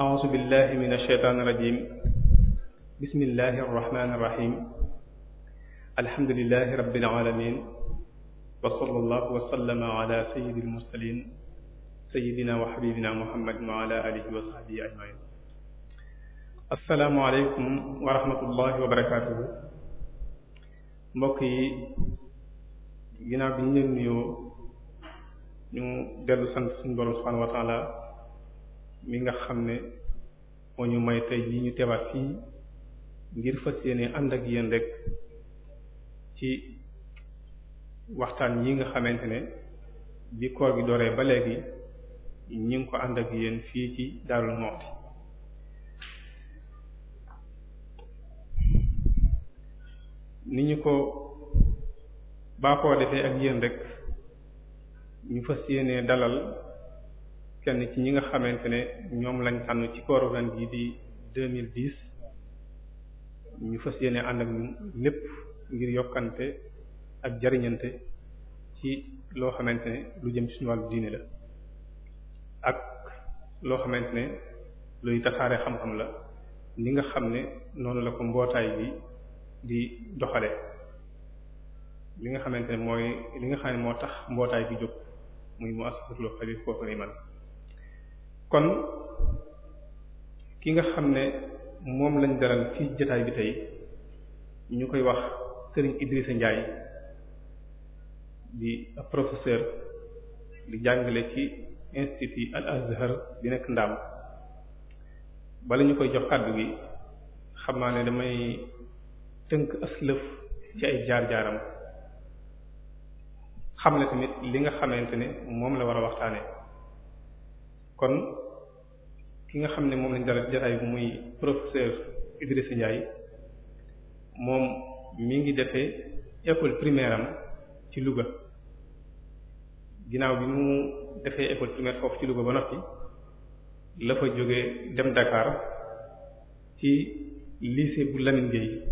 أعوذ بالله من الشيطان الرجيم بسم الله الرحمن الرحيم الحمد لله رب العالمين وصلى الله وسلم على سيد المرسلين سيدنا وحبيبنا محمد وعلى آله وصحبه أجمعين asalaamualeykum wa rahmatullahi wa barakaatuhu mbokk yi ginnaaw bi ñu leen nuyoo ñu dellu sant suñu borom subhaanahu mi nga xam ne moo ñu may tey jii ñu teewaat fii ngir fas yéene ànd ak yéen rek ci waxtaan yi nga xamante ne bi koor gi dooree ba léegi ñu ngi ko ànd ak yéen fii ci Darou Moukhty ni ñu ko baaxoo defee ak yéen rek ñu fas yéenee dalal kenn ci ñi nga xamante ne ñoom lañ tànn ci kooru ren gi di deux mille dix ñu fas yéene ànd ak ñun lépp ngir yokkante ak jariñante ci loo xamante ne lu jëm ci suñu wàllu diine la ak loo xamante ne luy tasaare xam-xam la ni nga xam ne noonu la ko mbootaay bi di doxale li nga xamante ne mooy li nga xam ne moo tax mbootaay bi jóg muy mu assasatul xabir foofu iman kon ki nga xam ne moom lañ daral ci jotaay bi tey ñu koy wax Serigne Idrissa Ndiaye di ab professeur di jàngale ci institut Al Azhar di nekk Ndaam bala ñu koy jox kàddu gi xam naa ne damay tënk aslëf ci ay jaar-jaaram xam ne tamit li nga xamante ne moom la war a waxtaane kon ki nga xam ne moom lañ dara jataay bi muy professeur Idrissa Ndiaye moom mi ngi defee école primaire am ci Louga ginnaaw bi mu defee école primaire foofu ci Louga ba noppi la fa jógee dem Dakar ci lycée bu Lamine Gueye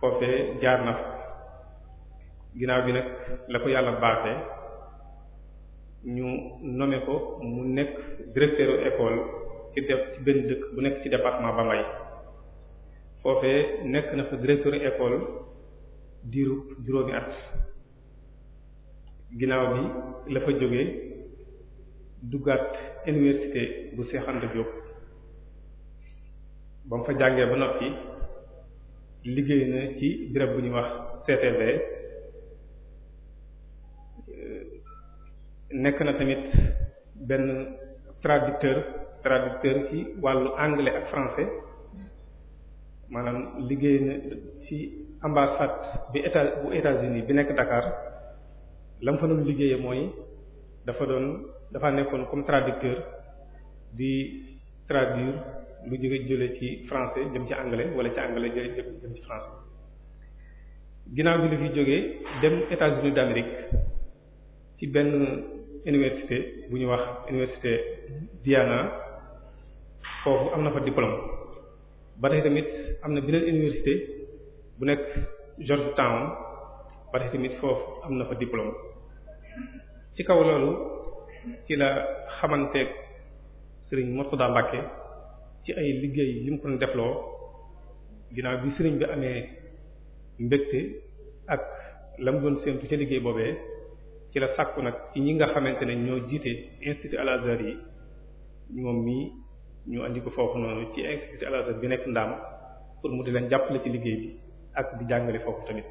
foofee jaar na fa ginnaaw bi nag la ko yàlla baaxee ñu nommé ko mu nekk directeur école ci def ci benn dëkk bu nekk ci département Bambey foofee nekk na fa directeur école diiru juróomi at ginnaaw bi la fa jógee duggaat université bu Cheikh Anta ba mu fa jàngee ba noppi liggéey na ci béréb bu ñuy wax CTV nekk na tamit benn traducteur traducteur ci wàllu anglais ak français maanaam liggéey na ci ambassade bi état bu États-Unis bi nekk Dakar la mu fa doon liggéeyee mooy dafa doon dafa nekkoon comme traducteur di traduire lu jóge jële ci français jëm ci anglais wala ci anglais jële jëm ci français ginnaaw bi lu fi jógee dem États-Unis d'Amérique ci benn université bu ñu wax université Diana foofu am na fa diplôme ba tamit am na beneen université bu nekk Georgetown ba tey tamit foofu am na fa diplôme ci kaw loolu ci la xamanteeg sëriñ daa Mbàkke ci ay liggéey yi mu ko doon defloo ginnaaw bi sëriñ bi amee mbégte ak lam doon séentu ca liggéey boobee ci la sàkku nag ci ñi nga xamante ne ñoo jiite institut al azhar yi moom mii ñu andi ko foofu noonu ci institut al bi nekk ndaam pour mu di leen jàppale ci liggéey bi ak di jàngale foofu tamit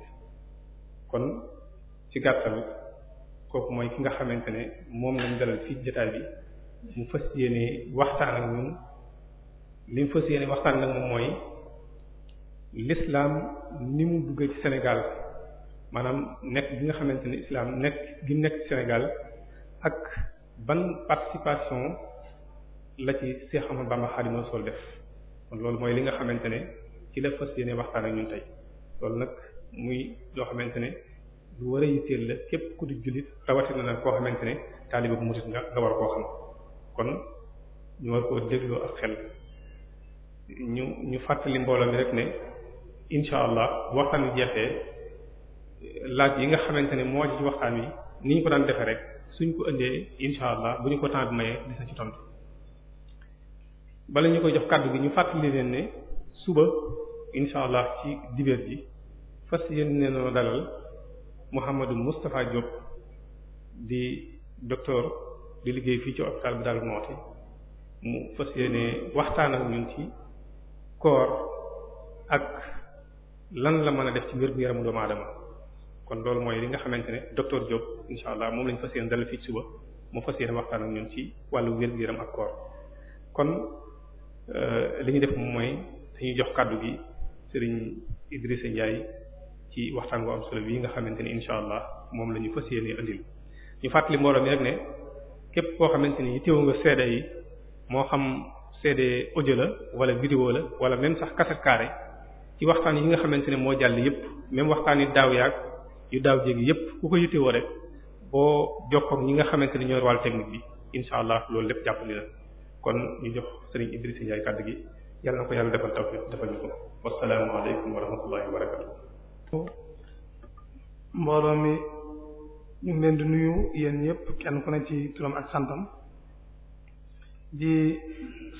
kon ci gàttal kooku mooy ki nga xamante ne moom lañ dalal fii jotaay bi mu fas yéene waxtaan ak ñun li mu fas yéene waxtaan ak moom mooy l'islam ni mu duggee ci senegal maanaam nekk bi nga xamante ni islam nekk gi nekk Sénégal ak ban participation la ci Cheikh Ahmadou Bamba Khadimu Rasul def kon loolu mooy li nga xamante ne ci la fas yéene waxtaan ak ñun tey loolu nag muy loo xamante ne lu war a yitteel la képp ku du jullit rawatina nag koo xamante ne taaliba bu murit nga nga war koo xam kon ñu war koo dégloo ak xel ñu ñu fàttali mbooloo mi rek ne incha allah waxtaan wi jeexee laaj yi nga xamante ne moo ci waxtaan wi ni ñu ko daan defee rek suñ ko indee incha allah bu ñu ko temps bi mayee di sa ci tontu bala ñu koy jox kàddu gi ñu fàttali leen ne suba incha allah ci dibéer ji fas yéene noo dalal Mouhamadou Moustapha Diop di docteur di liggéey fii ci hôpital bu Darou Moukhty mu fas yéene waxtaan ak ñun ci koor ak lan la mën a def ci mbir bu yaramu doomu aadama kon loolu mooy li nga xamante ne docteur Diop incha allah moom lañu fas yéene dalal fii suba mu fas yéene waxtaan ak ñun ci wàllu wér-gu-yaram ak koor kon euh, li ñu def mooy dañuy jox kàddu gi Serigne Idrissa Ndiaye ci waxtaan bu am solo bii nga xamante ne incha allah moom la ñu fas yéene andil ñu fàttali mbooloo mi ne képp koo xamante ni teewu nga seede yi moo xam seede audio la wala vidéo la wala même sax cassette carré ci waxtaan yi nga xamante ne moo jàll yëpp même waxtaan yi daaw yaag yu daaw jéegi yëpp ku ko yittewoo rek boo jokkoog ñi nga xamante ni ñooy wàllu technique bi insha allah loolu lépp jàpp ni la kon ñu jox sëriñ Idrissa Ndiaye kàddu gi yàlla na ko yàlla defal tawfiq defal ñu ko wassalaamu aleykum wa rahmatullahi mbooloo mi ñu leen di nuyu yéen ñëpp kenn ku ne ci turam ak santam di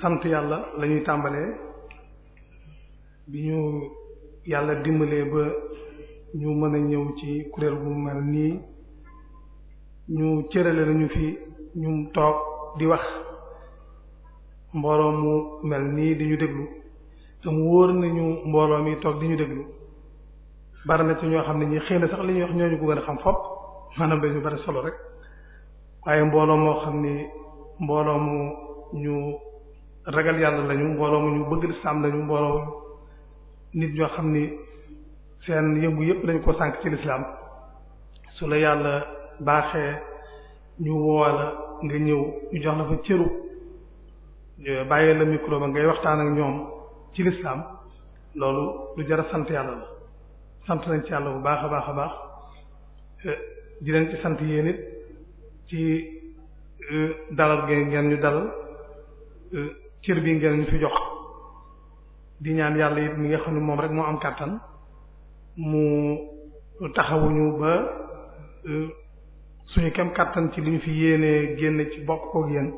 sant yàlla lañuy ñuy tàmbalee bi ñu yàlla dimbalee ba ñu mën a ñëw ci kuréel bu mel nii ñu cërale nañu fii ñu toog di wax mbooloo mu mel nii di ñu déglu te mu wóor nañu mbooloo mi toog di ñu déglu bari na ci ñoo xam ne ñi xëy na sax li ñuy wax ñooñu ko gën a xam fopp maanaam dañu bari solo rek waaye mbooloo moo xam ni mbooloo mu ñu ragal yàlla lañu mbooloo mu ñu bëgg lislaam lañu mbooloo nit ñoo xam ni seen yëngu yëpp dañ ko sànk ci lislaam su la yàlla baaxee ñu woo la nga ñëw ñu jox la fa cëru bàyyee la micro ngay waxtaan ak ñoom ci lislaam loolu lu jar sant yàlla la sant nañ ci yàlla bu baax a baax a baax eh, di leen ci sant yéen it ci eh, dalal ngeen ngeen ñu dalal eh, cër bi ngeen ñu fi jox di ñaan yàlla it mi nga xam ne moom rek moo am kàttan mu taxawuñu ba euh, suñu kem kàttan ci li ñu fi yéenee génn ci bokk koog yéen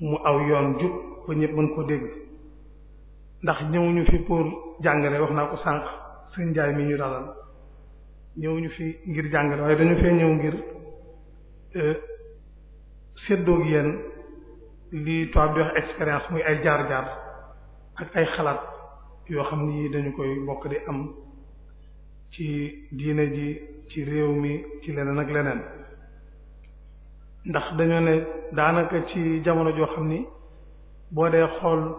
mu aw yoon jub ba ñëpp mën ko dégg ndax ñëwuñu fi pour jàngale wax naa ko sànq sëñ Ndiaye mi ñu dalal ñëwuñu fi ngir jàngale waaye dañu fee ñëw ngir euh, séddoog yéen li tubaab di wax expérience muy ay jaar-jaar ak ay xalaat yoo xam ni dañu koy bokk di am ci diine ji ci réew mi ci leneen ak leneen ndax dañoo ne daanaka ci jamono joo xam ni boo dee xool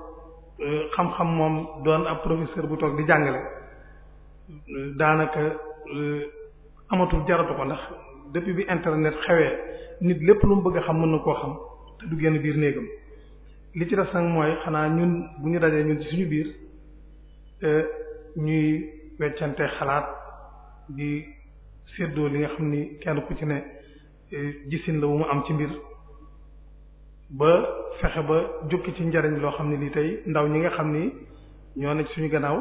euh, xam-xam moom doon ab professeur bu toog di jàngale daanaka euh, amatul jaratu ko ndax depuis bi internet xewee nit lépp lu mu bëgg a xam mën na koo xam te du génn biir néegam li ci des nag mooy xanaa ñun bu ñu dajee ñun ci suñu biir euh, ñuy weccante xalaat di séddoo li nga xam ni kenn ku ci ne eh, gisin la wu mu am ci mbir ba fexe ba jukki ci njariñ loo xam ne lii tey ndaw ñi nga xam ni ñoo ne ci suñu gannaaw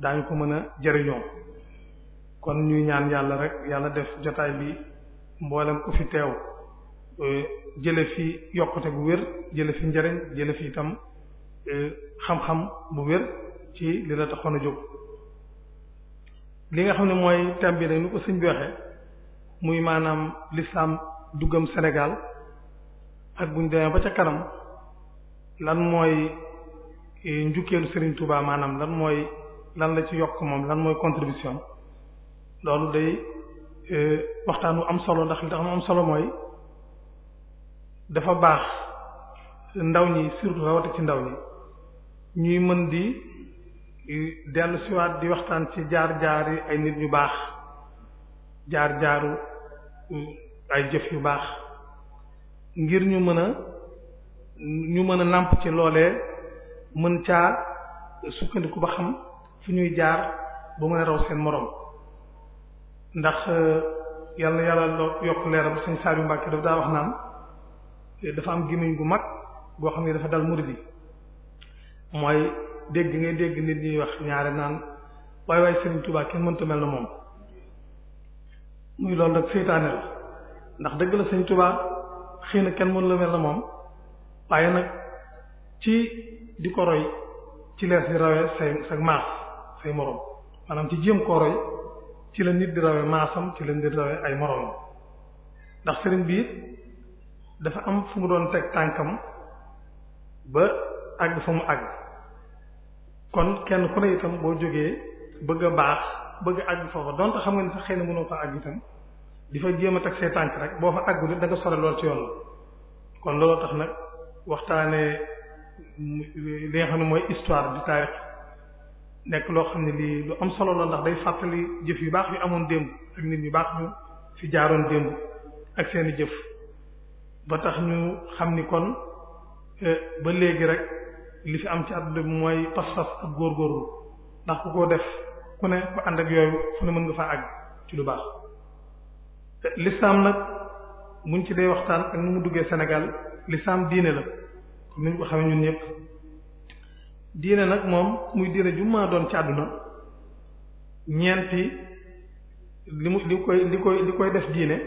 daañu ko mën a jariñoo kon ñuy ñaan yàlla rek yàlla def jotaay bi mboolem ku fi teew eh, jële fi yokkute bu wér jële fi njariñ jële fi itam eh, xam-xam bu wér ci li la taxoon a jóg li nga xam ne mooy thème bi nag ni ko sëñ bi waxee muy maanaam l'islam duggam Sénégal ak buñ demee ba ca kanam lan mooy e, njukkeelu Serigne Touba maanaam lan mooy lan la ci yokk moom lan mooy contribution loolu day e, waxtaan wu am solo ndax li tax mu am solo mooy dafa baax ndaw ñi surtout rawati ci ndaw ñi ñuy mën di dellu siwaat di waxtaan ci jaar-jaari ay nit ñu baax jaar-jaaru mm, ay jëf yu baax ngir ñu mën a ñu mën a nàmp ci loole mën caa sukkandiku ba xam fi ñuy jaar ba mën a raw seen moroom ndax eh, yàlla yàlla yokk leeram sëñ yu Mbacke daf daa wax naan eh, dafa am gémmiñ gu mag goo xam ne dafa dal murid yi mooy dégg ngay dégg nit ñuy wax ñaare naan waaye waaye Serigne Touba kenn mënta mel na moom muy loolu nag seytaane la ndax dëgg la Serigne Touba xëy na kenn mënu la mel na moom waaye nag ci di ko roy ci lees di rawee say sa maas say morom maanaam ci jéem koo roy ci la nit di rawee maasam ci la nit di rawee ay morom ndax Serigne bi dafa am fu mu doon teg tànkam ba àgg fa mu àgg kon kenn ku ne itam boo jógee bëgg a baax bëgg a àgg foofa donte xam nga ni sax xëy na mënoo fa àgg itam di fa jéem a teg say tànk rek boo fa àgg da nga sore lool ci yoon kon loolu tax nag waxtaanee li nga xam ne mooy histoire du taarix nekk loo xam ne lii lu am solo la ndax day fàttali jëf yu baax yu amoon démb ak nit yu baax ñu fi jaaroon démb ak seeni jëf ba tax ñu xam ni kon eh, ba léegi rek. li fi am ci àdduna bi mooy pas-pas ak góorgóorlu ndax ku ko def ku ne ku ànd ak yooyu fu ne mën nga faa àgg ci lu baax lislaam nag buñ ci dee waxtaan ak nu mu duggee Sénégal lislaam diine la comme niñ ko xamee ñun ñëpp diine nag moom muy diine ju ma doon ci àdduna ñeenti li mu li koy li koy li koy def diine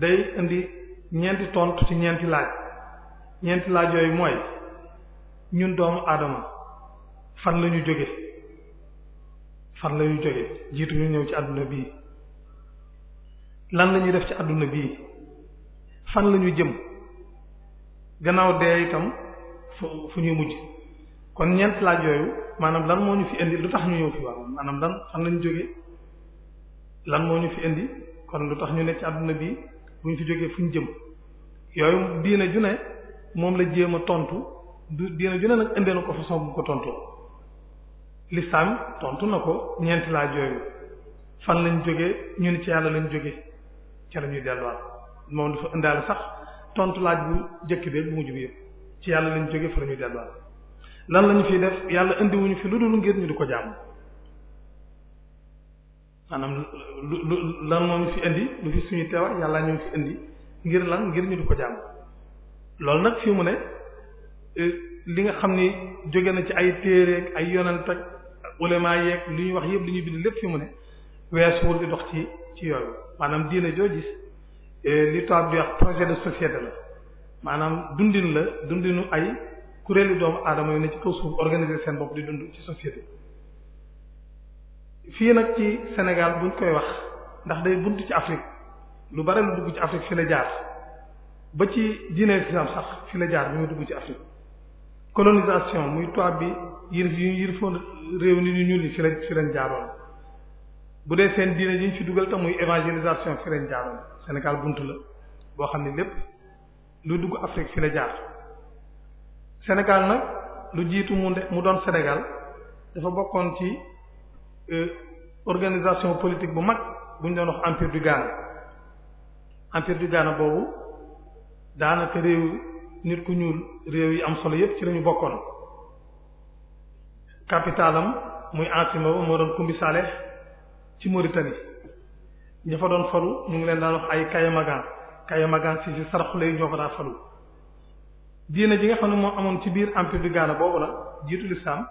day indi ñeenti tontu ci ñeenti laaj ñeenti laaj yooyu mooy ñun doomu aadama fan lañu jóge fan la ñu jóge jiitu ñu ñëw ci àdduna bii lan la ñuy def ci àdduna bii fan la ñu jëm gannaaw dee itam fu ñuy mujj kon ñeent laaj yooyu maanaam lan moo ñu fi indi lu tax ñu ñëw fi waaw maanaam lan fan la ñu jóge lan moo ñu fi indi kon lu tax ñu nekk ci àdduna bii bu ñu fi jógee fu ñu jëm yooyu diine ju ne moom la jéem a tontu du diina ju nag indee na ko façon bu ko tontu lislaam tontu na ko ñeenti laaj yooyu fan lañ jóge ñu ni ci yàlla lañ jóge ca la ñuy delluwaat moom dafa indaale sax tontu laaj bu njëkk bi mujj bi ci yàlla lañ jóge fa la ñuy delluwaat lan lañu fiy def yàlla indiwuñu fi lu dul ngir ñu di ko jàmm maanaam lu lu lan moo ñu fi indi lu fi suñu teewaay yàlla ñu fi indi ngir lan ngir ñu di ko jàmm loolu nag fi mu ne. Eh, li nga xam ni jóge na ci ay téere ay yonent ak ulama yeeg li ñuy wax yëpp lu ñuy bind lépp fi mu ne weesuwul di dox ci ci yooyu maanaam diine joo gis eh, li tubaab di wax projet de société la maanaam dundin la dundinu ay kuréelu doomu aadama yu ne ci kaw suuf organiser seen bopp di dund ci société fii nag ci Sénégal buñ koy wax ndax day bunt ci Afrique lu bare lu dugg ci Afrique fi la jaar ba ci diine islam sax fi la jaar bi mu dugg ci Afrique colonisation muy tubaab bi yër yu yërfoon réew ni ñu ñuul ñi ci lañ ci jaaroon bu dee seen diine yi ñu ci dugal te muy évangélisation fi lañ jaaroon Sénégal bunt la boo xam ne lépp lu dugg Afrique fi la jaar Sénégal nag lu jiitu mu ne mu doon Sénégal dafa bokkoon ci euh, organisation politique bu mag bu ñu doon wax empire du Ghana empire du Ghana boobu daanaka réew nit ku ñuul réew yi am solo yépp ci lañu bokkoon capitalam muy Asima moo doon Kumbi Saleh ci Mauritanie ña fa doon falu ñu ngi leen daan wax ay Kayamagan Kayamagan ci ci saraxule yi ñoo fa daan falu diine ji nga xam ne moo amoon ci biir empire bi Ghana boobu la jiitu lislaam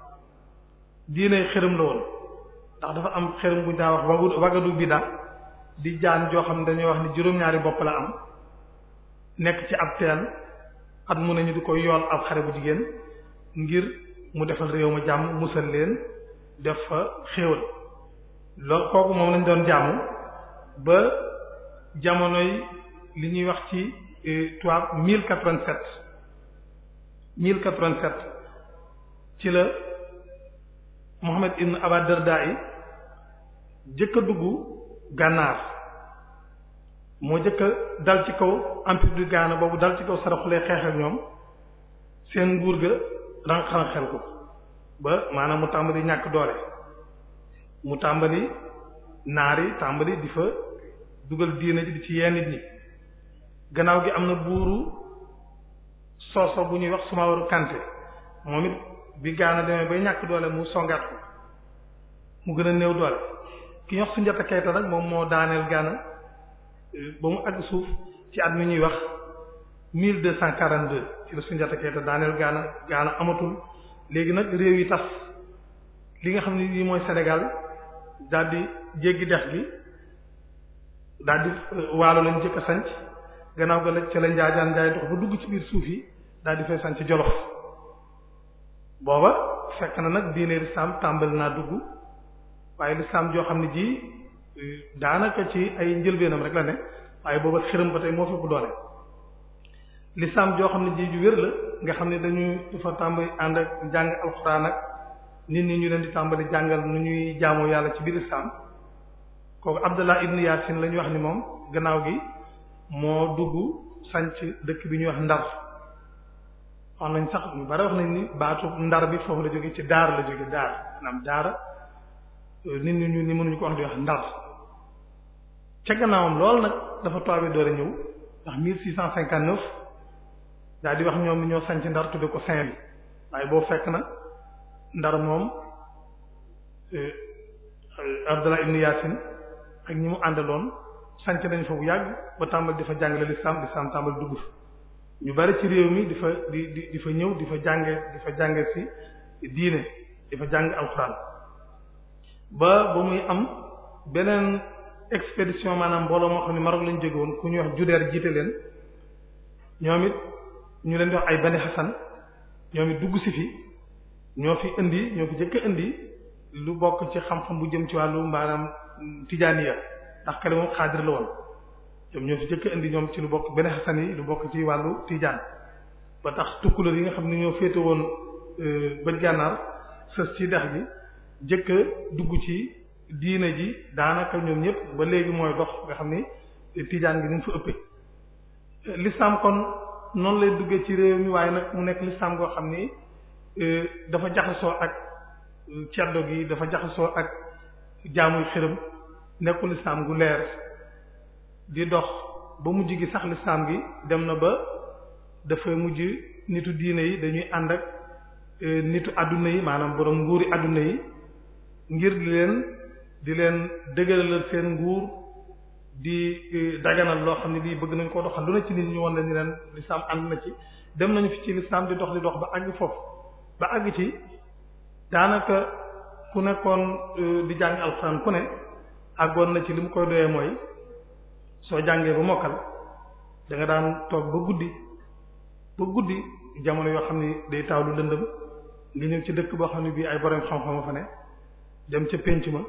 diine xërëm la woon ndax dafa am xërëm bu ñu daa wax wagadu bida di jaan joo xam ne dañuy wax ni juróom-ñaari bopp la am nekk ci ab teen at mu ne ñu di ko yoon ab xare bu jigéen ngir mu defal réew ma jàmm musal leen def fa xéewal loolu kooku moom lañ doon jàmm ba jamonoy li ñuy wax ci eh, tubaab mille quatre vingt mille quatre vingt ci la Mohammed ibn Abad Dardai jëkk a dugg gànnaar moo njëkk dal ci kaw empire du Ghana boobu dal ci kaw saraxulee xeex ñoom seen nguur ga ranq-ranqel ko ba maanaam mu tàmbali ñàkk doole mu tàmbali naari yi tàmbali di fa dugal diine ji di ci yenn nit ñi gannaaw gi am na buuru soso bu ñuy wax Sumawaru Kanté moom it bi gaana demee bay ñàkk doole mu songaat ko mu gën a néew doole ki ñox Sunjata Keita nag moom moo daaneel Ghana Euh, ba mu àgg suuf ci at mi ñuy wax mille deux cent quarante deux ci la Sundiata Keita daaneel Gaana Gaana amatul léegi nag réew yi tas li nga xam ni lii mooy senegal daal di jéggi dex gi daal di euh, waalo lañ jëkk a gannaaw ga la ca la njaajaan njaay dox ba dugg ci biir suuf yi daal di fay sanc Jolof booba fekk na nag diine lislaam tàmbali naa dugg waaye lislaam joo xam ne ji daanaka ci ay njëlbeenam rek la ne waaye booba xërëm ba tey moo fi doole lislaam joo xam ne ji ju wér la nga xam ne dañu dafa tàmbali ànd ak jàng alxuraan nit ñi ñu leen di tàmbali jàngal nu ñuy jaamoo yàlla ci biir lislaam kooku Abdallah ibn Yaasin la ñuy wax ni moom gannaaw gi moo dugg dëkk bi ñuy wax Ndar wax nañ sax ñu bari wax nañ ni baatu Ndar bi foofu la jóge ci daar la jóge daar naam daara ñu ni mënuñu ko wax wax Ndar ca gannaawam lool nag dafa toobe door a ñëw ndax 1659 daal di wax ñoom ñoo sanc ndar tudde ko saint waaye boo fekk na ndar moom eh, Abdallah ibn Yaasin ak ñi mu àndaloon sanc nañ fa bu yàgg ba tàmbal di fa jàngale lislaam lislaam tàmbal dugg fa ñu bari ci réew mi di fa di di di fa ñëw di fa jànge di fa jànge ci diine di fa jàng alxuraan ba ba muy am beneen expédition maanaam mbooloo moo xam ne Maroc lañ jóge woon ku ñu wax Judeer jiite leen ñoom it ñu leen di wax ay Bani Hassan ñoom it dugg si fi ñoo fi indi ñoo fi jëkk indi lu bokk ci xam-xam bu jëm ci wàllu maanaam ya ndax kale moom xaadir la woon ñoom ñoo fi jëkk indi ñoom ci lu bokk Bani Hassan yi lu bokk ci wàllu tijaan ba tax tukkulóor yi nga xam ne ñoo féete woon euh, bëj gànnaar sës ci dex bi jëkk dugg ci diina ji daanaka ñoom ñëpp ba léegi mooy dox nga xam ni tijaan gi ni mu fa ëppee l'islam kon noonu lay duggee ci réew mi waaye nag mu nekk l'islam goo xam ni euh, dafa jaxasoo ak ceddo gi dafa jaxasoo ak jaamuy xiram nekkul l'islam gu leer di dox ba mujj gi sax l'islam gi dem na ba dafa mujj nitu diine yi dañuy ànd ak euh, nitu àdduna yi maanaam borom nguuri àdduna yi ngir leen di leen dëgëralal seen nguur di daganal loo xam ne lii bëgg nañ koo doxal lu ne ci nit ñu woon leen ni leen lislaam ànd na ci dem nañu fi ci lislaam di dox di dox ba àgg foofu ba àgg ci daanaka ku nekkoon euh, di jàng alxuraan ku ne àggoon na ci li mu koy doyee mooy soo jàngee ba mokkal da nga daan toog ba guddi ba guddi jamono yoo xam ni day taw lu lëndëm nga ñëw ci dëkk boo xam ne bii ay borom xam-xam fa ne dem ca penc ma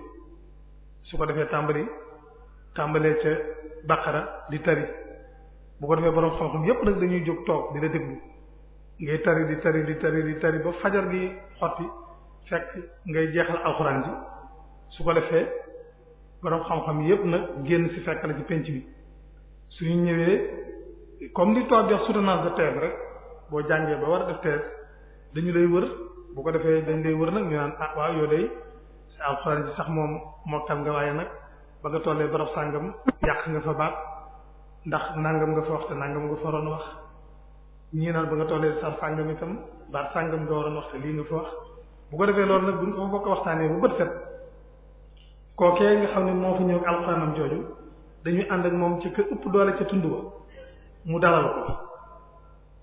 su ko defee tàmbali tàmbalee sa baqara di tari bu ko defee borom xam-xam yépp nag dañuy jóg toog di la déglu ngay tari di tari di tari di tari ba fajar gi xotti fekk ngay jeexal alxuraan ji su ko defee borom xam-xam yépp nag génn si fekk la ci penc bi suñu ñëwee comme li toog jox soutenance de thèse rek boo jàngee ba war a def thèse dañu lay wër bu ko defee dañ lay wër nag ñu naan ah waaw yow day sa alxuraan ji sax moom mokkal nga waaye nag ba nga tollee borof sàngam yàq nga fa baat ndax nangam nga fa wax te nangam nga fa waroon wax ñii naan ba nga tollee sar sàngam itam baat sàngam nga waroon wax lii nga fa wax bu ko defee loolu nag buñ ko bokk waxtaanee bu bët set kookee nga xam ne moo fa ñëw ak jooju dañuy ànd ak moom ci ka ëpp doole ci tund ba mu dalal ko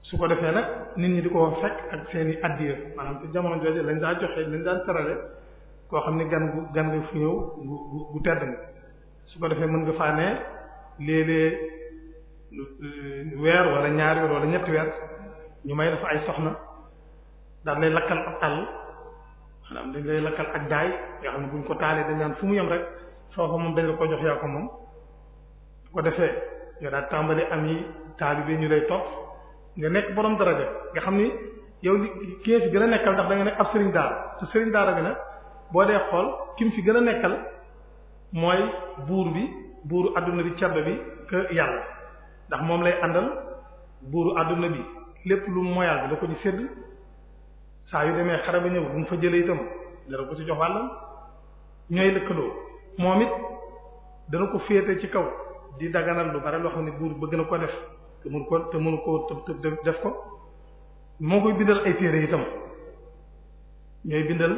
su ko defee nag nit ñi di ko fekk ak seen i addiya maanaam ci jamono jooju lañ daan joxe koo xam ne gan gu gan nga fu ñëw gu gu tedd nga su ko defee mën nga faa ne léeg-léeg weer wala ñaari weer wala ñetti weer ñu may dafa ay soxna daal lay lakkal ak àll maanaam dañ lakkal ak daay yoo xam ne buñ ko taalee dañ naan fu mu yem moom dañ la ko jox moom ko defee nga daal tàmbali am yi taalibe ñu lay topp nga nekk borom daraja nga xam ni yow li kees gën a nekkal ndax da nga ne ab sëriñ daara su sëriñ daara bi nag boo dee xool ki ci gën a nekkal mooy buur bi buuru àdduna bi ceddo bi que yàlla ndax moom lay àndal buuru àdduna bi lépp lu moyal bi da ko ci sédd saa yu demee xare ba ñëw bu mu fa jëlee itam dana ko ci jox wàllam ñooy lëkkaloo moom it dana ko féete ci kaw di daganal lu bare loo xam ne buur bëgg na ko def te mënu ko te mënu ko te def ko moo koy bindal ay téere itam ñooy bindal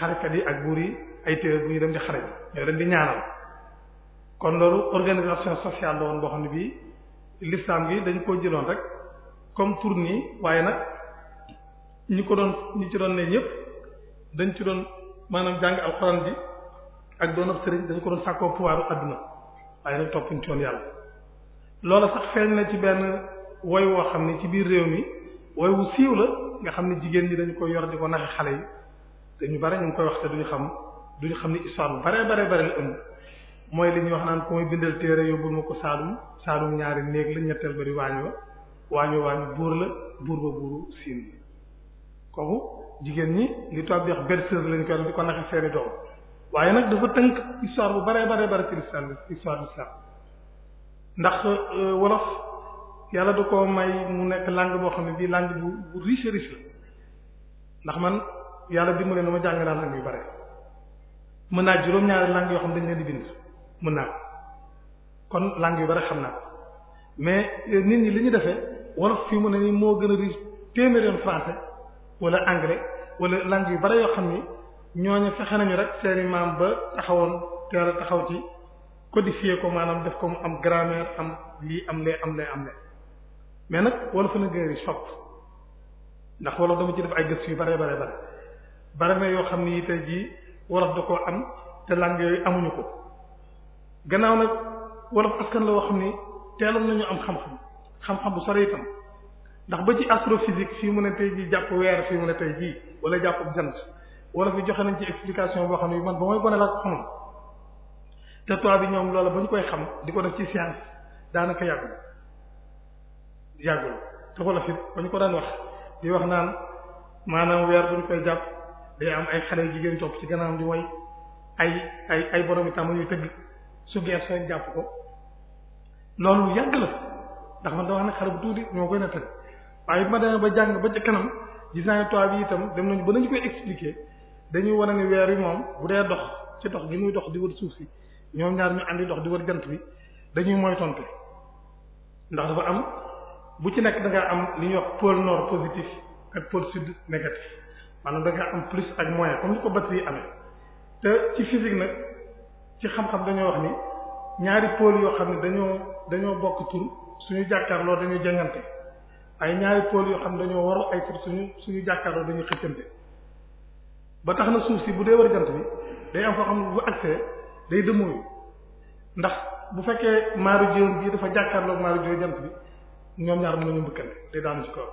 xarekat yi ak buur yi ay téere bu ñu dem di xare bi ñooy dem di ñaanal kon loolu organisation sociale la boo xam ne bii l'islam gi dañ koo jëloon rek comme tour nii waaye nag ñu ko doon ñu ci doon ne ñëpp dañ ci doon maanaam jàng alxuraan bi ak doon ab ko doon sàkkoo puwaaru àdduna waaye nag toppuñ ci woon yàlla loola sax feeñ na ci benn woy woo xam ne ci biir réew mi woy wu siiw la nga xam ne jigéen ñi dañu koy yor di ko naxe xale yi te ñu bare ñu ngi koy wax te duñu xam duñu xam ni histoire bu bare bare bare la ëmb mooy li ñuy wax naan ku may téere yóbbul Saalum Saalum ñaari néeg la ñetteel bari waañ wa wa waañ la buur ba buuru jigéen ñi li toog di wax lañ koy ko naxe seeni waaye nag dafa tënk histoire bu bare bare bare ci l'islam histoire l'islam euh, yàlla da ko may mu nekk langue boo xam ne bii làng bu bu riche ndax man yàlla dimbale na ma jàng naa langue yu bare mën naa juróom-ñaari langue yoo xam dañ leen di bind mën naa kon langue yu bare xam naa ko mais euh, nit ñi li ñu defee wolof fii mu ne nii moo gën a riche téeméer yoon wala anglais wala langue yu bare yoo xam ni ñooñu fexe nañu rek seeni maam ba taxawoon teel a taxaw ci codifier ko maanaam def ko mu am grammaire am lii am lee am lee am lee mais nag wolof na gën a riche fopp ndax wolof dama ci def ay gëstu yu bare bare bare bare na yoo xam ni tey jii wolof da ko am te langue yooyu amuñu ko gannaaw nag wolof askan la woo xam ni teeloon nañu am xam-xam xam-xam bu sore itam ndax ba ci astrophysique fii mun a tey jii jàpp weer fii mu ne tey jii wala jàpp jant wolof yi joxe nañ ci explication boo xam ne man ba mooy gone laa ko xamoon te toit bi ñoom loola ba ñu koy xam di ko def ci science daanaka yàggul yàggul te wolof it ba ñu ko daan wax di wax naan maanaam weer bu ñu koy jàpp. day am ay xale jigéen topp ci gannaawam di way ay ay ay yi itam yu tëgg su geer jàpp ko loolu yàgg la ndax man dama xam ne xale bu tuuti ñoo koy na tëgg waaye bi ma demee ba jàng ba ca kanam gis naa ne toit bi itam dem nañu ba nañu koy expliquer dañuy wane ne weer yi moom bu dee dox ci dox gi muy dox di wër suuf si ñoom ñaar ñu àndi dox di wër jant bi dañuy moytonte ndax dafa am bu ci nekk da am li ñuy wax pôle nord positif ak pôle sud négatif xam da nga am plus ak moyen comme ni ko batterie amee te ci physique nag ci xam-xam dañoo wax ni ñaari pôles yoo xam ne dañoo dañoo bokk tur suñu jàkkaarloo dañuy jëngante ay ñaari pôles yoo xam ne dañoo warul ay tur suñu suñu jàkkaarloo dañuy xëccante ba tax na suuf si bu dee war jant bi day am foo xam ne bu accès day dëmooyu ndax bu fekkee maaru jiwoon bii dafa jàkkaarloog maaru jiw jant bi ñoom ñaar mën nañu mbëkkante day daanu ci kaw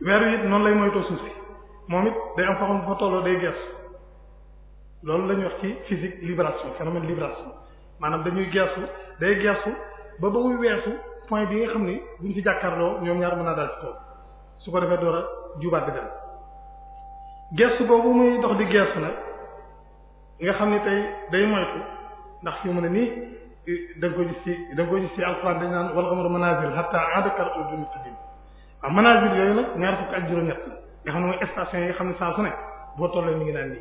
weer wi noonu lay moytoo suuf moom it day am foo xam bu tolloo day gert loolu la wax ci physique libération phénomène libération maanaam dañuy geesu day geesu ba ba muy weesu point bi nga xam ni buñ ci jàkkaarloo ñoom ñaar mën naa dal ci kaw su ko defee door a jubaat di dem boobu muy dox di geesu nag nga xam ni tey day moytu ndax fi mu na nii da nga ko ci da nga ko ci alxuraan dañ naan wal amru ma hatta aada kal qadimi waaw manazil yooyu nag ñaar ak juróom-ñett nga xam ne mooy station yi xam ne saa su ne boo tollee mu ngi naan nii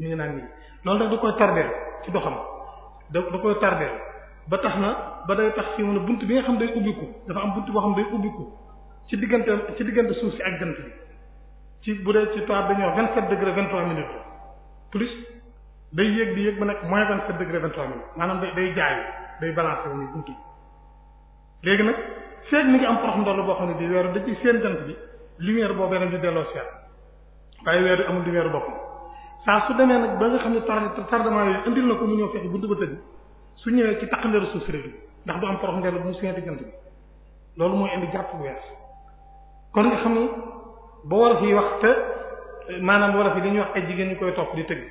mu ngi naa nii loolu nag da koy tardeel ci doxam da da koy tardeel ba tax na ba day tax fi mu ne bunt bi nga xam day ubbiku dafa am bunt boo xam day ubbiku ci diggante ci diggante suuf si ak jant bi ci bu dee ci toit dañuy wax vingt sept degré vingt trois minutes plus day yéeg di yéeg ba nekk moins vingt sept degré vingt trois minutes maanaam day day jaay day balancer wu ni bunt yi léegi nag feeg mi ngi am porox ndoll boo xam ne di weeru da seen jant bi lumière boobu lañ di delloo seet waaye weer bi amul lumière boppam saa su demee nag ba nga xam ne tard tardement yooyu indil na ko mu ñëw fexe buntu ba tëj su ñëwee ci taqandeeru suuf si ndax du am porox ndel bu mu suñu diggante bi loolu mooy indi jàpp weer kon nga xam ne ba wolof yi wax te maanaam wolof yi dañuy wax ay jigéen ñu koy topp di tëgg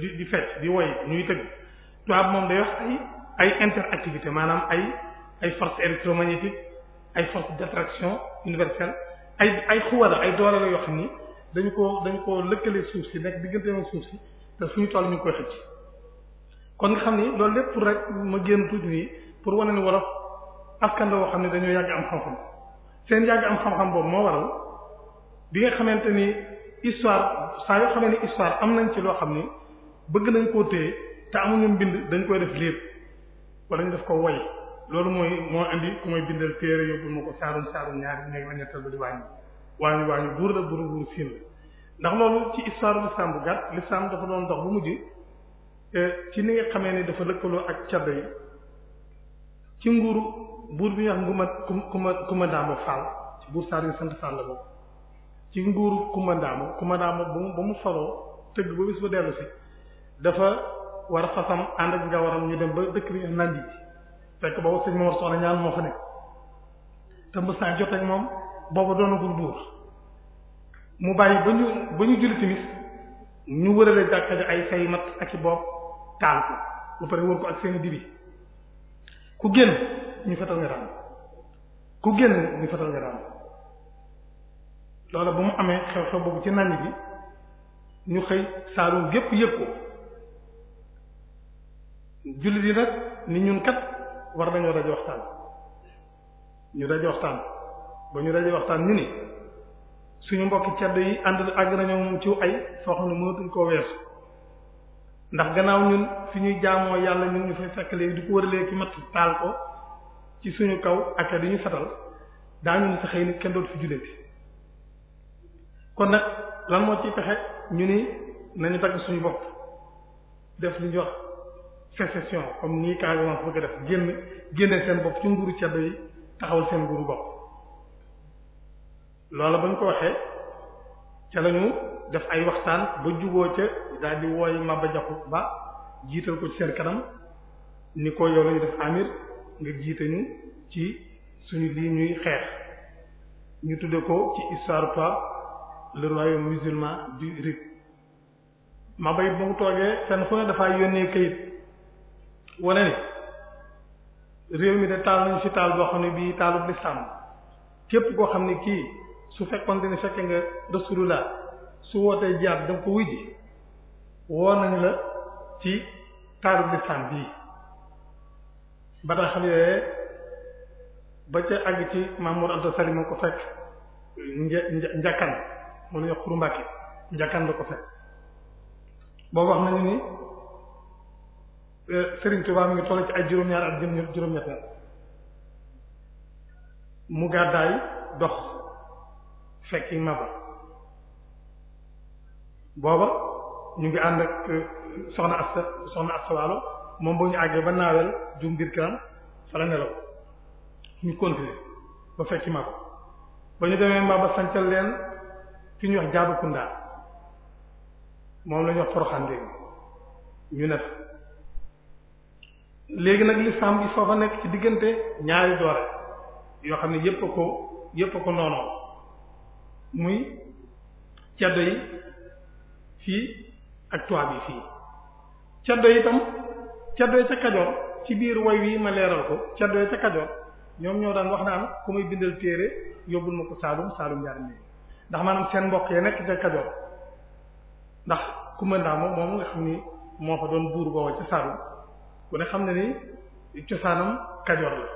di di fecc di woy ñuy tëgg tubaab moom day wax ay ay interactivité maanaam ay ay force électromagnétique ay force d'attraction universelle ay ay xuwara ay doole la yoo xam ni dañu ko dañu ko lëkkale suuf si nekk diggante moom suuf si te suñu tool ñu ngi koy xëcc kon nga xam ni loolu lépp pour rek ma génn tuuti nii pour wane ni wolof askan la woo xam ne dañu yàgg am xam-xam seen yàgg am xam-xam boobu moo waral bi nga xamante ni histoire saa yoo xamee ni histoire am nañ ci loo xam ni bëgg nañ koo téye te amuñu mbind dañ koy def liir wala ñu def ko woy loolu mooy moo indi ku may bindal téere yóbbu ma ko saarum saarum ñaari néeg la ñettal ba di wàññi waañu waañu buur la buur buur siin la ndax loolu ci histoire l'islam bu gàtt l'islam dafa doon dox bu mujj ci ni nga xamee ni dafa lëkkaloo ak caddo yi ci nguuru buur bi ñuy wax nguma kuma kuma daamo faal ci buur saar sant faal la boobu ci nguuru kuma daamo kuma daamo ba mu ba mu faloo tëgg ba bis ba dellu dafa war fasam ànd ak nga waram ñu dem ba fekk boobu sëñ Mor Soxna ñaan moo fa nekk te mës jot ak moom boobu doonagul buur mu bàyyi ba ñu ba ñu julli timis ñu wërale jàkka ay fay mat ak i bopp taal ko ba pare wër ko ak seen dibi ku génn ñu fetal nga raam ku génn ñu fetal nga raam loola bu mu amee xew-xew boobu ci nañ bi ñu xëy saalum gépp yëg ko jullit yi nag ni ñun kat war nañoo daje waxtaan ñu daje waxtaan ba ñu daje waxtaan ñu ni suñu mbokk cedd yi ànd àgg nañoo moom ci ay soo xam ne mënatuñ koo weesu ndax gannaaw ñun fi ñuy jaamoo yàlla ñun ñu fay fekk léegi di ko wëralee ci matt taal ko ci suñu kaw ak di ñu fetal daa ñu sa xëy ni kenn dootu fi jullee bi kon nag lan moo ci pexe ñu ni nañu tagg suñu bopp def li ñu wax sécession comme nii Casamance bëgg def génn génne seen bopp ci nguuru ceddo yi taxawal seen nguuru bopp loola ba ñu ko waxee ca lañu def ay waxtaan ba juboo ca daal di wooy Maba Jaxu Ba jiital ko ci seen kanam ni ko yow lañu def amir nga jiite ci suñu lii ñuy xeex ñu tudde ko ci histoire toi le royaume musulman du Rif Maba it ba mu toogee seen fu ne dafay yónnee kayit wane ni réew mi de taal nañu ci taal boo xam ne bii taalub lislaam képp koo xam ne kii su fekkoon ne fekke nga rasulullah su wootee jaar danga ko wuy woo nañ la ci taalub lislaam bii ba tax xam yooyee ba ca àgg ci Mamour Anta Sali mu ko fekk nja njakkan wala yox xuru Mbàkke njakkan la ko fekk boobu wax nañu ni Serigne Touba mi ngi toll ci ay juróom-ñaar mu gàddaay dox fekki Maba booba ñu ngi ànd ak euh, soxna Asta soxna Asta Waalo moom boo ñu àggee ba naawel jum mbir kiram fa la nelaw ñu continuer ba fekki Maba ba ñu demee Maba sancal leen fi ñuy wax jaabu kundaa moom la ñuy wax poroxaan léegi ñu ne léegi nag l'islam bi soo fa nekk ci diggante ñaari doore yoo xam ne yépp ko yépp ko noonoo muy caddo yi fii ak tubaab yi fii caddo yi itam caddo yi ca Kajoor ci biir way wi ma leeral ko caddo yi ca Kajoor ñoom ñoo daan wax naan ku muy bindal téere yóbbul ma ko Saalum Saalum njaar mi ndax maanaam seen mboq ya nekk ca Kajoor ndax Kumba Ndaam moom nga xam ni moo fa doon buur boobu ca Saalum ku ne xam ne ni cosaanam kajoor la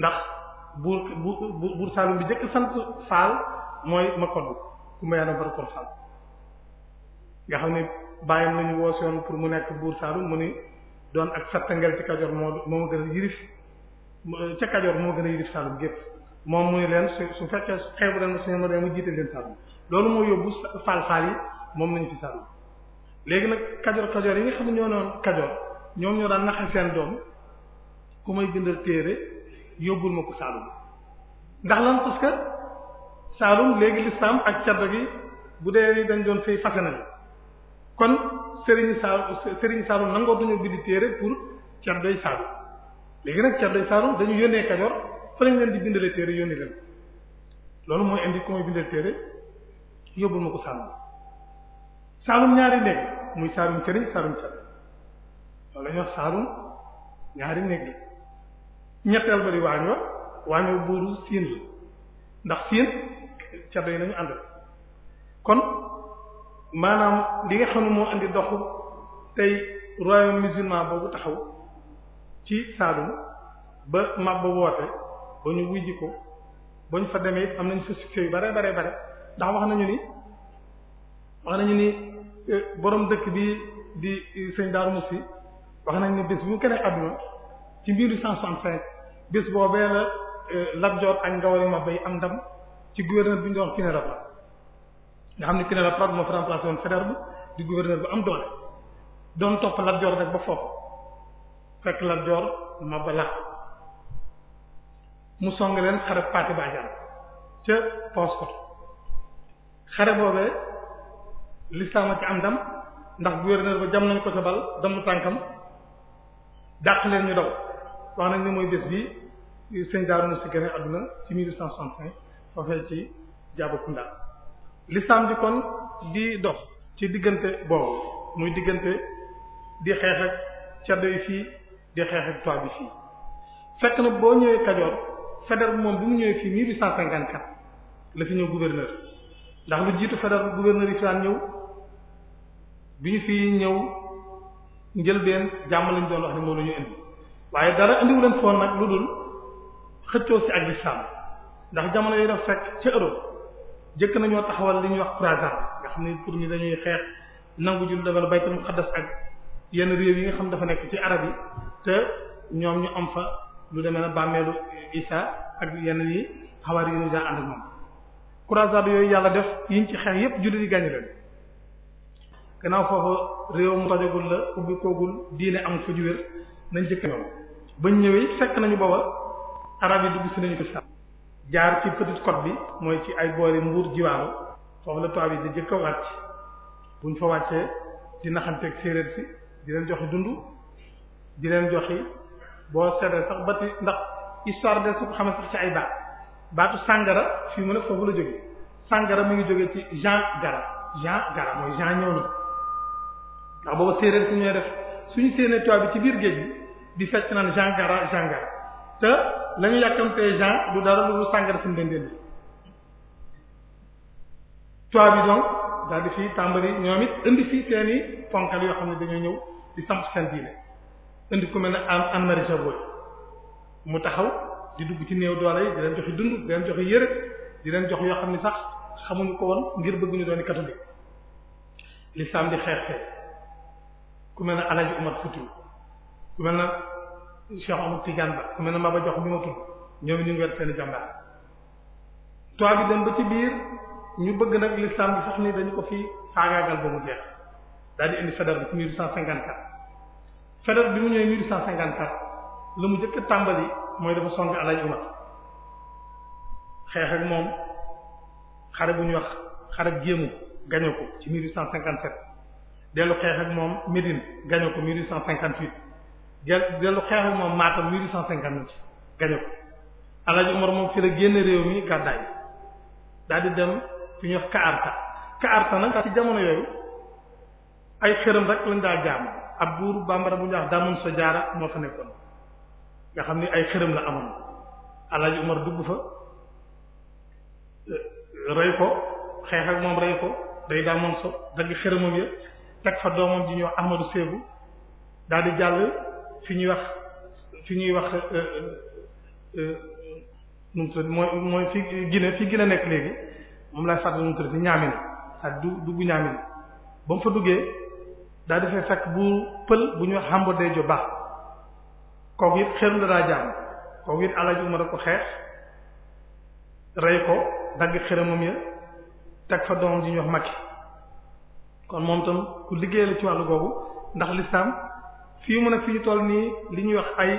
ndax buur buur buur saalum bi jëkk sant faal mooy ma koddu ku mayaana barakor faal nga xam ne bàyyam la ñu woosoon pour mu nekk buur saalum mu ni doon ak sattangel ci kajoor moo moo ma gën a yirif moo gën a yirif saalum moom muy leen su su fekkee xew bu leen ma dee mu jiite leen saalum loolu moo yóbbu faal faal yi moom nañu fi saalum léegi nag kajoor kajoor yi nga xam ñoo noon kajoor ñoom ñoo daan naxe seen doom ku may bindal téere yóbbul ma ko Saalum ndax lan Saalum léegi lislaam ak caddo gi bu dee dañ doon fay fasana bi kon Serigne Saalum Serigne Saalum nangoo duñu bindi téere pour caddoy léegi nag caddoy Saalum dañu yónnee kajoor leen di bindale téere yónni loolu mooy indi ku may bindal téere yóbbul ñaari léegi muy saarum cëriñ saarum cat loolu la ñuy wax saarum ñaari néeg la ñetteel ba waañ wa waañ wa buuru siin la ndax siin caddo yi nañu ànd kon maanaam li nga xam ne moo indi doxu tey royaume musulman boobu taxaw ci Saalum ba mag ba woote ba ñu wujji ko ba ñu fa demee am nañ fa succès yu bare bare bare ndax wax nañu ni wax nañu ni Eh, boroom dëkk bi di sëñ Darou Moussi wax nañ ni bés bu mu keneen àdduna ci mbiru cent soixante-cinq bés boobee la eh, Lat Joor ak Ngawari Mabéy am ndam ci gouverneur bi ñu wax Pinet Laprade nga xam ne Pinet Laprade moo fa di gouverneur bu am doole doon topp Lat rek ba foofu fekk Lat Joor song leen xare Pathé xare boobee lislaam a ci am ndam ndax gouverneur ba jam nañ ko ca bal damm tànkam dàq leen ñu daw wax nañ ne mooy bés bi sëñ Darou Moukhty gane àdduna ci 1865 foofee ci Diabakunda lislaam dox ci diggante boobu muy diggante di xeex ak caddo yi fii di xeex ak toit bi fii fekk na boo ñëwee Kajoor Faidherbe moom bu mu ñëwee fii 1854 la fi ñëw gouverneur ndax lu jiitu Faidherbe gouverneur yi fi daan ñëw bi ñu fii ñëw njëlbeen jàmm ñu doon wax ne moo la ñu indi waaye dara indiwu leen foon nag lu dul xëccoo si ak lislaam ndax jamono yooyu daf fekk ci Europe jëkk nañoo taxawal li ñuy wax croisade nga xam ni pour ñi dañuy xeex nangu jul dagal baytul muqaddas ak yenn réew yi nga xam dafa nekk ci arab yi te ñoom ñu am fa lu demee na bàmmeelu Isa ak yenn yi xawaar yi ñu daa ànd ak moom croisade yooyu yàlla def yiñ ci xeex yépp jullit yi gàññi leen gannaaw foofa réew mu tojagul la ubbi koogul diine am fu ju wér nañ ci kañoom bañ ñëwee fekk nañu booba arab yi dugg si nañu ko sax jaar ci petite côte bi mooy ci ay boori mbuur jiwaalo foofu la tubaab yi di jëkk a wàcc buñ fa wàccee di naxanteeg séeréer si di leen joxi dund di leen joxi boo seetee sax bati ndax histoire de su xamee sax ci ay baat baatu sangara fii mu ne foofu la jógee sangara mu ngi jógee ci Jean Gara Jean Gara mooy Jean ñëw ndax booba séeréer su ñooy def suñu séenee toit bi ci biir géej bi di fecc naan jangara jangar te lañu yàkkamtee gen du dara lu sàngara suñu leen toit bi donc daal fi tàmbali ñoom it indi fi seen i ponkal yoo xam ne dañoo ñëw di samp seen diine indi ku mel ne Anne Marie Jaboy mu taxaw di dugg ci néew doole yi di leen joxe dund di leen joxe yëre di leen jox yoo xam ne sax xamuñu ko woon ngir bëgg ñu doon catholique l'islam di xeex xeex ku mel ne alaji Umar Futi ku mel ne Cheikh Ahmad Tidiane Ba ku mel ne Maba Jox mi ma tudd ñoom ñu ngi wet seen jàmbaar toit bi dem ba ci biir ñu bëgg nag l'islam bi sax dañu ko fi faagaagal ba mu jeex daal di indi fédéral bi ci 1854 fédéral bi mu ñëwee 1854 la mu jëkk tàmbali mooy dafa song alaji Umar xeex ak moom xare bu ñu wax xare géemu gaño ko ci 1857. dellu xeex ak moom Médine gañe ko 1858 dellu xeex ak moom Matam 1859 gañe ko Alaaji Umar moom fi la génn réew mi gàddaay daal di dem fi ñuy wax Kaarta Kaarta nag jamono yooyu ay xërëm rek lañ daa jaamu ab buur bambara bu ñuy wax Daamon nga xam ni ay xërëm la amoon Alaaji Umar dugg fa rey ko xeex ak moom rey ko day Daamon so dagg xërëmam ya teg fa doomam ji ñuy wax Ahmadou Seegu daal di jàll fi ñuy wax fi ñuy wax euh, euh, euh, nu mu tudd mooy mooy fi Guinée fi Guinée nekk léegi moom laay fàttali nu mu tudd si Niamey ak du dugg Niamey ba mu fa duggee daa defee fekk bu pël bu ñuy wax Hambo Dejo Ba kooku it xeeru la daa jaam kooku it Alaaji Umar a ko xeex rey ko dagg xeeram moom ya teg fa doomam ji ñuy wax Macky kon moom tam ku liggéey la ci wàll boobu ndax l'islam fii mu ne fii toll nii li ñuy wax ay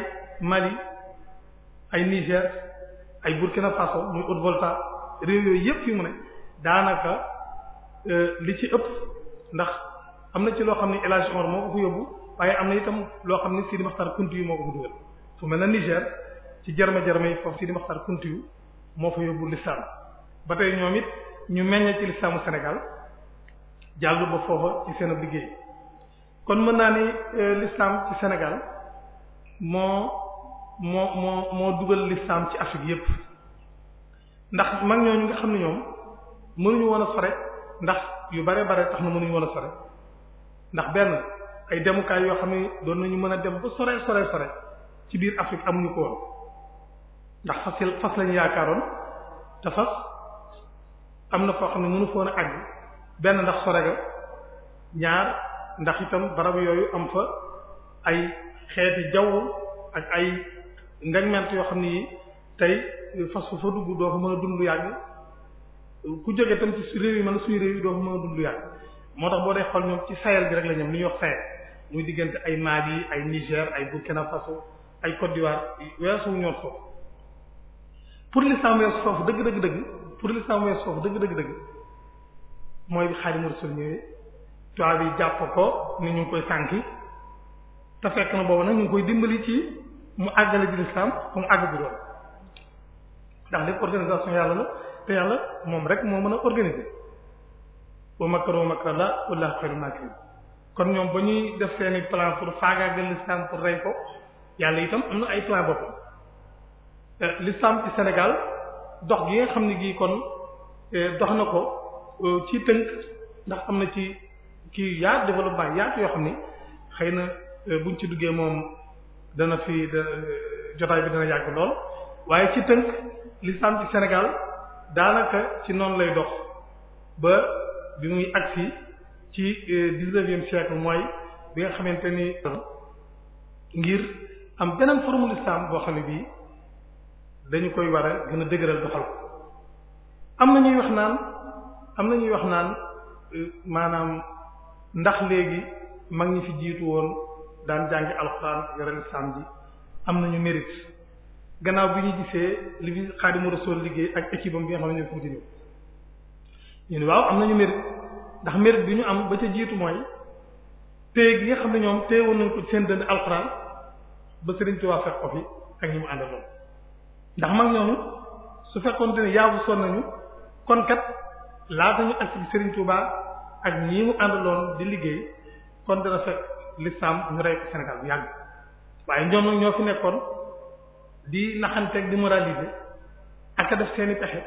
Mali ay Niger ay Burkina Faso muy Haute-Volta réew yooyu yëpp fii mu ne daanaka euh, li ci ëpp ndax am na ci loo xam ne El moo ko fa yóbbu waaye am na itam loo xam ne Sidi Maxtar Kunti yu moo ko fa dugal su mel na Niger ci jarma-jarma yi foofu Sidi Maxtar Kunti yu moo fa yóbbu l'islam ba tey ñoom it ñu meññee ci lislamu Sénégal jàll ba foofa ci seen liggéey kon mën naa ni euh, l'islam ci Sénégal moo moo moo moo dugal l'islam ci Afrique yépp ndax mag ñooñu nga xam ne ñoom mënuñu woon a sore ndax yu bare bare tax na mënuñu woon a sore ndax benn ay demukaay yoo xam ne doon nañu mën a dem ba sore sore sore ci biir Afrique amuñu ko woon ndax fas lañu yaakaaroon te fas am na foo xam ne mënu foon a àgg benn ndax sorega ñaar ndax itam barab yooyu am fa ay xeeti jaww ak ay ndegment yoo xam ni tey fas fa dugg doo fa mën a dund yàgg ku jóge itam ci réew yi man suñu suy réew yi doo fa mën a dund yàgg moo tax boo dee xool ñoom ci Sahel bi rek la ñoom li ñuy wax Sahel muy diggante ay Mali ay Niger ay Burkina Faso ay Côte d'Ivoire weesu ñoom foofu pour l'islam weesu foofu dëgg dëgg dëgg pour l'islam weesu foofu dëgg dëgg dëgg mooy bi mu Rasuul ñëwee tubaab yi jàpp ko ni ñu ngi koy sànki te fekk na boobu nag ñu ngi koy dimbali ci mu àggale ji lislaam mu àgg bi doon ndax lépp organisation yàlla la te yàlla moom rek moo mën a organiser wa makaru makra la wallahu xayrul maakirin kon ñoom ba ñuy def seeni plan pour faagaagal lislaam pour rey ko yàlla itam am na ay plan boppam euh, lislaam ci Sénégal dox gi nga xam ne gii kon euh, dox na ko Euh, ci tënk ndax am na ci kii yaa développement yaatu yoo xam ni xëy na euh, buñ ci duggee moom dana fi euh, jotaay bi dana yàgg lool waaye ci tënk l'islam ci Sénégal daanaka ci noonu lay dox ba bi muy agsi ci dix-neuvième siècle mooy bi nga xamante ni ngir am beneen forme l'islam boo xam ne bii dañu koy war a dëgëral doxal ko am na ñuy wax naan am na ñuy wax naan euh, maanaam ndax léegi mag ñi fi jiitu woon daan jàngi alxuraan yore lislaam ji am nañu mérite gannaaw bi ñu gisee li fi Xaadimu Rasuul liggéey ak équipe am bi nga xam ne ñu ñu waaw am nañu mérite ndax mérite bi ñu am ba ca jiitu mooy téye gi xam ne ñoom téye woon nañ ko seen dënd alxuraan ba Sëriñ Tuubaa fekk ko fi ak ñi mu àndaloon ndax mag ñooñu su fekkoon te yaabu sonn nañu kon laata ñu ak ci Serigne ak ñi mu àndaloon di liggéey kon dana fekk l'islam ñu rey ko Sénégal bu yàgg waaye ñoom nag ñoo fi nekkoon di naxanteeg di moraliser ak a def seeni pexe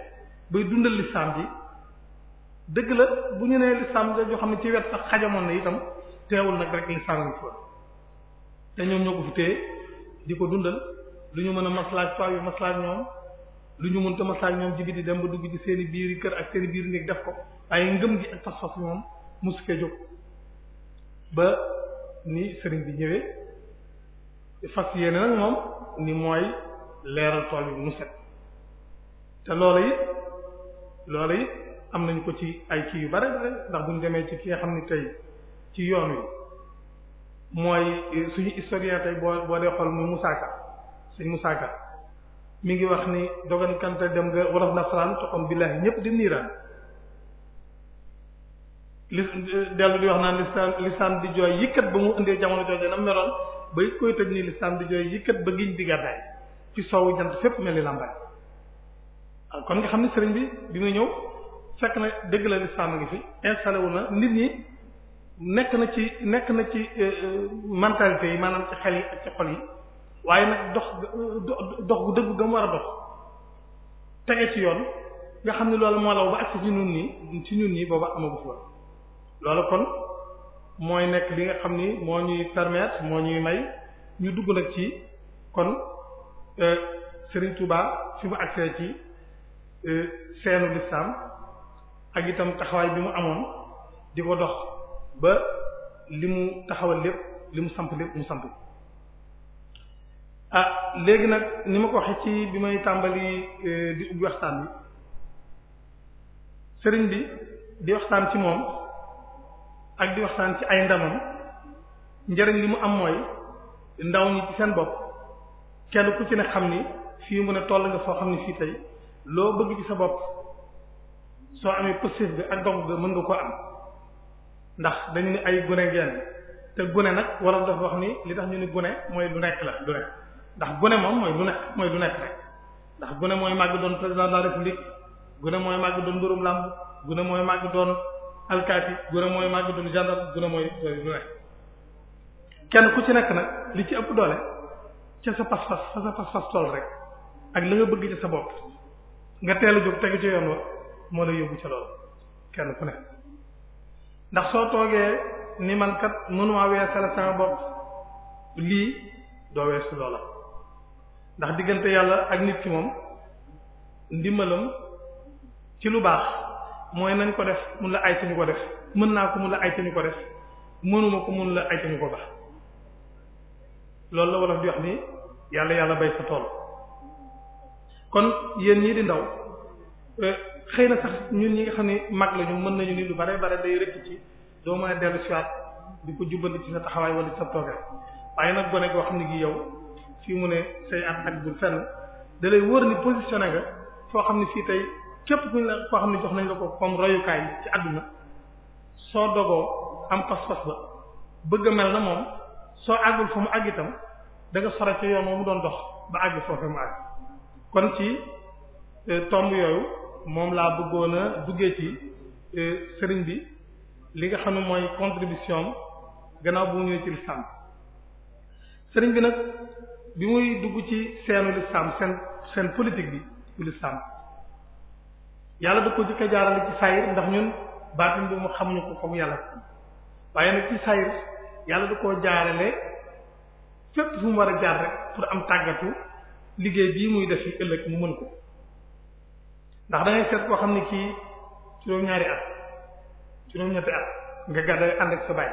bay dundal l'islam bi dëgg la bu ñu nee l'islam da joo xam ne ci wet sax xajamoon na itam teewul nag rek l'islam ngi foon te ñoom ñoo ko fi téye di ko dundal lu ñu mën a maslaaj tois yu maslaaj ñoom lu ñu mën tama saag ñoom ci biti dem ba dugg ci seeni i biir kër ak seen i biir néeg def ko waaye ngëm gi ak pas-pas moom mosu fee ba ni sëriñ bi ñëwee fas yéene nag moom ni mooy leeral tool bi mu set te loola it loola it am nañ ko ci ay kii yu bare ndax buñ demee ci ki nga xam ne tey ci yoon wi mooy suñu historien tey boo boo dee xool mu Moussa suñ Moussa mi ngi wax ni dogankante dem nga waral nasaraan te kon billaahi ñëpp di niiraan li dellu di wax naan lisaan lisaan di jooy yëkkat ba mu indee jamono jooju nam meloon ba it koy tëj nii lisaan di jooy yëkkat ba giñ di gàddaay ci soowu jant fépp mel ni làmbaay kon nga xam ne sëriñ bi bi muy ñëw fekk na dëgg la a ngi fi installé wu na nit ñi nekk na ci nekk na ci euh, euh, mentalité yi maanaam ci xel yi ak ci xol yi waaye nag dox dox gu dëgg ga war a dox tege ci yoon nga xam ne loolu moo law ba agsi ci ñun nii ci ñun nii booba amagu fi woon loolu kon mooy nekk li nga xam ni moo ñuy permettre moo ñuy may ñu dugg nag ci kon euh, Serigne Touba fi mu agsee ci euh, seenu lislaam ak itam taxawaay bi mu amoon di ko dox ba li mu taxawal lépp li mu samp lépp mu samp ah léegi nag ni ma ko waxee ci bi may tàmbali eh, di ubbi waxtaan bi sëriñ bi di waxtaan ci moom ak di waxtaan ci ay ndamam njëriñ li mu am mooy ndaw ñi seen bopp kenn ku ci ne xam ni fii mu ne toll nga foo xam ne fii tey loo bëgg ci sa bopp soo amee possible bi ak dox ga mën nga koo am ndax dañu ni ay gune genn te gune nag wala dafa wax ni li tax ñu ne gune mooy lu nekk la lu nekk ndax gune moom mooy lu nekk mooy lu nekk rek ndax gune mooy màgg doon président de la république gune mooy màgg doon mbërum gune mooy màgg doon alkaati gune mooy màgg doon gendarme gune mooy kenn ku ci nekk nag li ci ëpp doole ca sa pas-pas fa sa pas-pas tool rek ak la nga bëgg ci sa bopp nga teel a jóg ci yoon wa moo lay yóbbu kenn ku nekk ndax soo ni man kat mënumaa weesale sama bopp lii doo weesu loola ndax diggante yàlla ak nit ki moom ndimbalam ci lu baax mooy nañ ko def mun la ay ñu ko def mën naa ko mun la ay ñu ko def ko mun la ay ñu ko loolu la wolof di wax ni yàlla yàlla bay sa tool kon yéen ñii di ndaw euh, xëy na sax ñun ñi nga xam ne mag lañu mën nañu ni lu bare bare day rëcc ci doo mën a dellu siwaat di ko jubbanti ci sa taxawaay wala ci sa toogaay waaye nag gone goo xam ne gi yow fii mu ne say at ak bul fenn da lay wóor ni positionné nga foo xam ne fii tey képp kuñ la koo xam ne jox nañ la ko comme royukaay ci àdduna soo dogoo am pas-pas ba bëgg a mel na moom soo àggul fa mu àgg itam da nga sore ci yoon mu doon dox ba àgg foofu mu àgg kon ci euh, tomb yooyu moom laa bëggoon a duggee ci euh, sëriñ bi li nga xam ne mooy contribution gannaaw bu mu ñëwee ci lislaam sëriñ bi nag bi muy dugg ci seenu lislaam seen seen politique bi bu lislaam yàlla da ko jëkk a jaarale ci saayir ndax ñun baatin bi mu xamuñu ko comme yàlla waaye nag ci saayir yàlla da koo jaarale fépp fu war a jaar rek pour am tàggatu liggéey bii muy def yi ëllëg mu mën ko ndax da ngay seet koo xam ne kii juróom-ñaari at juróom-ñetti at nga gàdda ànd ak sa baay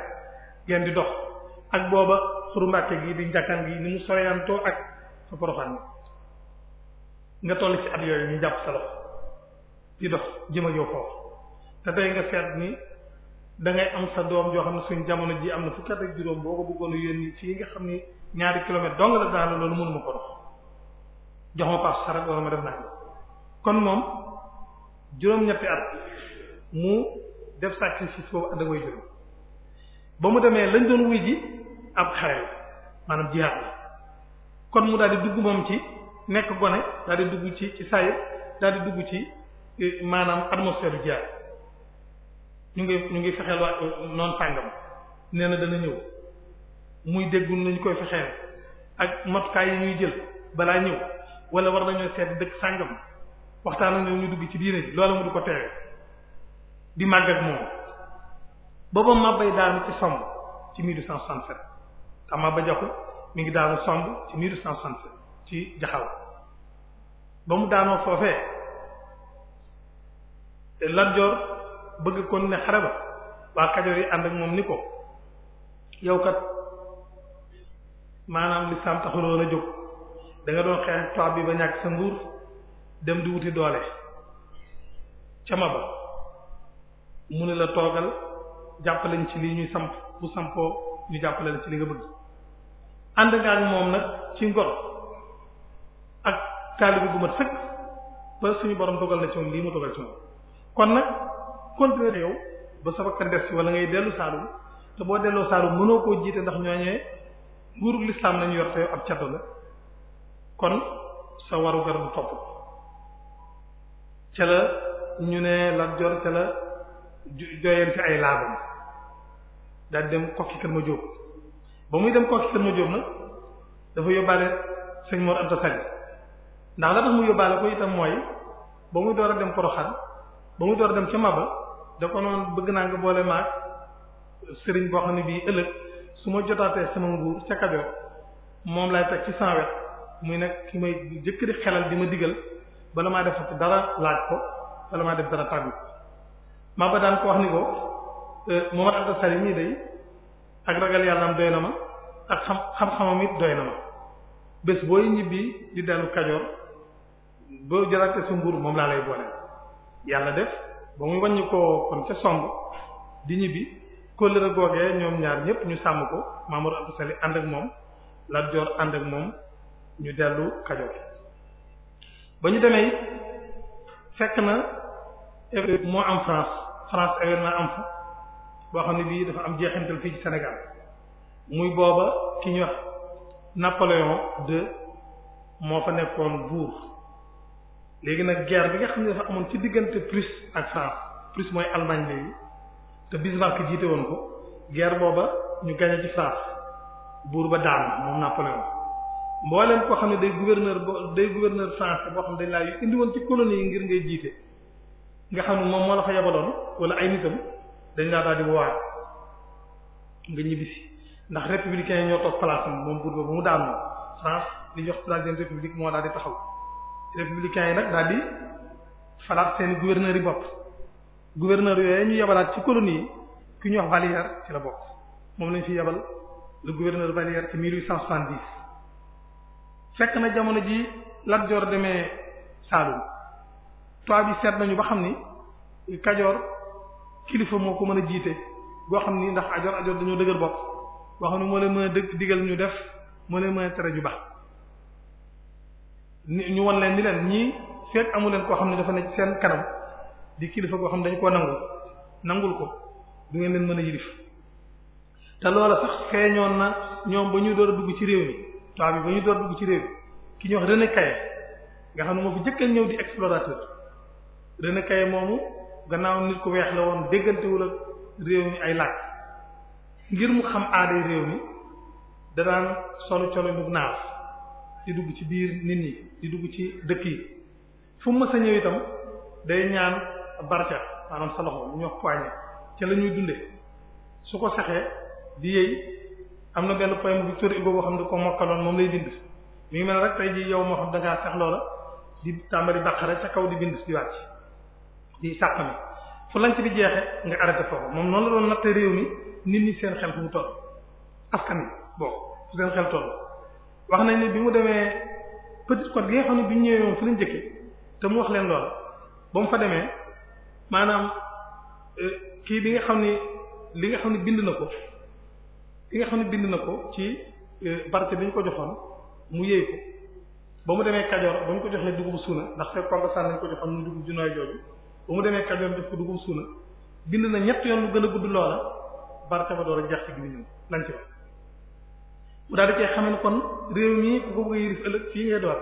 ngeen di dox ak booba xuru mbàkke gi di njakkan gi ni mu soreantoo ak fa poroxaan nga toll ci at yooyu ñu jàpp sa loxo di dox jëm ak yow foofu te tey nga seet ni da am sa doom joo xam ne suñ jamono ji am na fukki ak juróom boo ko bëggoon a yónni fii nga xam ni ñaari kilomètre dong la naa loolu mënuma ko dox jox ma paas sarak wala ma def naa kon moom juróom-ñetti at mu def sacrifice boobu ànd ak way juróom ba mu demee lañ doon wuy ji ab xare maanaam jihaad la kon mu daal di dugg moom ci nekk gone daal di ci ci saayir daal di dugg ci e, maanaam atmosphère du jihaad ñu ngi ñu ngi fexeel waa noonu sàngam nee na dana ñëw muy déggu nañu koy fexeel ak matukaay yi ñuy jël balaa ñëw wala war nañoo seet dëkk sàngam waxtaan nañu ñu dugg ci diine ji loolu mu du ko teewee di màgg ak moom booba ma bay daanu ci somb ci 1867 Amma Ba Jaxu mu ngi daanu somb ci 1867 ci jaxaw ba mu daanoo foofee Lat Joor bëgg kon ne xare ba waa Kajoor yi ànd ak moom ni ko yow kat maanaam lislaam taxuloon a jóg da doon xeex toit bi ba ñàkk sa nguur dem di wuti doole ca ba mu ne la toogal jàppaleñ ci lii ñuy samp bu sampoo ñu jàppale ci li nga bëgg ànd nga moom nag ci ngor ak taalibu bu mat sëkk ba suñu borom dogal na ci moom lii mu dogal ci moom kon nag continuer yow ba sa bakkan des ci ngay dellu Saalum te boo delloo Saalum mënoo koo jiite ndax ñooñee nguurug lislaam lañu yor te yow ab caddo la kon sa waru gar bu topp ca la ñu ne la jor ca la joyeen ci ay laabam daal dem kokki kan ma jóg ba muy dem kooki kër ma jóob nag dafa yóbbaale sëñ Mor Anta Sali ndax la tax mu yóbbaale ko itam mooy ba muy door a dem Poroxaan ba muy door a dem ca Maba da ko noonu bëgg naa nga boole maag sëriñ boo xam ne bii ëllëg su ma jotaatee sama nguur ca Kajoor moom laay teg ci cent wet muy nag ki may jëkk di xelal di ma digal bala maa def dara laaj ko bala maa def dara tàggu Maba daan ko wax ni ko eh, Momar Anta Sali mii day ak ragal yàlla am doy na ma ak xam xam-xamam it doy na ma bés booy ñibbi di dellu kajoor boo jëlaatee sa nguur moom laa lay boole yàlla def ba mu wàññi ko kon ca somb di ñibbi kóllëre googee ñoom ñaar ñëpp ñu sàmm ko Mamour Abdou Sali ànd ak moom Lat Joor ànd ak moom ñu dellu kajoor ba ñu demee fekk na moo am France France événement am fa boo xam ne bii dafa am jeexintal fii ci Sénégal muy booba ki ñu wax Napoléon II moo fa nekkoon buur léegi nag guerre bi nga xam ne dafa amoon ci diggante Prusse ak France Prusse mooy Allemagne léegi te Bismarck jiite woon ko guerre booba ñu gañe ci France buur ba daan moom Napoléon mbooleen koo xam ne day gouverneur bo day gouverneur français boo xam ne dañ laa yu ci colonie yi ngir ngay jiite nga xam ne moom moo la fa yabaloon wala ay nitam dañu laa daal di woowaat nga ñibbisi ndax républicain ñoo toog place am moom buur mu daanu France li ñuy wax troisième république moo daal di taxaw républicain yi nag daal di falaat seen gouverneurs yi bopp gouverneurs yooyu ñu yebalaat ci colonie yi ki ñuy wax Vallière ci la bokk moom lañ fi yebal le gouverneur Vallière ci 1870 fekk na jamono ji Lat Joor demee Saalum toit bi seet nañu ba xam ni Kajoor kilifa moo ko mën a jiite goo xam ni ndax ajoor ajoor dañoo dëgër bopp boo xam moo leen mën a dëgg digal ñu def moo leen mën a tere ju baax ni ñu won leen ni leen ñii seet amu leen koo xam ne dafa nekk seen kanam di kilifa koo xam ne dañu koo nangu nangul ko du ngeen leen mën a yilif te loola sax feeñoon na ñoom ba ñu door a dugg ci réew yi toit bi ba ñu door a dugg ci réew mi ki ñuy wax René Caillé nga xam ne moo fi jëkkal ñëw di explorateur René Caillé moomu gannaaw nit ko weex la woon déggantewul ak réew mi ay làkk ngir mu xam aaday réew mi danaan solu colu mu naaf di dugg ci biir nit ñi di dugg ci dëkk yi fu mu mës ñëw itam day ñaan barca maanaam sa loxo mu ñoo poignée ca la ñuy dundee su ko saxee di yëy am na benn poème bu Victor Hugo xam ne ko mokkaloon moom lay bind mi ngi mel rek tey jii yow moo xam da ngaa di tàmbali baqara ca kaw di bind di wàcc di sàq mi fu lañ ci bi jeexe nga arrêté foofu moom noonu la doon natte réew mi nit ñi seen xel fu mu toll askan wi bon fu seen xel toll wax nañ ni bi mu demee Petite Côte gi xam ne bi ñu ñëwee woon fu lañ jëkkee te mu wax leen lool ba mu fa demee maanaam euh, kii bi nga xam ni nga xam ne bind na ko li nga xam ne bind na ko ci euh, barke bi ñu ko joxoon mu yëy ko ba mu demee Kajoor ba mu ko joxee dugub suuna ndax fekkoon ko sànni ñu ko joxoon mu dugub ju jooju ba mu demee Kajoor def ko dugub suuna bind na ñett yoon lu gën a gudd loola barke ba door a jeex ci gimiñum lañ ci wax mu daal di cee xamen mi ëllëg fii ngay door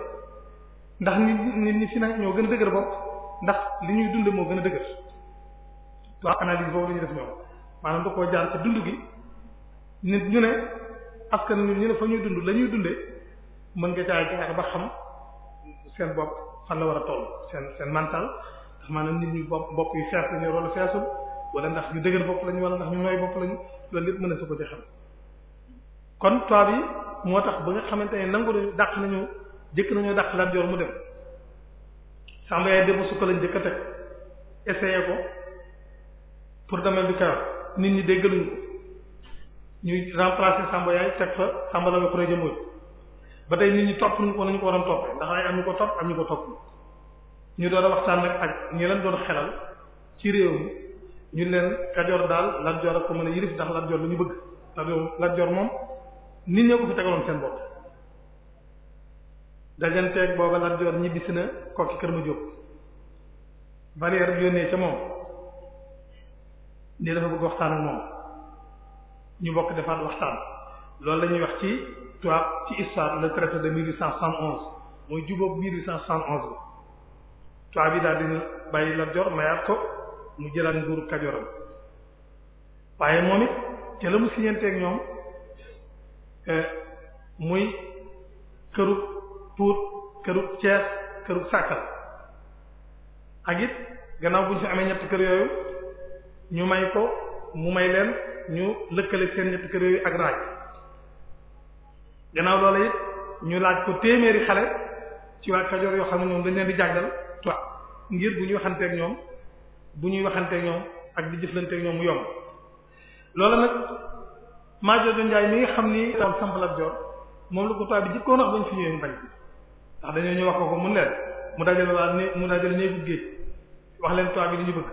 nit ñi fi nag ñoo gën a ndax li ñuy dund moo gën a dëgër waaw analyse boobu la ñu maanaam da koo jaar ci gi nit ñu ne askan ñu ñu ne fa ñuy dund lañuy ñuy mën nga caa jaar ba xam seen bopp fan la war a toll seen seen mental ndax maanaam nit ñi bopp bopp yi fees lañu wala feesul wala ndax ñu dëgër bopp lañu wala ndax ñu nooy bopp lañu loolu lépp mën na su ko ci xam kon tool yi moo tax ba nga xamante ne nangu nañu dàq nañu jëkk nañu dàq Lat Joor mu dem Samba Yaay Demba Sukka lañ jëkk a teg essayé ko pour domaine du Kayor nit ñi déggaluñ ko ñuy remplacer Samba Yaay teg fa Samba la ko jëmbooj ba tey nit ñi topp ñu ko nañu ko waroon toppee ndax ay am ñu ko topp am ñu ko topp ñu doon waxtaan nag ak ñi leen doon xelal ci réew mi ñu leen Kajoor daal Lat Joor ak ko mën a yilif ndax Lat lu ñu bëgg Lat Joor Lat Joor moom nit ñoo ko fi tegaloon seen bopp dajanteeg booba Lat ñibbisi na kokki kër ma jóg Valère yónnee ca moom ni dafa bëgg waxtaan moom ñu bokk defaat waxtaan loolu lañuy wax ci tubaab ci histoire le traité de 1871 mooy jubóob 1871 bi paa bi daal dina bàyyi Lat Joor mayaat ko mu jëlaat nguuru Kajoram waaye moom it ca la mu siñanteeg ñoom eh, muy këru tuut kërub cees kërub sàkkal ak it gannaaw bu ñu fi amee ñetti kër yooyu ñu may ko mu may leen ñu lëkkale seen ñetti kër yooyu ak raaj gannaaw loola it ñu laaj ko téeméeri xale ci waa Kajoor yoo xam ne noonu dañ leen di jàggal ngir bu ñuy waxanteeg ñoom bu ñuy waxanteeg ñoom ak di jëflanteeg ñoom mu yomb loolu nag Maajoor Njaay mi nga xam ni daal sampalaat joor moom la ko tubaab bi jëkkoon wax bañ fi ñëwee mu bañ ndax dañoo ñu wax ko ko mu ne mu dajale waa ne mu dajale ñooy bëgg wax leen tubaab bi ñu bëgg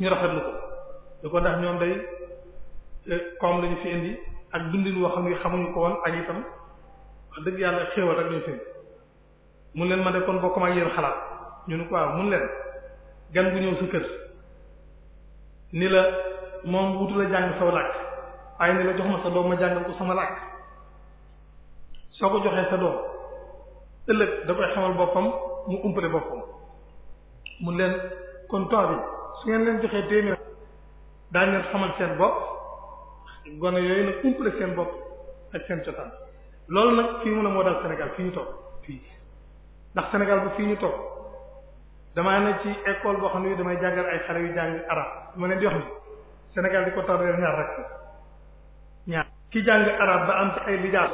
ñu rafetlu ko da ko ndax ñoom day eh, koom lañu fi indi ak dundin woo xam ne xamuñu ko woon ak itam dëgg yàlla xéewal rek lañu fi indi mu leen ma de kon bokk ma ak yéen xalaat. ñu ne ko waaw mun leen gan bu ñëw sa kër ni la moom wutu la jàng saw làkk waaye ni la jox ma sa doom ma jàngal ko sama làkk soo ko joxee sa doom ëllëg dafay koy xamal boppam mu umpale boppam mun leen kon temps bi su ngeen leen joxee téeméer daañu leen xamal seen bopp gone yooyu nag umpale seen bopp ak seen cosaan loolu nag fii mu ne moo dal Sénégal fii ñu toog fii ndax Sénégal bu fii ñu toog damaa ne ci école boo xam ne damay jàngal ay xale yu jàng arab ma ne di wax ni Sénégal di ko tardé ñaar ki jàng arab ba am ci ay lijaa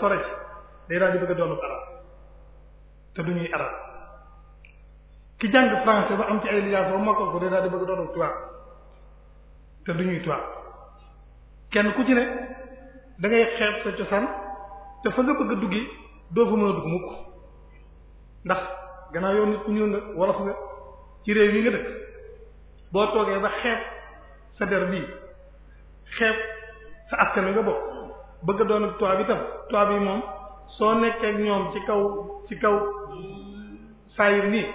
di bëgg a doonub te du ñuy arab ki jàng français ba am ci ay lijaa soo mokkal ko day daal di bëgg a doonub te du ñuy tubaab kenn ku ci ne da ngay sa cosaan te fa nga bëgg duggi doo fa mën a dugg mukk ndax gannaaw yow nit ku ñuul nga wolof nga ci réew mi nga dëkk boo toogee ba xeeb sa der bii xeeb sa askan wi nga bokk bëgg doon ak bi itam tubaab yi moom soo nekkee ñoom ci kaw ci kaw saa yu nii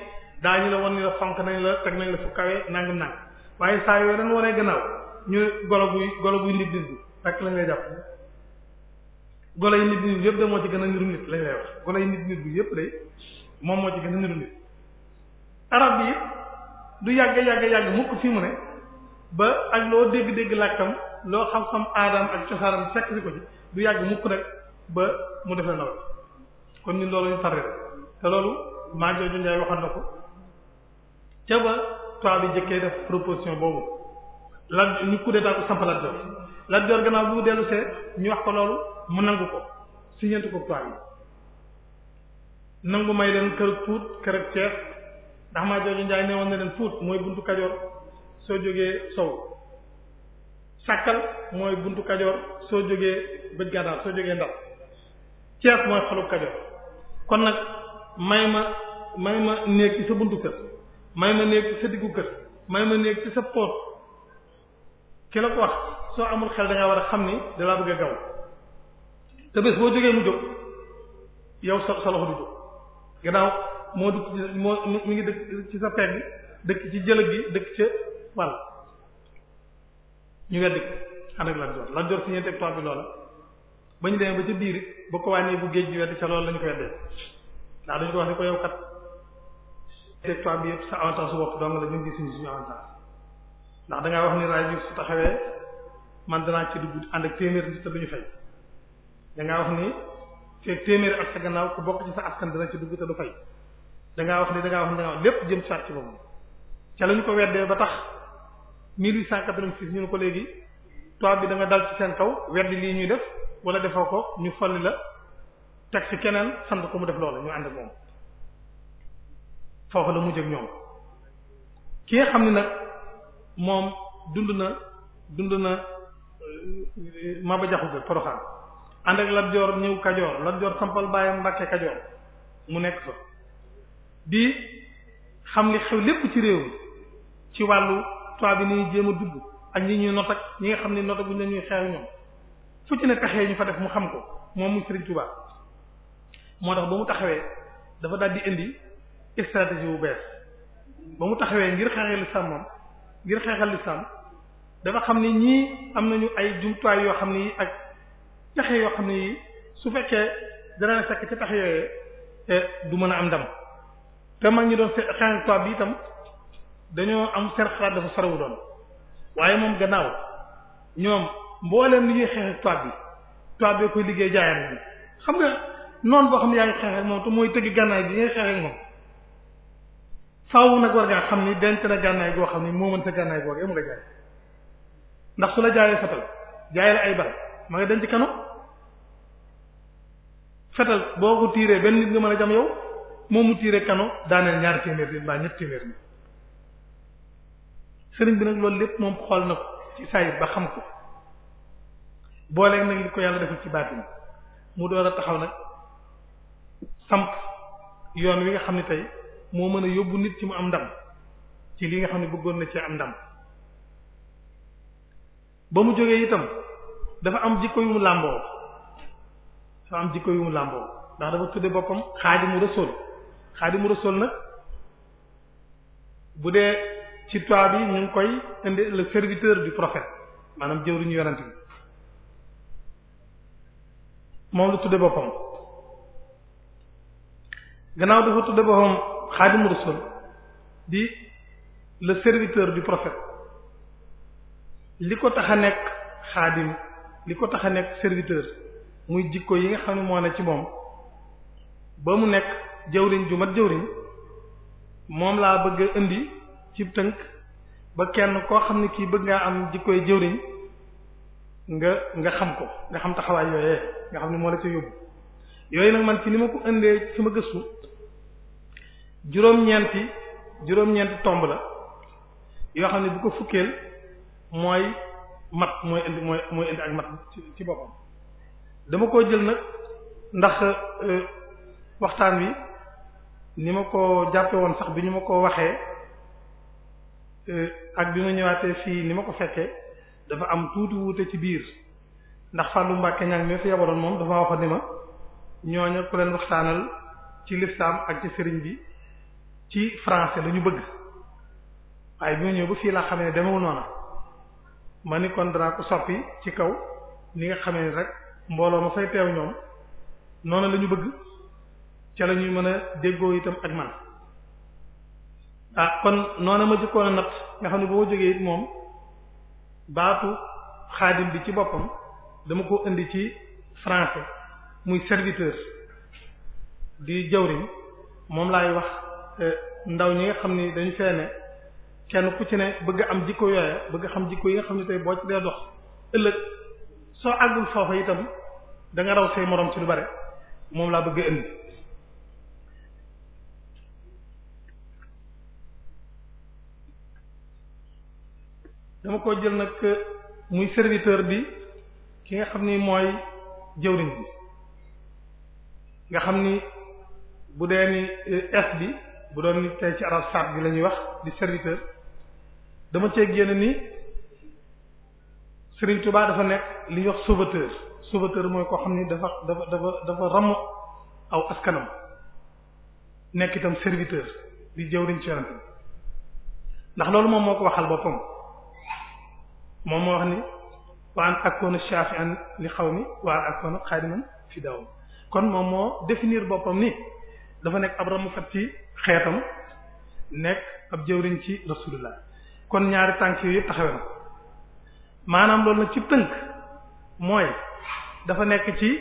daañu la wan ni la fonk nañ la teg nañ la fu kawe nangam nang waaye saa yooyu dañ wanee gannaaw ñu golo buy golo buy nit nit rek lañ lay jàpp golo yi nit nit yëpp de moo ci gën a niru nit lañ lay wax golo yëpp de moom moo ci gën a nit arab bi du yàgg yàgg yàgg mukk fi mu ne ba ak loo dégg-dégg làkkam loo xam-xam aadam ak cosaanam fekk si ko ci du yàgg mukk nag ba mu defee naw kon ñun loolu ñu farre te loolu maa jooju Njaay ko ca ba toit bi jëkkee def proposition boobu la ñu coup d'état ko samp Lat Joor Lat Joor gannaaw bu mu ñu wax ko loolu mu nangu ko siñeenti ko toit yi nangu may leen kër Pout kër Cees ndax maa jooju njaay newoon na leen fuut mooy buntu kajoor soo jógee sow sàkkal mooy buntu kajoor soo jógee bëj gànnaar soo jógee ndar Cees mooy xolub kajoor kon nag may ma may ma néeg ci sa buntu kër may ma néeg ci sa diggu kër may ma néeg poot ki la ko wax soo amul xel da war a xam ni dalaa bëgg a gaw te bés boo jógee mu jóg yow sa sa loxo du gannaaw moo dëkk ci moo mi ngi dëkk ci sa bi dëkk ci jëlëg gi dëkk ca wàll ñu weddi ko ànd ak Lat Joor Lat Joor signé bi loola ba ñu ma ba ca biir ba ko wàññi bu géej gi weddi ca loolu la ko weddee ndax dañu ko wax ni ko yow kat teg bi yëpp sa avantage su bopp dong la ñu ngi signé suñu avantage ndax da ngaa taxawee man danaa ci dugg ànd ak téeméer nit te duñu fay da wax ni feeg téeméeri at sa gannaaw ku bokk ci sa askan dana ci dugg te du fay dangaa wax ni dangaa wax ni dangaa wax lépp jëm sàcc boobu ca lañu ko weddee ba tax 1886 ñu ne ko léegi toit bi da dal ci seen kaw weddi lii ñuy def wala defoo ko ñu folli la teg ci keneen sant ko mu def loola ñu ànd ak moom foofu la mu ak ñoom ki nga xam ne nag moom dund na dund na euh, Maba Jaxu Ga Poroxaan ànd ak Lat Joor ñëw Kajoor Lat Joor sampal bàyyam Mbàkke Kajoor mu nekk fa di xam li xew lépp ci réew mi ci wàllu toit bi ni jéem a dugg ak ñi ñuy not ñi nga xam ne not bu buñ la ñuy xeex ñoom fu ci ne taxee ñu fa def mu xam ko moom mu Serigne Touba moo tax ba mu taxawee dafa daal di indi stratégie bu bees ba mu taxawee ngir xeexal lislaam moom ngir xeexal lislaam dafa xam ni ñii am nañu ay jumtuwaay yoo xam ne ak pexe yoo xam ne yi su fekkee dana la sakk ca pexe yooyee eh, du mën a am ndam. te mag ñi doon xeex tubaab bi itam dañoo am seen xalaat dafa sarawu doon waaye moom gannaaw ñoom mbooleem li ñuy xeex tubaab bi tubaab liggéey jaayam xam nga noonu boo xam ne yaa mooy tëgg gànnaay bi ngay xeex ak moom faaw nag xam ni denc gànnaay goo xam ni moo mën sa gànnaay goo yow nga jaay ndax su la jaayee fetal jaay ay bal ma nga denc kanu fetal boo ko tiiree benn nit nga mën a jam yow moom mu tiire kano daaneel ñaar téeméer bi mbaa ñett téeméer bi sëriñ bi nag loolu lépp moom xool na ko ci saayir ba xam ko booleeg nag li ko yàlla defal ci baatin mu door a taxaw nag samp yoon wi nga xam ne tey moo mën a yóbbu nit ci mu am ndam ci li nga xam ne bëggoon na ci am ndam ba mu jógee itam dafa am jikko yu mu làmboo dafa am jikko yu mu làmboo ndax dafa tudde boppam xaadimu rasul xaadimu rasul nag bu dee ci toit bi ñu ngi koy indi la serviteur du prophète maanaam jëwriñu yonent bi moom lu tudde boppam gannaaw dafa tudde boppam xaadimu rasul di le serviteur du profet li ko tax a nekk xaadim li ko tax a nekk serviteur muy jikko yi nga xam ne moo ne ci moom ba mu nekk jawriñ ju mat jëwriñ moom laa bëgg indi ci tënk ba kenn koo xam ne kii bëgg ngaa am di koy jëwriñ nga nga xam ko nga xam taxawaay yooyee nga xam ne moo la ca yóbbu yooyu nag man ci ni ma ko indee sama gëstu juróom-ñeenti juróom-ñeenti tomb la yoo xam ne bu ko fukkeel mooy mat mooy indi mooy mooy indi ak mat ci boppam dama koo jël nag ndax euh, waxtaan wi ni ma ko jàppe sax bi ñu ma ko waxee euh, ak bi ma ñëwaatee fii ni ma ko fekkee dafa am tuuti wuute ci biir ndax Fallou Mbacke ñaŋ mi fi yabaloon moom dafa waxoon ni ma ñooñu ku leen waxtaanal ci lislaam ak ci sëriñ bi ci français lañu bëgg waaye bi ma ñëw ba fii laa xam ne demewul noona ma ni kon danaa ko soppi ci kaw ni nga xamee ni rek mbooloo ma fay teew ñoom noonu lañu bëgg ca la ñuy mën a déggoo itam ak man ah kon noona ma jëkkoon a natt nga xam ne boo jógee it moom baatu xaadim bi ci boppam dama ko indi ci français muy serviteur di jawriñ moom laay wax eh, ndaw ñi nga xam ni dañu fee ne kenn ku ci ne bëgg am jikko yooya bëgg xam jikko yi nga xam ne tey booj ci dee dox ëllëg soo àggul foofa itam da nga raw say moroom ci lu bare moom laa bëgg indi dama ko jël nag euh, muy serviteur bi ki nga xam ni mooy jëwriñ bi nga xam ni bu dee ni es euh, bi bu doon ni tey ci arab sat bi la wax di serviteur dama cee génn ni Serigne Touba dafa nekk li ñuy wax sauveteur sauveteur mooy ko xam ni dafa dafa dafa dafa ramm aw askanam nekk itam serviteur li jëwriñ ci yonent ndax loolu moom moo ko waxal boppam moom moo wax ni wa an akuna shafi'an li qawmi wa an akuna xaadiman fi dawm kon moom moo définir boppam ni dafa nekk ab ramkat ci xeetam nekk ab jëwriñ ci rasulullah kon ñaari tànk yooyu yëpp taxawe na maanaam loolu nag ci tënk mooy dafa nekk ci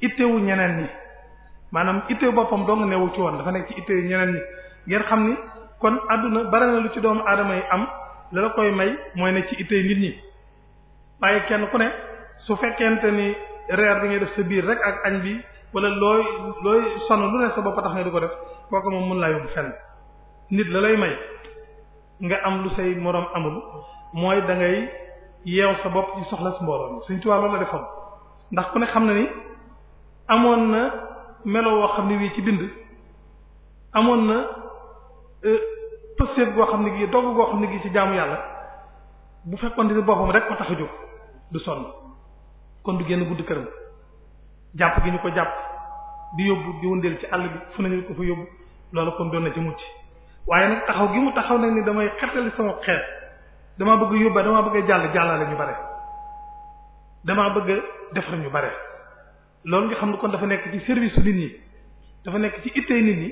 ittewu ñeneen ñi maanaam ittewu boppam dong newu ci woon dafa nekk ci ittewu ñeneen ñi ngeen xam ni kon àdduna bare na lu ci doomu aadama yi am la la koy may mooy ne ci ittey nit ñi waaye kenn ku ne su fekkente ni reer bi ngay def sa biir rek ak añ bi walla looy looy sonn lu ne sa bopp tax nga di ko def kooku moom mën laa yóbbu fenn nit la lay may nga am lu say moroom amul mooy dangay ngay yeew sa bopp ci soxla si mbooloo suñ tubaab loolu la defoon ndax ku ne xam na ni amoon na melo woo xam ne wii ci bind amoon na euh, pëstéef goo xam ne gii dogg goo xam ne gi ci jaamu yàlla bu fekkoon ne boppam rek ko tax a jóg du sonn kon du génn gudd këram jàpp gi ñu ko jàpp di yóbbu di wëndeel ci àll bi fu nañu ko fa yóbbu loolu kon doon na ci mucc waaye nag taxaw gi mu taxaw nag ni damay xettali sama xeet damaa bëgg yóbba damaa bëgg jàll jàllaale ñu bare damaa bëgg a defar ñu bare loolu nga xam ne kon dafa nekk ci service su nit ñi dafa nekk ci ittee nit ñi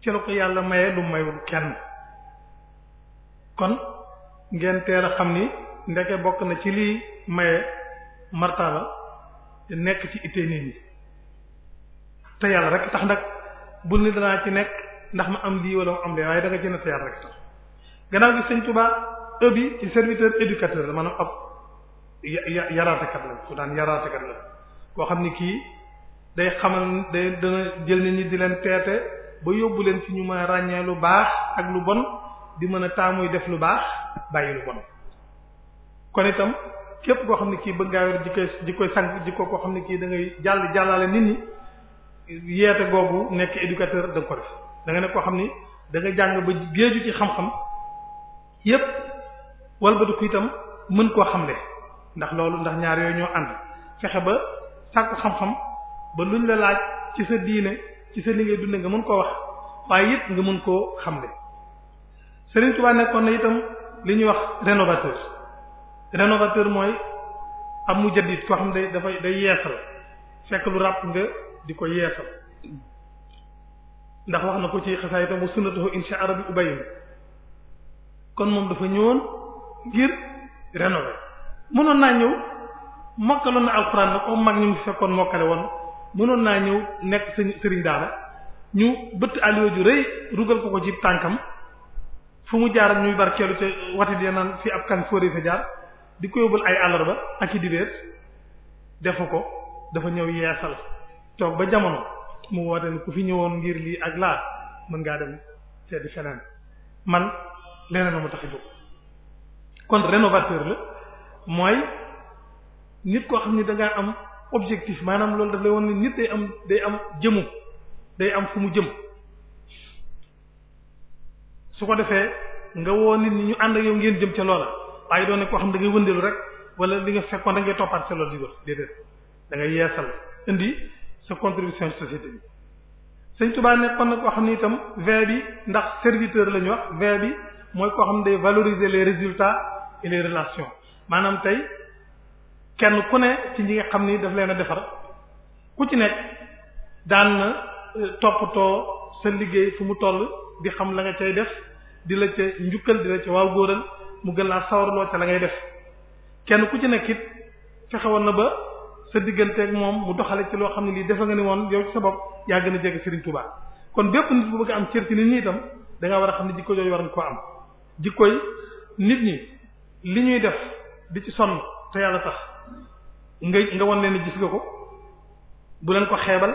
ci la ko yàlla maye lu mayul kenn kon ngeen teer a xam ni ndeke bokk na ci lii maye martaba te nekk ci ittee nit ñi te yàlla rek tax nag bul ni danaa ci nekk ndax ma am lii wala ma am lee waaye da nga ci ne te yàlla rek tax gannaaw gi sëñ Tuba e bi ci serviteur éducateur la maanaam ab ya yaraatekat la ku daan yaraatekat la koo xam ni kii day xamal day dana jël nit ñi di leen teete ba yóbbu leen ci ñu mën ràññee lu baax ak lu bon. di mën a taamuy def lu baax bàyyi lu bon kon itam képp koo xam ne kii bëgg ngaa yor ji koy ji koy sànq ji ko koo xam ne kii da ngay jàll jàllaale nit ñi yeete googu nekk éducateur da ko def da nga ne koo xam ne da nga jàng ba géeju ci xam-xam yépp wala ba du ko itam mën koo xam xamle ndax loolu ndax ñaar yooyu ñoo ànd fexe ba sàkku xam-xam ba luñ la laaj ci sa diine ci sa liggéey dunde nga mën koo wax waaye yépp nga mën koo xam xamle Serigne Touba nekkoon na itam li ñuy wax rénovateur rénovateur mooy am mu ko koo xam ne dafay day yeesal fekk lu ràpp nga di ko yeesal ndax wax na ko ci xasaay itam wa sunnatuhu insha arabi ubayyin kon moom dafa ñëwoon ngir rénover mënoon naa ñëw mokkaloon na alxuraan nag om mag ñu fekkoon mokkale woon mënoon naa ñëw nekk sëriñ daara ñu bëtt alio ju rëy rugal ko ko ci tànkam fu mu jaar ak ñuy barkeelu ca wati di naan fi ab kan fóoree fa jaar di ko yóbbul ay àllarba ak i dibéer defu ko dafa ñëw yeexal toog ba jamono mu woote ne ku fi ñëwoon ngir lii ak laa mën ngaa dem seeti feneen man leneen na mu tax a kon rénovateur la mooy nit koo xam ni da am objectif maanaam loolu daf lay won ne nit day am day am jëmu day am fu mu jëm su ko defee nga woo nit ñi ñu ànd ak yow ngeen jëm ca loola waaye doon ne koo xam da ngay wëndeelu rek wala li nga fekkoon da ngay toppaat sa loolu di ko déedéet da ngay yeesal indi sa contribution ci société bi. Sëñ Tuubaa nekkoon nag koo xam ne itam vin bi ndax serviteur la ñu wax vin bi mooy koo xam ne day valoriser les résultats et les relations maanaam tey kenn ku ne ci ñi nga xam ni daf leen a defar ku ci nekk daan na euh, toppatoo sa liggéey fu mu toll di xam la nga cay def. di la ca njukkal di la ca waaw góoral mu gën laa sawarloo ca la ngay def kenn ku ci nekk it fexe woon na ba sa digganteeg moom mu doxale ci loo xam ne lii defe nga ni woon yow ci sa bopp yaa gën a jege Serigne kon bépp nit am cër ci nit ñi itam war a xam ne jikko jooju war nga koo am jikkoy nit ñi li ñuy def di ci sonn te yàlla tax nga nga wan leen gis nga ko bu leen ko xeebal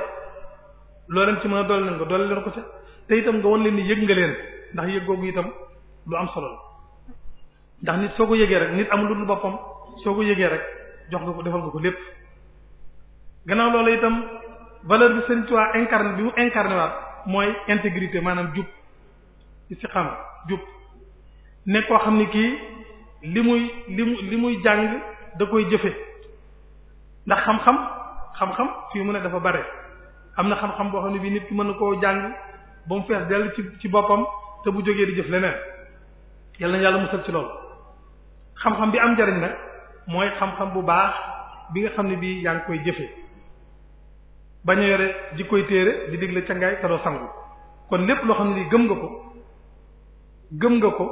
loo leen ci mën a doole leen ko doole leen ko ca te itam nga wan leen ni yëg nga leen ndax yëg googu itam lu am solo ndax nit soo ko yëgee rek nit amul lu dul boppam soo ko yëgee rek jox nga ko defal nga ko lépp gannaaw loolu itam valeur bi Sëriñ Tuubaa incarné bi mu incarné mooy intégrité maanaam jub istiqaama jub ne koo xam ne kii li muy li mu li muy jàng da koy jëfe ndax xam-xam xam-xam fii mu ne dafa bare am na xam-xam boo xam ne bii nit ki mën na koo jàng ba mu fees dell ci boppam te bu jógee di jëf leneen yàlla na yàlla musal ci loolu xam-xam bi am njariñ nag mooy xam-xam bu baax bi nga xam ne bii yaa ngi koy jëfe bañ a yore ji koy téere di digle cangaay te doo sangu kon lépp loo xam ne lii gëm nga ko gëm nga ko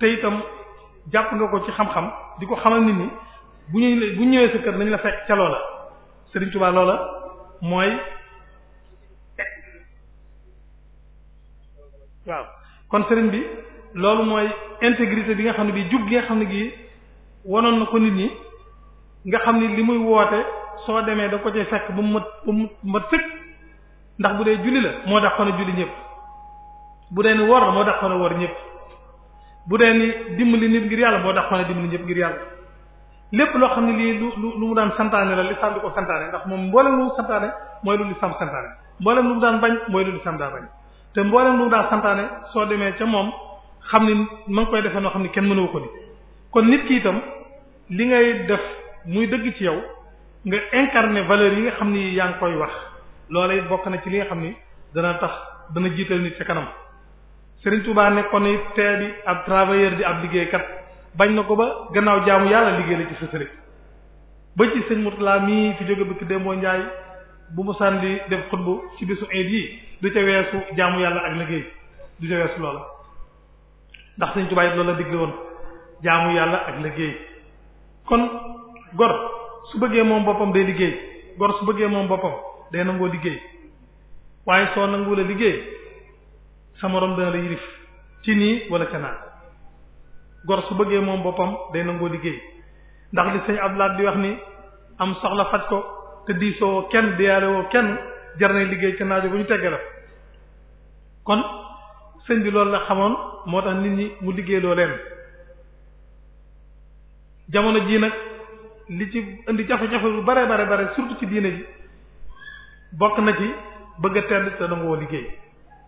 te itam jàpp nga ko ci xam-xam di ko xamal nit ñi bu ñuy bu ñëwee sa kër nañ la fekk ca loola Serigne Touba loola mooy waaw kon sëriñ bi loolu mooy intégrité bi nga xam ne bi jub gi nga xam ne gi wanoon na ko nit ñi nga xam ni li muy woote soo demee da ko ci fekk ba mu mat ba mu mat sëkk ndax bu dee julli la moo dax a julli ñëpp bu dee ni wor la moo dàqoon a wor ñëpp bu dee ni dimbali nit ngir yàlla moo dàqoon a dimbali ñëpp ngir yàlla lépp loo xam ne lii lu lu lu mu daan santaane la lislaam di ko santaane ndax moom mboolem lu mu santaane mooy lu lislaam santaane mboolem lu mu daan bañ mooy lu lislaam daa te mboolem lu mu daa santaane soo demee ca moom xam ni ma ngi koy defee noo xam ni kenn mënoo ko ni kon nit ki itam li ngay def muy dëgg ci yow nga incarner valeur yi nga xam ni yaa ngi koy wax loola it bokk na ci li nga xam ni dana tax dana jiital nit ci kanam Serigne Touba nekkoon ni tee bi ab travailleur bi ab liggéeykat bañ na ko ba gannaaw jaamu yàlla liggéey la ci sa sëriñ ba ci sëñ Mourtala mii fi jóge bëgg Demba Ndiaye bu mu sànni def yi. du ca weesu jaamu yàlla ak liggéey du ca weesu loola ndax Sëriñ Tuubaa loolu la digle woon jaamu yàlla ak liggéey kon gor su bëggee moom boppam day liggéey gor su bëggee moom boppam day nangoo liggéey waaye soo nanguwu la liggéey sa morom dana nii wala ca gor bëggee moom boppam day nangoo liggéey ndax sëñ Abdoulaye di wax ni am soxla faj ko te diisoo kenn diyaarewoo kenn jar nañ liggéey ci naajo bu ñu teggee la kon sëñ bi loolu la xamoon moo tax nit ñi mu liggéey loo leen jamono jii nag li ci indi jafe-jafe lu bare bare bare surtout ci diine ji bokk na ci bëgg a tedd te danga woo liggéey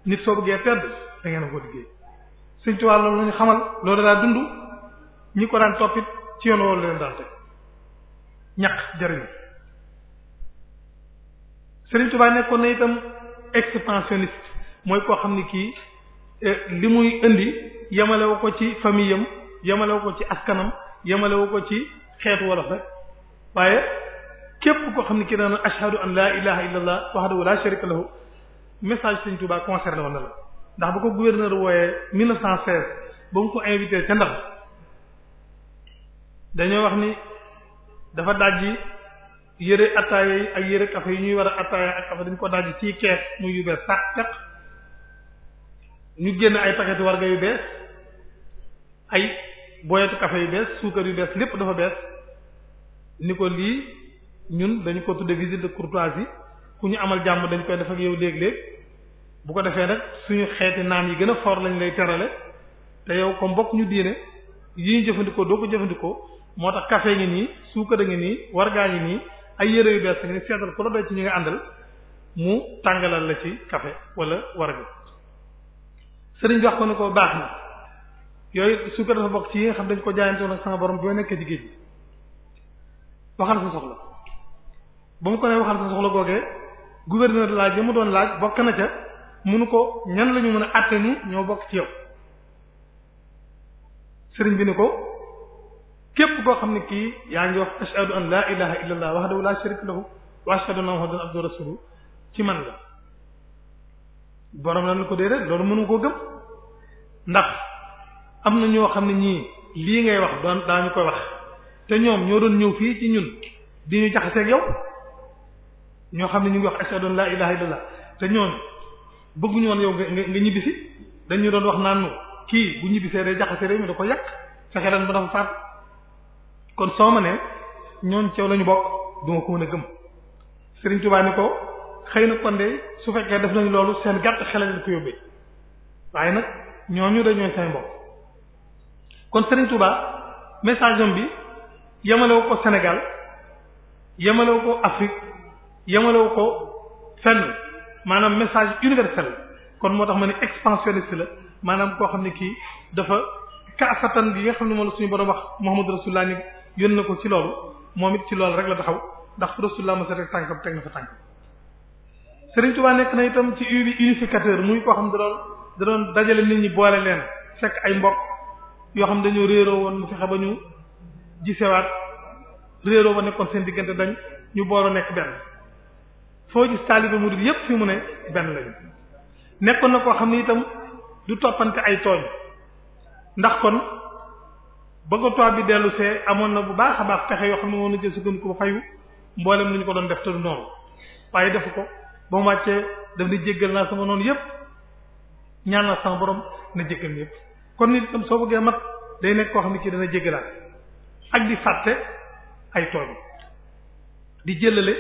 nit soo bëggee tedd da ngeen koo liggéey sëñ Tuubaa loolu la ñu xamal loolu daa dund ñi ko daan toppit ci yoon leen daal te ñaq jariñu Serigne Touba nekkoon na itam expansionniste mooy koo xam ne kii eh, li muy indi yamale yemalewu ko ci famille am yemalewu ko ci askanam yemalewu ko ci xeetu wolof rek waaye képp koo xam ne kii daan ashhadu an la ilaha illallah wahdahu la sharika lahu message Serigne Touba concerné woon la ndax bu ko gouverneur wooyee 1916 ba mu ko invité ca ndax dañoo wax ni dafa dajji yére attaaya yi ak yëre kafe yi ñuy war a attaaya ak kafe dañ ko daj ci kees muy yu bees sàq caq ñu génn ay paquetu warga yu bees ay boyetu kafe yu bees suukar yu bees lépp dafa bees ni ko lii ñun dañu ko tudde visite de courtoisie ku ñu amal jàmm dañu koy def ak yow léeg-léeg bu ko defee nag suñu xeeti naan yi gën a for lañ lay terale te yow ko mbokk ñu diine yi ñu jëfandikoo doo ko jëfandikoo moo tax kafe ngi nii suukar a ngi nii wargaa yi nii ay yére yu bees nga ni seetal ku la doy ci ñi nga àndal mu tàngalal la ci café wala warga sëriñ bi wax ko ne ko baax na yooyu suukar dafa bokk ci yi nga xam dañ ko jaayante nag ak sama borom boo nekkee ci géej gi waxal sa soxla ba mu ko ne waxal sa soxla googee gouverneur laaj ya mu doon laaj bokk na ca mënu ko ñan lañu mën a àtte ni ñoo bokk ci yow sëriñ bi ni ko képp koo xam ne kii yaa ngi wax ashhadu an la ilaha illa allah wahdahu la sharika lahu wa ashhadu anna muhammadan abduhu rasuluhu ci man la borom la ko déedéet loolu mënu koo gëm ndax am na ñoo xam ne ñii lii ngay wax daan daañu koy wax te ñoom ñoo doon ñëw fii ci ñun di ñu jaxaseeg yow ñoo xam ne ñu ngi wax ashhadu an la ilaha illa te ñoom bëgguñu woon yow nga nga ñibbisi dañu doon wax naan kii bu ñibbisee day jaxase réew mi da ko yàq fexe ren ba dafa faat kon soo ma ne ñooñ ceew lañu bokk duma ko mën a gëm Sëriñ Tuubaa ni ko xëy na kon su fekkee def nañu loolu seen gàtt xelal leen ko yóbbee waaye nag ñooñu dañooy seen bokk kon Sëriñ Tuubaa message am bi yemalewu ko Sénégal yemalewu ko Afrique yemalewu ko fenn maanaam message universel kon moo tax ma ne expansionniste la maanaam koo xam ne kii dafa kaasatan bi nga xam ne moom la suñu borom wax Muhammadu Rasulullah ni yónn ko ci loolu moom it ci loolu rek la taxaw ndax fu Rasulullah masa rek tànkam teg na fa tànkam Serigne Touba nekk na itam ci unificateur muy koo xam da doon da dajale nit ñi boole leen fekk ay mbokk yoo xam dañoo réeroo woon mu fexe ba ñu gisewaat réeroo ba nekkoon seen diggante dañ ñu booroo nekk benn foo gis taalibe murid yépp fi mu ne benn lañu nekkoon na koo xam ne itam du toppante ay tooñ ndax kon ba nga toit bi dellu amoon na bu baax a baax pexe yoo xam ne moom la jël si ko fayu mboolem lu ñu ko doon def te du noonu waaye defu ko ba mu wàccee daf di jéggal naa sama noonu yépp ñaan naa sama borom na jéggal yépp kon nit tam soo bëggee mat day nekk koo xam ne kii dana jéggalaat ak di fàtte ay tooñ di jëlale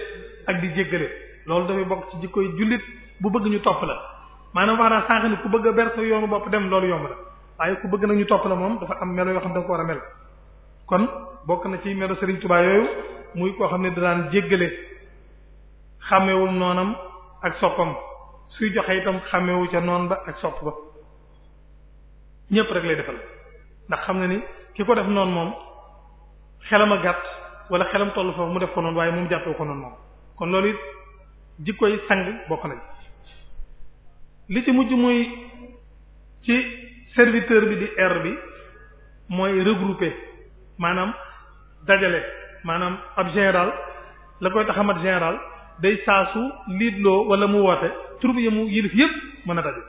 ak di jéggale loolu dafay bokk ci jikkoy jullit bu bëgg ñu topp la maanaam wax naa sànq ku bëgg a ber sa bopp dem loolu yomb waaye ku bëgg nag ñu topp la moom dafa am melo yoo xam da nga ko war a mel kon bokk na ci melo Serigne Touba yooyu muy koo xam ne danaan jéggale xàmmewul noonam ak soppam suy joxe itam xàmmewu ca noon ba ak sopp ba ñëpp rek lay defal ndax xam na ni ki ko def noonu moom xelam a gàtt wala xelam tollu foofu mu def ko noonu waaye moom jàppee ko noon moom kon loolu it jikkoy sang bokk na li ci mujj muy ci. serviteur bi di air bi mooy regrouper maanaam dajale maanaam ab général la koy tax a mat général day saa su liidloo wala mu woote troupe ya mu yilif yëpp mën a daje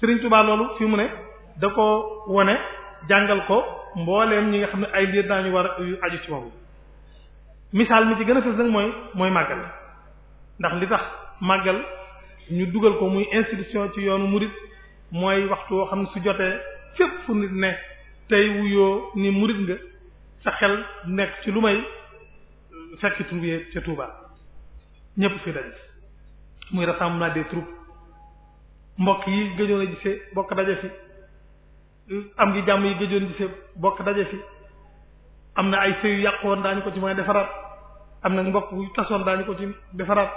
Serigne Touba loolu fi mu ne da ko wone jàngal ko mbooleem ñi nga xam ne ay liir daañu war yu aju ci moom misaal mi ci gën a fës nag mooy mooy màggal ndax li tax màggal ñu dugal ko muy institution ci yoonu murid mooy waxtu woo xam ne su jotee fépp fu nit ne tey wuyoo ni murit nga sa xel nekk ci lu may fekk troupe ca Touba ñëpp fi dañ muy rassemblement des troupes mbokk yi gëjoon a gisee bokk daje fi am gi jàmm yi gëjoon gisee bokk daje fi am na ay sëy yu yàqoon daañu ko ci mooy a defaraat am na mbokk yu tasoon daañu ko ci defaraat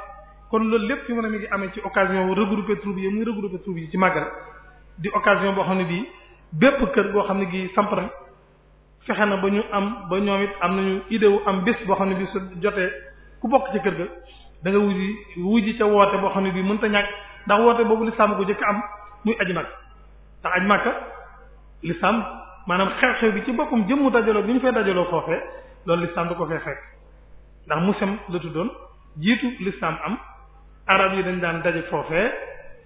kon loolu lépp fi mu ne mi ngi amee ci occasion wu regroupé troupe yi muy regroupé troupe ci màggana di occasion boo xam ne bii bépp kër goo xam ne gii samp na fexe na ba ñu am ba ñoom it am nañu idée wu am bés boo xam ne bii su jotee ku bokk ci kër ga da nga wuji wuji ca woote boo xam ne bii mënta ñàkk ndax woote boobu lislaam ko jëkk am muy aj Makka ndax aj Makka lislaam maanaam xew-xew bi ci boppam jëmmu dajaloo bi ñu fay dajaloo foofee loolu lislaam da ko fay fekk ndax musam la tuddoon jiitu listam am arab yi dañ daan daje foofee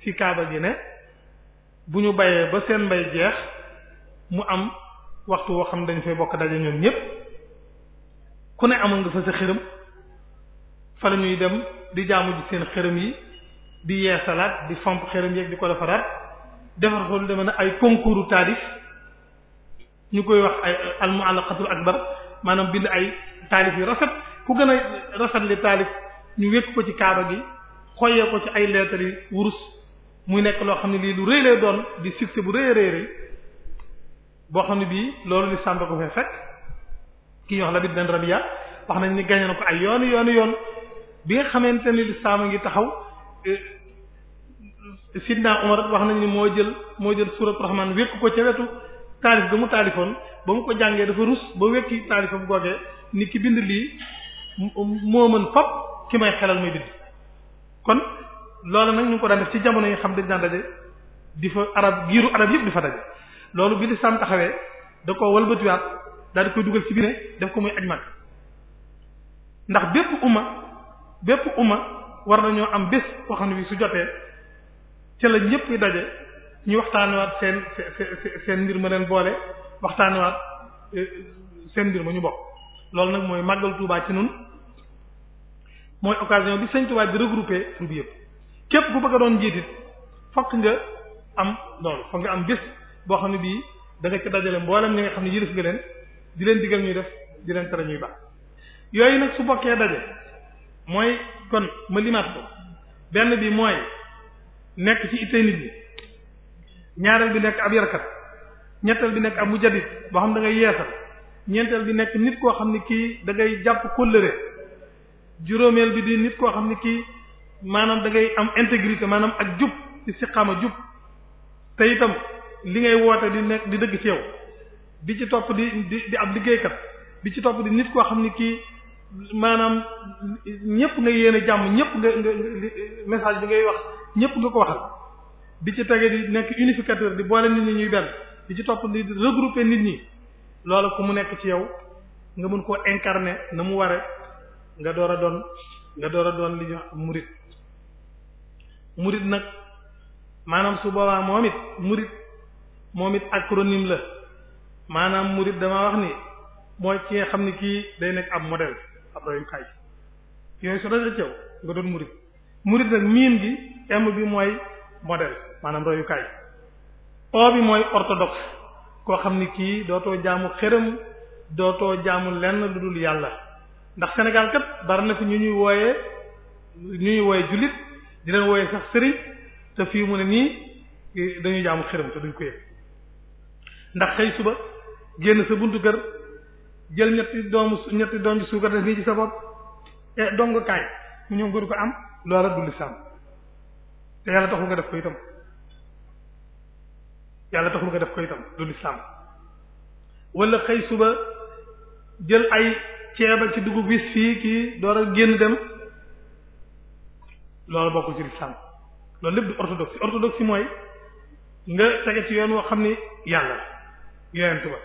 fi kaaba gi bu ñu bayee ba seen mbay jeex mu am waxtu woo xam dañu fay bokk daje ñoom ñépp ku ne amul nga fa sa xërëm fa ñuy dem di jaamu ji seen xërëm yi di yeex yeesalaat di fomp xërëm yeeg di ko defaraat defar ko lu na ay concours taalif ñu koy wax ay almuallaqatul akbar maanaam bind ay taalif yu rafet ku gën a rafet li taalif ñu wékk ko ci kaaba gi xoyee ko ci ay lettres yi wurus muy nekk loo xam ne lii lu rëy lay doon di succès bu rëy rëy rëy boo xam ne bii loolu lislaam da ko fee fekk ki ñuy wax Labid ben Rabia wax nañ ni gañe na ko ay yoonu yoonu yoon bi nga xamante ni lislaam a ngi taxaw eh, Sidna Umar wax nañ ni moo jël moo jël surat Rahman wékk ko ca wetu taalif ga mu taalifoon ba mu ko jàngee dafa rus ba wekki taalifam googee ni ki bind lii moo mën fop ki may xelal muy bind kon loolu nag ñu ngi ko daan def ci jamono yi xam dañ daan daje di fa arab giiru arab yëpp di fa daje loolu bi lislaam taxawee da koo walbatiwaat daal di koy dugal ci biir ne def ko muy aj mag ndax bépp umma bépp umma war nañoo am bés boo xam bi su jotee ca la ñëpp daje ñu waxtaanewaat seen seen mbir ma leen boole waxtaan waat eh, seen mbir ma ñu bokk loolu nag mooy màggal Tuubaa ci nun mooy occasion bi Sëñ Tuubaa di regroupé tur bi yëpp képp ku bëgg a doon jiitit fokk nga am loolu fokk nga am bis boo xam ne bii da nga ci dajale mboolem ñi nga xam ne yilif nga leen di leen digal ñuy def di leen tere ñuy baax yooyu nag su bokkee daje mooy kon ma limaat ko benn bi mooy nekk ci ittee nit ñi ñaareel bi nekk ab yarkat ñetteel bi nekk ab mujaddid boo xam da ngay yeesal ñeenteel bi nekk nit koo xam ne kii dangay ngay jàpp kóllëre juróomeel bi di nit koo xam ne kii maanaam da ngay am intégrité maanaam ak jub istiqaama jub te itam li ngay woote di nekk di dëgg ci yow bi ci topp di di di ab liggéeykat bi ci topp di nit koo xam ni kii maanaam ñëpp nga yéene jàmm ñëpp nga nga message bi ngay wax ñëpp nga ko waxal bi ci tegee di nekk unificateur di boole nit ñi ñuy benn bi ci topp di regrouper nit ñi loolu ku mu nekk ci yow nga mën koo incarner na mu ware nga door a doon nga door a doon li ñu murid murid nag maanaam su boobaa moom it murid moom it ak acronyme la maanaam murid dama wax ni mooy ki nga xam ni kii day nekk ab modèle ab royukaay yooyu su dajee cew nga doon murid murid nag miin bi m bi mooy model maanaam royukaay o bi mooy orthodoxe koo xam ni kii dootoo jàmmu xërëm dootoo jaamu lenn lu dul yàlla ndax Sénégal kat bari na fi ñu ñuy wooyee ñu ñuy wooyee jullit di leen wooyee sax sëriñ te fii mu ne nii dañuy jaamu xërëm te duñ ko yëg ndax xëy suba génn sa buntu kër jël ñetti doomu ñetti doom ji suukar def nii ci sa bopp e dong mu ñëw nga du ko am loola du lislaam te yàlla taxul nga def ko itam yàlla taxul nga def ko itam du lislaam wala xëy suba jël ay ceeba ci dugub bis fii kii door a génn dem loolu bokkul ci lislaam loolu lépp di orthodoxie orthodoxie mooy nga tege ci yoon woo xam ni yàlla yonent ba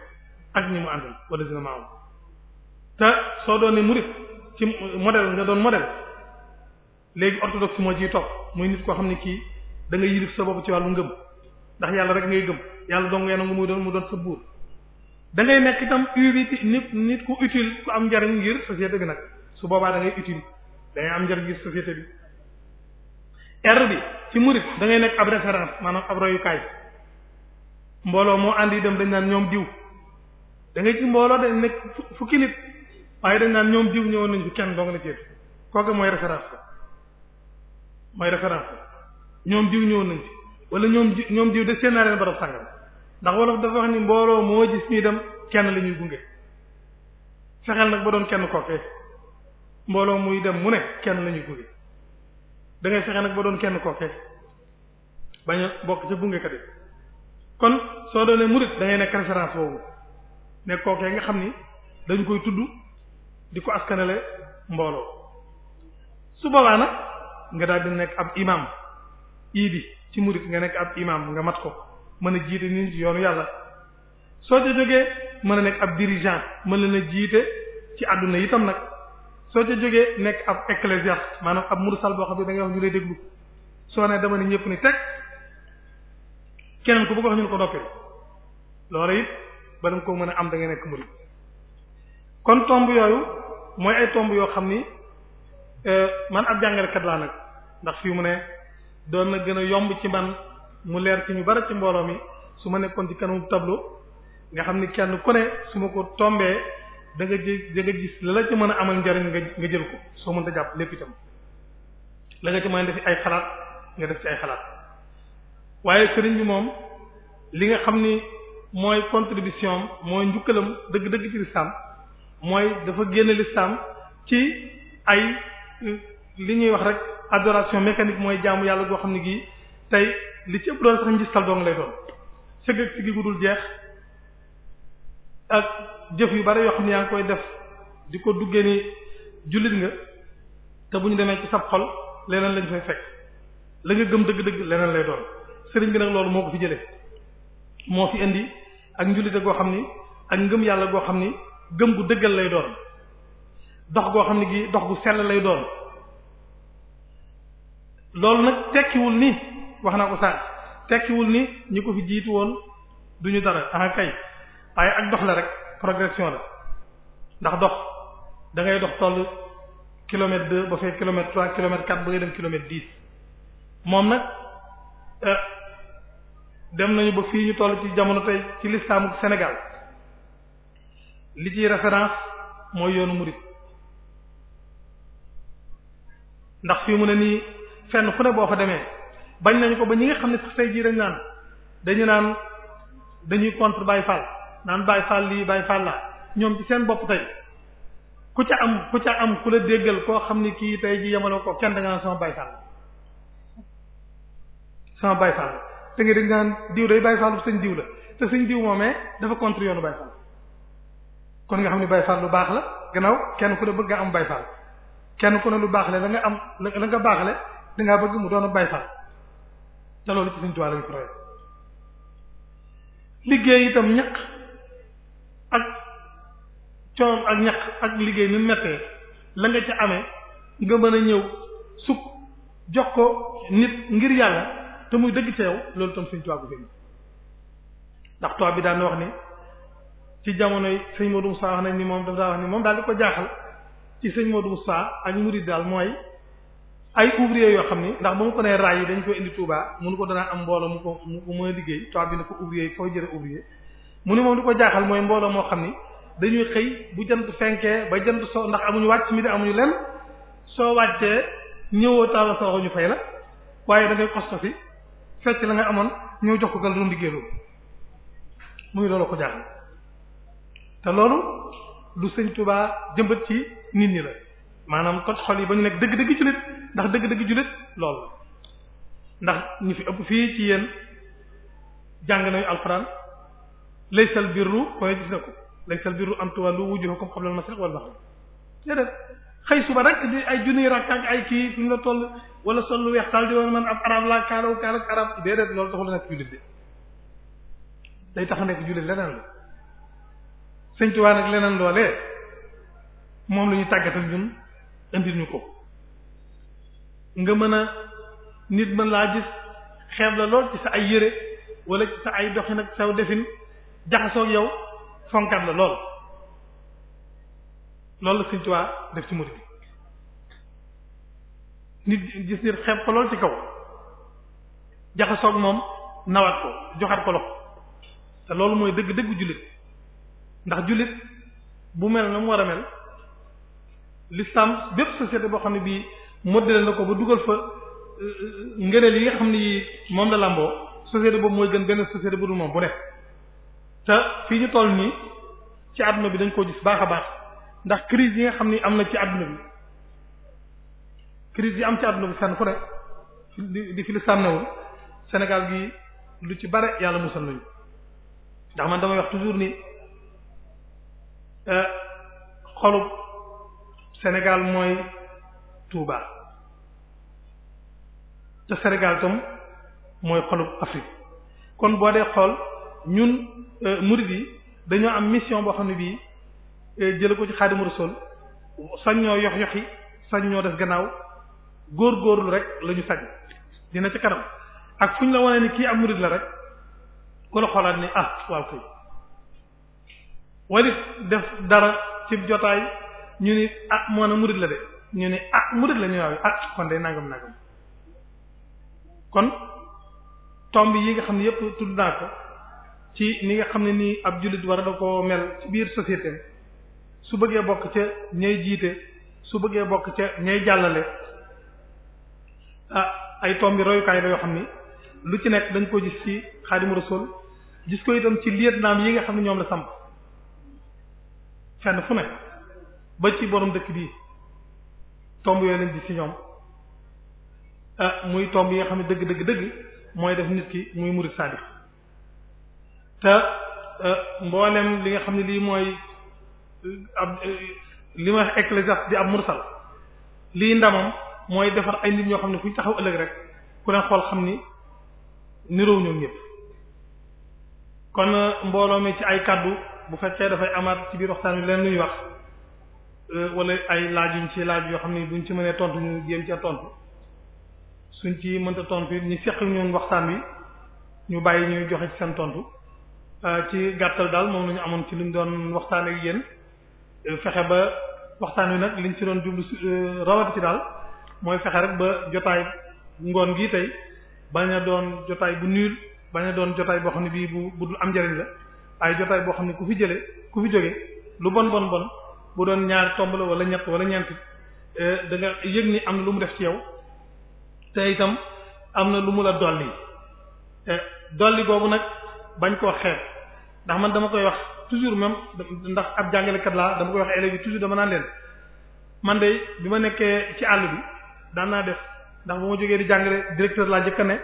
ak ñi mu àndal wala dina maaw te soo doon ne murid ci modèle nga doon modèle léegi orthodoxie moo ciy topp muy nit koo xam ne kii da nga yilif sa bopp ci wàllu ngëm ndax yàlla rek ngay gëm yàlla dong yéen a ngi muy doon mu doon sa buur da ngay nekk itam uti nit nit ku utile ku am njariñ ngir société bi nag su boobaa da ngay utile da ngay am njariñ ngir société bi. r bi ci murid da nekk ab référence maanaam ab royukaay mbooloo moo ànd yi dem dañ naan ñoom diw da ngay ci mbooloo de nekk fukki nit waaye dañ naan ñoom diw ñëwoon nañ fi kenn dong la ci kooku mooy référence la mooy ñoom diw ñëwoon wala ñoom ñoom diw de seen naa leen barab ndax wolof dafa ni mbooloo moo ñuy dem kenn la ñuy gunge fexeel nag ba doon kenn kookee mbooloo muy dem mu ne kenn la ñuy gunge da ngay nag ba doon kenn kookee bañ bokk ca bungekat yi kon soo doonee murid da ngay nekk référence boobu nekk kookee nga xam ni dañ koy tudd di ko askanale mbooloo su boobaa nag nga daal di nekk ab imam bi ci murid nga nekk ab imam nga mat ko mën a jiite nit yoonu yàlla soo ca jógee mën a nekk ab dirigeant mën leen a jiite ci àdduna itam nag soo ca jógee nekk ab ecclésiaste maanaam ab mursal boo xam ne da wax ñu lay déglu soo nee dama ne ñëpp ni teg keneen ku bëgg wax ñu ko noppi loolu it ba nga ko mën a am da ngay nekk murid kon tomb yooyu mooy ay tomb yoo xam ni euh, man ab jàngalekat laa nag ndax fii mu ne doon na gën a yomb ci man mu leer ci ñu bari ci mbooloo mi su ma nekkoon ci kanamu tableau nga xam ni kenn ku ne su ma ko tombee. da nga ji da la mën a amal njariñ nga nga jël ko soo mënta jàpp lépp itam la nga ci mën a def ay xalaat nga def ci ay xalaat waaye sëriñ bi moom li nga xam ni mooy contribution mooy njukkalam dëgg-dëgg ci lislaam mooy dafa génn lislaam ci ay li ñuy wax rek adoration mécanique mooy jàmm yàlla goo xam ne gii tey li ci ëpp doon sax njistal doon lay doon sëgg ak sigi gudul jeex jëf yu bari yoo xam ne yaa ngi koy def di ko duggee ni jullit nga te bu ñu demee ci sab xol leneen lañ fay fekk la nga gëm dëgg-dëgg leneen lay doon sëriñ bi nag loolu moo ko fi jëlee moo fi indi ak njullite goo xam ni ak ngëm yàlla goo xam ni gëm gu dëggal lay doon dox goo xam ne gi dox gu sell lay doon loolu nag tekkiwul ni wax naa ko saa tekkiwul ni ñu ko fi jiitu woon duñu dara ah kay waaye ak dox la rek progression la ndax dox da ngay dox toll kilomètre deux ba fay kilomètre trois kilomètre quatre ba ngay dem kilomètre dix moom nag euh, dem nañu ba fii ñu toll ci jamono tey ci lislaamu Sénégal li ciy référence mooy yoon murid ndax fii mu ne nii fenn fu ne boo fa demee bañ nañu ko ba ñi nga xam ne sax tey jii dañ naan dañu naan dañuy contre Baye Fall naan bàyyi fàll lii bàyyi fàll laa ñoom ci seen bopp tey ku ca am ku ca am ku la déggal koo xam ni kii tey ji yemale ko kenn da nga naan sama bàyyi fàll sama bàyyi fàll te nga diw day bàyyi fàllu sëñ diw la te sëñ diw moomee dafa contre yoonu bàyyi fàll kon nga xam ne bàyyi fàll lu baax la gannaaw kenn ku ne bëgg nga am bàyyi fàll kenn ku ne lu baax la la nga am la nga baax la dangaa bëgg mu doon bàyyi la te loolu ci sëñ Tuubaa lañ ko liggéey itam ñaq ak coom ak ñaq ak liggéey nu mettee la nga ca amee nga mën a ñëw sukk jox ko nit ngir yàlla te muy dëgg teew loolu tam suñ tuwaagu fi ndax tubaab bi daan wax ni ci jamonoy sëñ Modou Moussa wax nañ ni moom dafa daa wax ni moom daal di ko jaaxal ci sëñ Modou Moussa ak murid daal mooy ay ouvrier yoo xam ni ndax ba mu ko ne raay yi dañ ko indi Touba nu ko danaa am mbooloo mu ko mu mën a liggéey tubaab bi ne ko ouvrier foo jëre ouvrier mu ne moom du ko jaaxal mooy mbooloo moo xam ni dañuy xëy bu jant fenkee ba jant so ndax amuñu wàcc mi di amuñu lenn soo wàccee ñëwoo taala sooxo ñu fay la waaye da ngay kosto fekk fecc la nga amoon ñëw jox ko gal doon liggéey loolu mu ngi loolu ko jaaxal te loolu lu sëñ Tuba jëmbat ci nit ñi la maanaam toj xol yi ba nekk dëgg-dëgg jullit ndax dëgg-dëgg jullit lool ndax ñu fi ëpp fii ci yéen jàng nañu alxuraan laysal birru koy gis na ko laysal birru am tuwallu wujuhakum qabla al-mashriq wal maghrib déedéet xëy suba rek ay junniy rakka ak ay kii ñu la toll wala sol lu weex taal di woon man ab arab laa kaalaw kaal ak arab déedéet loolu taxul nekk jullit de day tax nekk jullit leneen la sëñ Tuubaa nag leneen loolee moom la ñu tàggatal ñun indil ñu ko nga mën a nit mën laa gis xeeb la lool ci sa ay yére wala ci sa ay doxin ak saw defin jaxasoog yow fonkat la lool loolu la Sëriñ Tuubaa def ci murid nit gis nit xeeb ko lool ci kaw jaxasoog moom nawaat ko joxaat ko loxo te loolu mooy dëgg dëgg jullit ndax jullit bu mel na mu war a mel l'islam bépp société boo xam ne bii modèle na ko ba dugal fa euh, ngëneel yi nga xam ne moom la làmboo société boobu mooy gën benn société bu dul moom bu nekk te fii ñu toll nii ci àdduna bi dañ koo gis baax a baax ndax crise yi nga xam ni am na ci àdduna bi crise yi am ci àdduna bi fenn fu ne di di filistaan newul Sénégal gi lu ci bare yàlla musal nañu ndax man damay wax toujours ni eh, xolub Sénégal mooy Touba te Sénégal tam mooy xolub Afrique kon boo dee xool ñun euh, murid yi dañoo am mission boo xam ne bii euh, jële ko ci Xaadimu Rasuul sañ ñoo yox yoxi sañ ñoo def gannaaw góor góorlu rek lañu sañ dina ci kanam ak fu ñu la wone ni kii am murid la rek wala xoolaat ni ah waaw kay walit def dara ci jotaay ñu ni ah moo na murid la de ñu ni ah murid la ñu ah kon day nangam nangam kon tomb yi nga xam ne yëpp tudd naa ko ci ni nga xam ne nii ab jullit war a na ko mel ci biir société su bëggee bokk ca ñay jiite su bëggee bokk ca ñay jàllale a ah, ay tomb bi royukaay la yoo xam ni lu ci nekk dañ koo gis ci Xaadimu Rasuul gis ko itam ci lieutenant yi nga xam ne ñoom la samp fenn fu ne ba ci borom dëkk bii tomb yooyu lañ gis ci ñoom ah muy tomb yi xam ne dëgg dëgg dëgg mooy def nit ki muy murid sadiq te mboolem li nga xam ne lii mooy eh, ab eh, li ma ecclésiaste di ab mursal lii ndamam mooy defar ay nit ñoo xam ne fu ñu taxaw ëllëg rek ku leen xool xam ni niroow ñoom ñëpp kon eh, mbooloo mi ci ay kàddu bu fekkee dafay amaat ci biir waxtaan bi leen lu ñuy wax wala ay laaj yuñ ci laaj yoo xam ne buñ ci mënee tontu ñu jéem ca tontu suñ ci mënta tontu ñu seq ñoom waxtaan wi ñu bàyyi ñuy joxe ci seen tontu Euh, ci gàttal daal moom lañu amoon ci luñ doon waxtaan ak yéen euh, fexe ba waxtaan wi nag liñ ci doon jublu euh, rawati ci daal mooy fexe rek ba jotaay ngoon gii tey bañ a doon jotaay bu nuur bañ a doon jotaay boo xam ne bii bu bu dul am njëriñ la ay jotaay boo xam ne ku fi jëlee ku fi jóge lu bon bon bon bu doon ñaar tomb la wala ñett wala ñeent da nga yëg ni am na lu mu def ci yow te itam am na lu mu la dolli dolli boobu nag bañ koo xeeb ndax man dama koy wax toujours même ndax ab jàngalekat laa dama koy wax élèves yi toujours dama naan leen man de bi ma nekkee ci àll bi daan naa def ndax bu ma jógee di jàngale directeur laa jëkka ne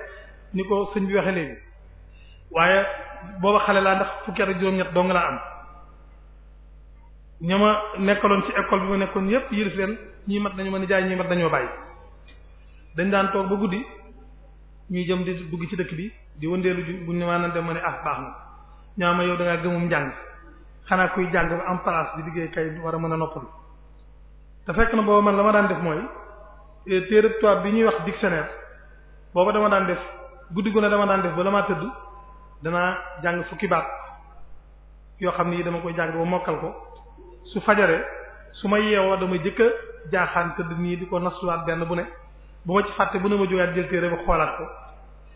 ni ko sëñ bi waxee léegi waaye booba xale laa ndax fukki at ak juróom-ñett dong laa am ña ma nekkaloon ci école bi ma nekkoon yépp yilif leen ñii mat nañu ma nijaay ñii mat nañoo bàyyi dañ daan toog ba guddi ñuy jëm di dugg ci dëkk bi di wëndeelu buñ ne maanaam dem ma ne ah ñoo ma yow da ngaa gëmum njàng xanaa kuy jàng ba am place di liggéey kay war a mën a noppal te fekk na booba man la ma daan def mooy eh, téereb tubaab bi ñuy wax dictionnaire booba dama daan def guddi gu ne dama daan def ba la maa tëdd danaa jàng fukki baat yoo xam ni dama koy jàng ba mokkal ko su fajaree su ma yeewoo dama jëkk jaaxaan tëdd nii di ko nasuwaat benn bu ne bu ma ci fàtte bu ne ma jógaat jël téere ba xoolaat ko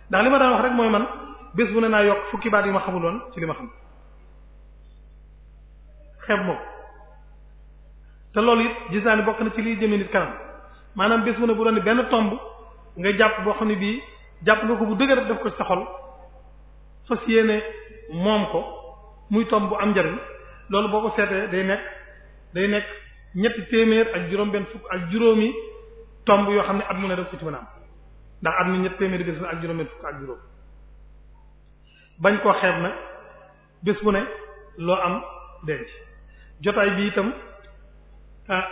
ndax li ma daan wax rek mooy man bés bu ne naa yokk fukki baat yi ma xamul woon ci li ma xam xeeb moom te loolu it gis naa ni bokk na ci liy jëmee nit kanam maanaam bés bu ne bu doon benn tomb nga jàpp boo xam ne bii jàpp nga ko bu dëgër def ko ci sa xol fas yéene moom ko muy tomb bu am njariñ loolu boo ko seetee day nekk day nekk ñetti téeméer ak juróom benn fukk ak juróomi tomb yoo xam ne at mu ne def ko a am ndax at mi ñetti téeméeri bés la ak juróom benn fukk ak juróom bañ koo xeeb nag bés bu ne loo am denc jotaay bi itam ah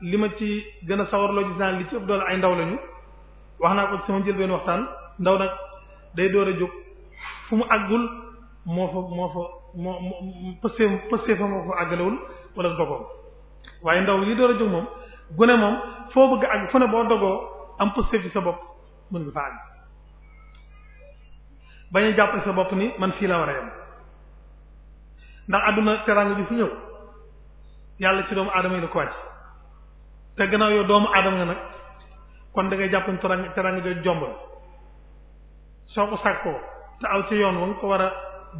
li ma ci gën a sawarloo gis naa li ci ëpp doole ay ndaw lañu wax naa ko sama njëlbeen waxtaan ndaw nag day door a jóg fu mu àggul moo fa moo fa moo moo pësee pësee fa fa àggalewul wala waaye ndaw li door a moom gune moom foo bëgg àgg ne boo dogoo am sa bopp fa àgg bañ a jàppale sa bopp ni man fii la war a yem ndax àdduna teraanga ju fi ñëw yàlla ci doomu aadama yi la ko wàcc te gannaaw yow doomu aadama nga nag kon dangay ngay jàpp ni teraanga teraanga jooju jomb la soo ko te aw ci yoon wa ko war a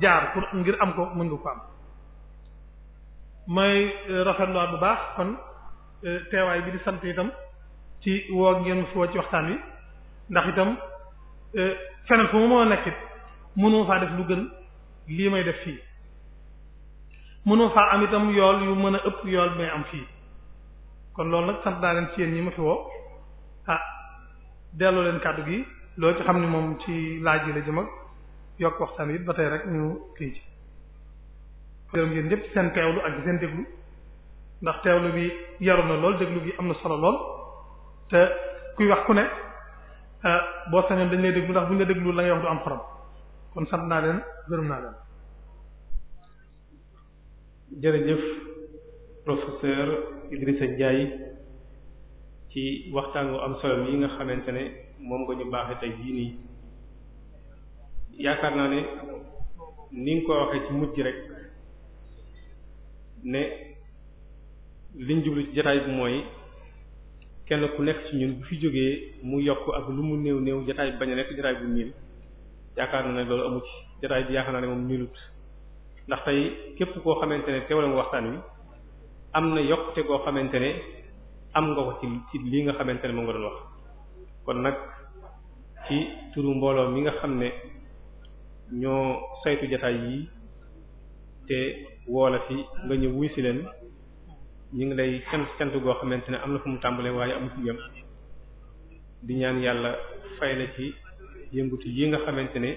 jaar pour ngir am ko mën nga ko am may euh, rafetluwaat bu baax kon euh, teewaay bi di sant itam ci woo ngeen fi woo ci waxtaan wi ndax itam euh, feneen fu mu moo nekkit mënoo faa def lu gën lii may def fii mënoo faa am itam yool yu mën a ëpp yool may am fii kon loolu nag sant naa leen ci yéen ñi ma fi woo ah delloo leen kàddu gi loolu ci xam ne moom ci laaj yi la jëm ak yokk waxtaan wi ba tey rek ñu kii ci jërëm ngeen ñëpp seen teewlu ak seen déglu ndax teewlu bi yaru na lool déglu bi am na solo lool te kuy wax ku ne ah, boo sañoon dañ lay déglu ndax buñ la déglu la ngay wax du am xorom kon sant naa leen gërëm naa leen jërëjëf professeur Idrissa Ndiaye ci waxtaan wu am solo yi nga xamante ne moom nga ñu baaxee tey jii yaakaar naa ne ni nga ko waxee ci mujj rek ne liñ jublu ci jotaay bi mooy kenn ku nekk ci ñun bu fi jógee mu yokk ak lu mu néew néew jotaay bañ a nekk jotaay bu miin yaakaar na ne loolu amu ci jotaay bi yaakaar naa ne moom nilut ndax tey képp koo xamante ne teewle nga waxtaan wi am na yokkute goo xamante ne am nga lii nga xamante ne moom nga doon kon nag ci turu mbooloo mi nga xam ne ñoo saytu jotaay yi te woola fi nga ñëw wuy leen ñu ngi lay cant cant goo xamante ne am na fu mu tàmbalee waaye amu ci yem di ñaan yàlla fay la ci yëngutu yi nga xamante ne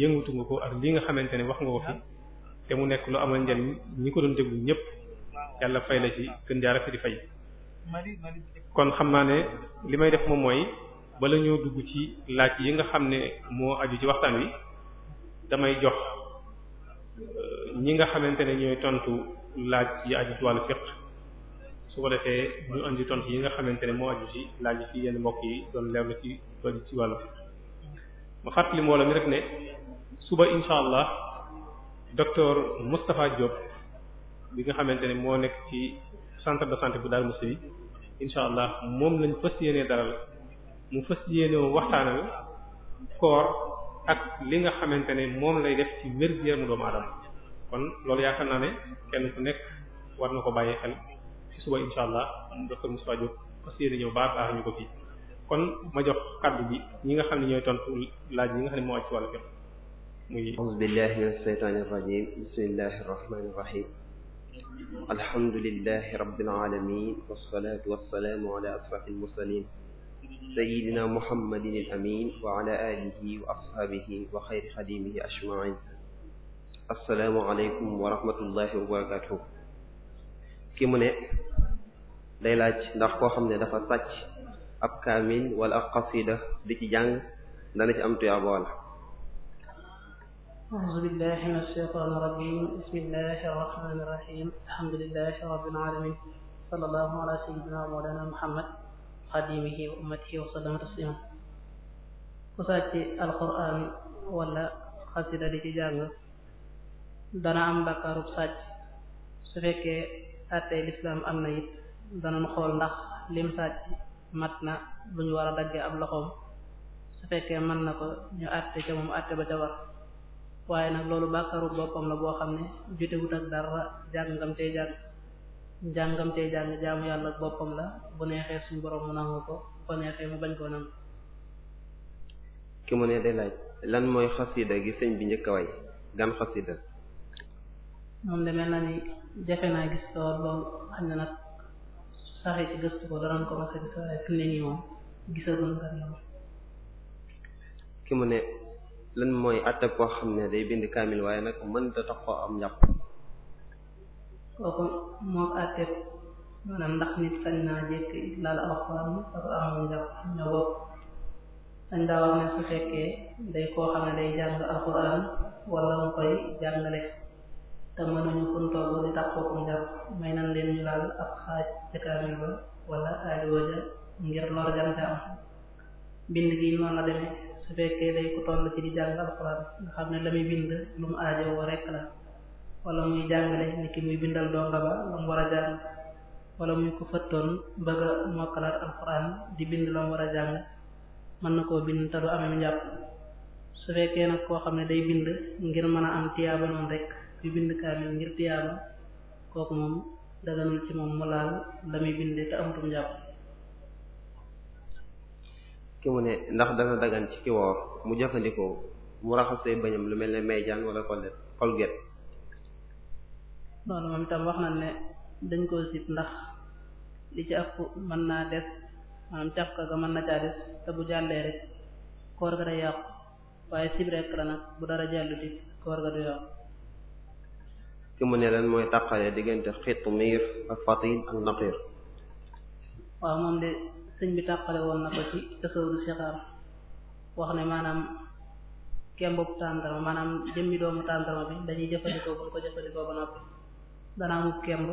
yëngutu nga ko ak lii nga xamante ne wax nga ko fi te mu nekk lu amal njariñ ñi ko doon déglu ñëpp yàlla fay la ci gën jaara fi di fay kon xam naa ne li may def moom mooy bala ñoo dugg ci laaj yi nga xam ne moo aju ci waxtaan wi damay jox euh, ñi nga xamante ne ñooy tontu laaj yi aju ci wàllu defee ñu tontu yi nga xamante ne moo aju ci laaj yi ci yenn mbokk yi doon la ci doon ci wàll fiqh ma fàttali mbooloo mi rek ne suba incha allah docteur Moustapha Diop bi nga xamante ne moo nekk ci centre de santé bu Darou Moukhty incha allah moom lañ fas yéenee daral mu fas yéene waxtaanal koor ak li nga xamante ne moom lay def ci wér gu doomu aadama kon loolu yaakaar naa ne kenn ku nekk war na ko bàyyi xel ci suba incha allah docteur Moustapha Diop fas yéene ñëw baax baax ñu ko fii. kon ma jox kàddu bi ñi nga xam ne ñooy tontu laaj yi nga xam ne moo ci wàllu fiqh muy a'udhu billahi minash shaytanir rajim bismillahir rahmanir rahim alhamdulillahi rabbil alamin wassalatu wassalamu ala ashrafil mursalin sayyidina muhammadin al amin wa ala alihi wa ashabihi wa khayri khadimihi ajma'in assalaamu alaykum wa rahmatullahi wa barakatuh ki mu ne day laaj ndax koo xam ne dafa sàcc ab kaamil wala ab qasida di ci jàng dana ci am tuyaa boole a'uuzu billahi min ash-shaytaani rajiim bismillahi rahmaani rahiim alhamdulillahi rabbil aalamiin sallallahu ala sayyidina wa mawlana muhammad xadimihi wa ummatihi wa sallama taslima ku sàcc alquran wala xasida di ci jàng dana am bakkaarub sàcc su fekkee attey lislaam am na it danañ xool ndax lim sàcc mat na lu ñu war a daggee ab loxoom su fekkee mën na ko ñu àtte ca moom àtte ba ca war waaye nag loolu bàkkaru boppam la boo xam ne jotewut ak dara jàngam tey jàng jàngam tey jàng jaamu yàlla boppam la bu neexee suñu borom mu nangu ko bu neexee mu bañ koo nangu. ki mu ne day laaj lan mooy xasida gi sëñ bi njëkk a way gan xasida moom de na ni jafe naa gis lool lool xam nag. saxee ci gëstu ko danoon ko ki mu ne lan mooy atte koo xam ne day bind kaamil waaye nag mënta tax koo am njàpp. kooku moom atte maanaam ndax nit sañ naa jékki laal alxuraan ak amul njàpp ñoo bokk daa wax ne su fekkee day koo xam ne day jàng alxuraan wala mu koy jàngale. te mënuñu kon toogoo di tàqooku njàpp may nan leen ñu laal ab xaaj ca kaamil ba wala aajo ngir lor ca am bind gi noonu la demee su fekkee day ko toll ci di jàng alxuraan nga xam ne la muy bind lu mu woo rekk la wala muy jàngale ni ki muy bindal donga ba la war a jàng wala muy ko fëttoon bëgg a mokkalaat alxuraan di bind la mu war a jàng mën na koo bind te du amem njàpp su fekkee nag koo xam ne day bind ngir mën a am tiyaaba noonu bind kaamil ngir tiyaaba kooku moom daganul ci moom mu laal la muy binde te amatum njàpp ki mu ne ndax dana dagan ci ki mu jëfandikoo mu raxasee bañam lu mel ne meejaan wala collet colgate loolu moom itam wax na ne dañ koo sib ndax li ci ëpp mën naa des maanaam càpp ka ga mën na caa te bu jàllee rek koor ga day yàqu waaye sib rek la nag bu dara jàllu di koor ga du yàqu ci mu ne ren mooy tàqale diggante xitmiir ak fatin ak naqiir waaw moom de sëñ bi tàqale woon na ko ci tasawul sixaar wax ne maanaam kembub tàndarma maanaam jëmmi doomu tàndarma bi dañuy jëfandikoo buñ ko jëfandikoo ba noppi dana amub kemb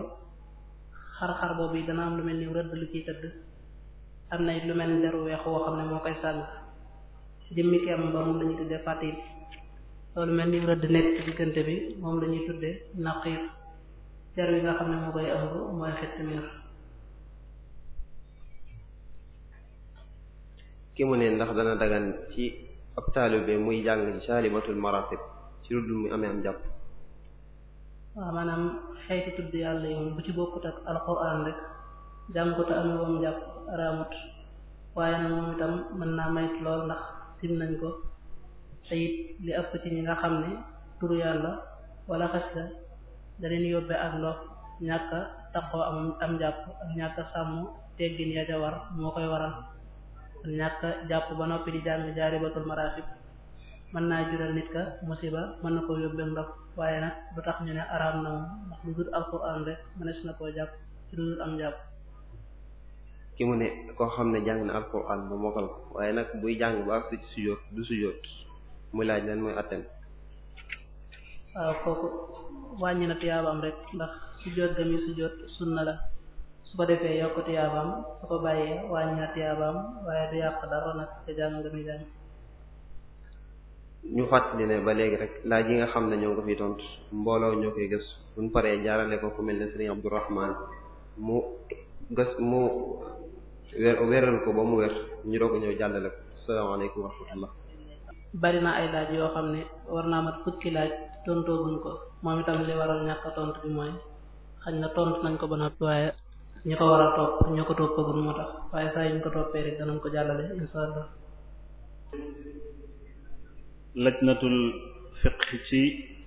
xar-xar boobu yi dana am lu mel ni rëdd lu ciy tëdd am na lu mel ni deru weex woo xam ne moo koy sànni jëmmi kemb ba moom lañu tuddee fatin loolu mel ni rëdd nekk ci diggante bi moom lañuy ñuy tuddee naqiir jar yi nga xam ne moo koy ëmb mooy xitmiir ki mu ne ndax dana dagan ci ab taalibe muy jàng ci saalimatul maratib ci ruddu muy amee am jàpp waaw maanaam xeeti tudd yàlla yi moom bu ci bokkut ak alquran rek jàng ko te amee jàpp araamut waaye moom itam mën naa mayt lool ndax sim nañ ko te it li ëpp ci ñi nga xam ne turu yàlla wala xasida da leen yóbbee ak ndox ñàkk a taqoo am jàpp ak ñàkk jàpp ba noppi di jàng jaaribatul marasib mën naa jural nit ka musiba mën na koo yóbbee ndox waaye nag du tax ñu ne araam na moom ndax lu dul alquran rek mënees na koo jàpp ci xam ne jàng na ko waaye nag buy jàng du sujjóot mu laaj leen mooy attem waaw kooku wàññi na tuyaabaam rek ndax sujjóot ga muy sujjóot sunna la su ko defee yokk tuyaabaam su ko bàyyee wàññi na waaye du yàq dara nag te jàng ga muy jàng ba léegi rek laaj yi nga xam ne ñoo mbooloo ñoo koy gës buñ ko ku mel ne Serigne Abdourahman mu gës mu wér wéral ko ba mu wér ñu doog a ñëw jàllale ko salaamaaleykum wa rahmatullah bari na ay laaj yoo xam ne war naa mat fukki laaj tontooguñ ko moom itam li waral ñàkk a bi mooy xañ na tontu nañ ko ba waaye ñu ko war a topp ñu ko toppagul moo tax waaye saa ñu ko toppee rek danañ ko jàllale insha allah lajnatul fiqh ci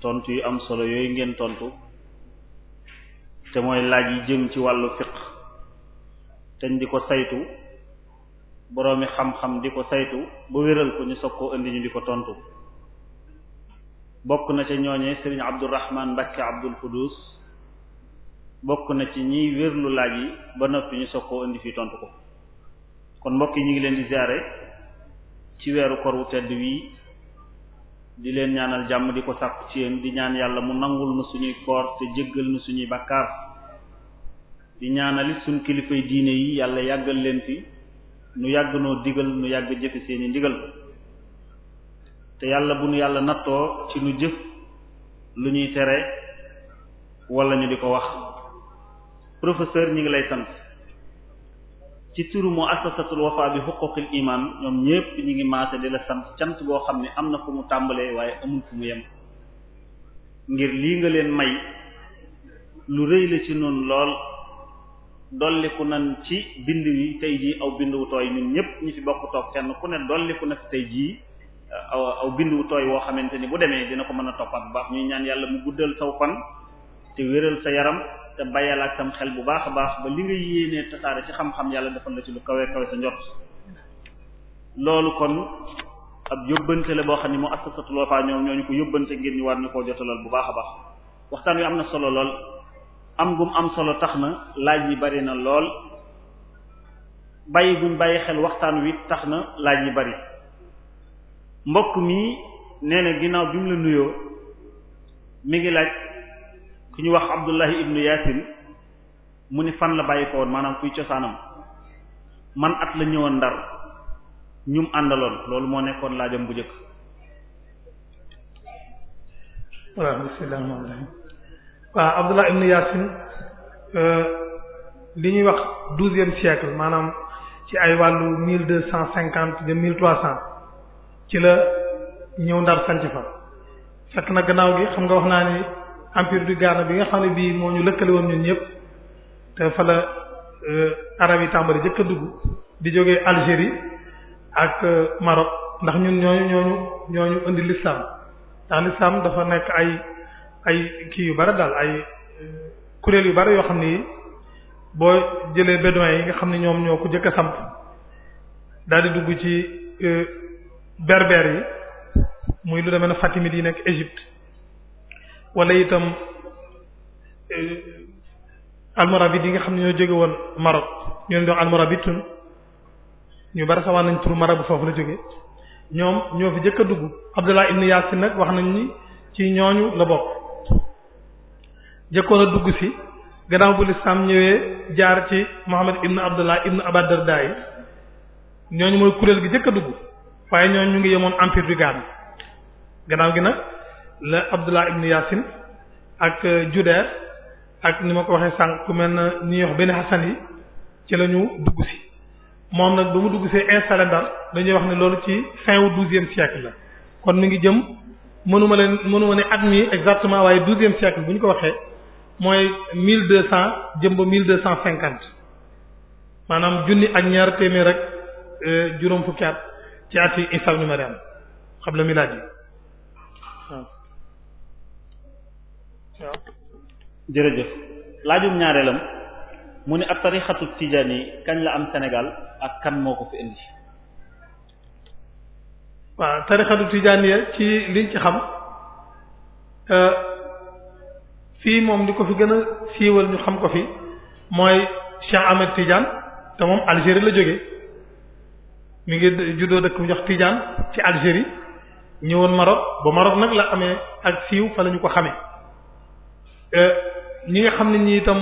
tontu yu am solo yooyu ngeen tontu te mooy laaj yi jëm ci wàllu fiqh te ñu di ko saytu boroomi xam-xam di ko saytu ba wéral ko ñu soog koo indi ñu di ko tontu bokk na ca ñooñee sëriñ Abdourahman Mbacke Abdoul Khoudous bokk na ci ñiy wérlu laaj yi ba noppi ñu soog koo indi fii tontu ko kon mbokk yi ñu ngi leen di ziare ci weeru kor wu tedd wii di leen ñaanal jàmm di ko sàkku ci yéen di ñaan yàlla mu nangul nu suñuy koor te jéggal nu suñuy bakkaar di ñaanalit suñ kilifay diine yi yàlla yàggal leen fi nu yàgg noo digal nu yàgg jëfe seeni ndigal te yàlla bu nu yàlla nattoo ci nu jëf lu ñuy tere wala ñu di ko wax professeur ñi ngi lay sant ci turu mu assasatul wafa bi huquqil iman ñoom ñépp ñi ngi maase di la sant cant boo xam ne am na fu mu tàmbalee waaye amul fu mu yem ngir lii nga leen may lu rëy la ci noonu lool dolliku nan ci bind wi tey jii aw bind wu tooy ñun ñëpp ñu ci bokk toog kenn ku ne dolliku na fi tey jii aw bind wu tooy woo xamante ni bu demee dina ko mën a toppaat bu baax ñuy ñaan yàlla mu guddal saw fan te wéral sa yaram te bàyyal ak tam xel bu baax a baax ba li nga yéenee tasaare ci xam-xam yàlla defal la ci lu kawe kawe sa loolu kon ab yóbbante la boo xam ne mu assasatul Wafa ñoom ko yóbbante ngir ñu war ñu koo jotalal bu baax a baax waxtaan wi am na solo am gum am solo tax na laaj yi bari na lool bàyyi guñ bàyyi xel waxtaan wi tax na laaj yi bari mbokk mi nee na ginnaaw bi mu la nuyoo mi ngi laaj ki ñu wax Abdullahi ibnu Yaasin mu ni fan la bàyyi ko woon maanaam kuy cosaanam man at la ñëwoon ndar ñum àndaloon loolu moo nekkoon laajam bu njëkk. waaw Abdullah ibn Yasin euh, li ñuy wax douzième siècle maanaam ci ay wàllu mille deux cent cinquante de mille trois cent ci la ñëw ndar sanc fa fekk na gannaaw gi xam nga wax naa ni empire du Ghana bi nga xam ne bii moo ñu lëkkale woon ñun ñëpp te fa la euh, arab yi tàmbali jëkk dugg di jógee Algérie ak euh, Maroc ndax ñun ñooñu ñooñu indi l'islam ndax l'islam dafa nekk ay ay kii yu bari daal ay eh, kuréel yu bari yoo xam ne ni boo jëlee bédouins yi nga xam ne ñoom ñoo ku jëkk a samp daal di dugg ci eh, berbères yi muy lu demee ne fatimide yi nekk Égypte walla itam eh, almoravid yi nga xam ne ñoo jóge woon Maroc ñu leen doon almorabitun ñu bari sawaan nañ turu marabu foofu la jóge ñoom ñoo fi jëkk a dugg Abdullah ibn Yasin nag wax nañ ni ci ñooñu la bokk jëkkoon a dugg si gannaaw bu lislaam ñëwee jaar ci Muhammad ibnu Abdullah ibnu Abad Darda ñooñu mooy kuréel gi jëkk a dugg waaye ñooñu ñu ngi yemoon empire du Ghana gannaaw gi nag la Abdullah ibnu Yasin ak euh, Judeer ak ni ma ko waxee sànq ku mel na ñuy wax benn Hassan yi ci la ñu dugg si moom nag ba mu dugg see installé Ndar dañuy wax ne loolu ci fin wu douzième siècle la kon mi ngi jëm mënuma leen mënuma ne at mi exactement waaye douzième siècle bu ñu ko waxee mooy mille deux cent jëm mille deux cent cinquante maanaam junni ak ñaar téeméer rek euh, juróom fukki at ci at yi Isa ibn xam la milaad yi waaw waaw jërëjëf laajum ñaareelam mu ne ab tarixatu tijaan yi kañ la am Sénégal ak kan moo ko fi indi waaw tarixatu tijaan yi ci liñ ci xam euh, fii moom ni ko fi gën a siiwal ñu xam ko fi mooy Cheikh Ahmed Tidiane te moom Algérie la jóge mu ngi juddoo dëkk bu jox Tidiane ci Algérie ñëwoon Maroc ba Maroc nag la amee ak siiw fa la ñu ko xamee euh, ñi nga xam ne ñi itam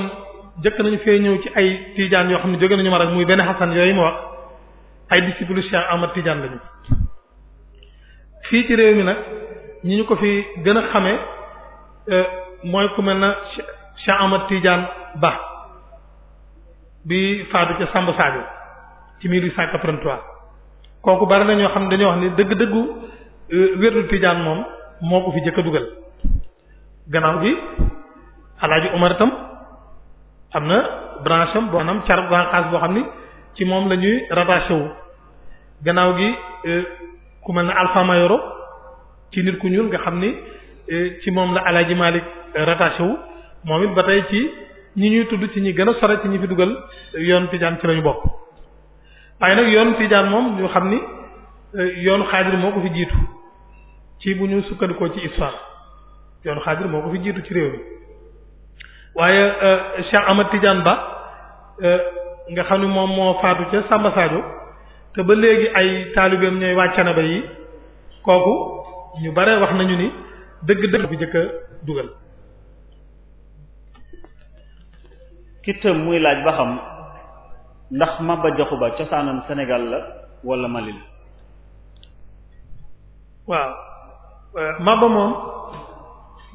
jëkk nañu fee ñëw ci ay Tidiane yoo xam ne jóge nañu Maroc muy benn Hassan yooyu ma wax ay disciples Cheikh Ahmed Tidiane lañu fii ci réew mi nag ñi ñu ko fi gën a xamee. Euh, mooy ku mel na Cheikh Ahmad Tidiane Ba bi faatu ca Samba Sadio ci 1883 kooku bari na ñoo xam ne dañoo wax ni dëgg-dëggu euh, wérdu Tidiane moom moo ko fi jëkk a dugal gannaaw gi alaaji Omar am na branche am boo xam car boo xam ni ci moom lañuy ñuy rattaché wu gannaaw gi euh, ku mel ne Alpha Mayoro ci nit ku ñuul nga xam ni euh, ci moom la alaaji Malick rattaché wu moom it ba tey ci ñi ñuy tudd ci ñi gën a sore ci ñi fi dugal yoon tijaan ci lañu bokk waaye nag yoon tijaan moom ñu xam ni euh, yoon xaadir moo ko fi jiitu ci bu ñu sukkandikoo ci histoire yoon xaadir moo ko ci réew mi waaye euh, Cheikh Ahmad Tidiane Ba euh, nga xam ne moom moo faatu ca Samba Sadio te ba léegi ay taalibeem ñooy wàccana ba yi kooku ñu bare wax nañu ni dëgg dëgg bu jëkk a dugal ki muy laaj ba xam ndax Maba Jaxu Ba cosaanam senegal la wala Mali la waaw euh, Maba moom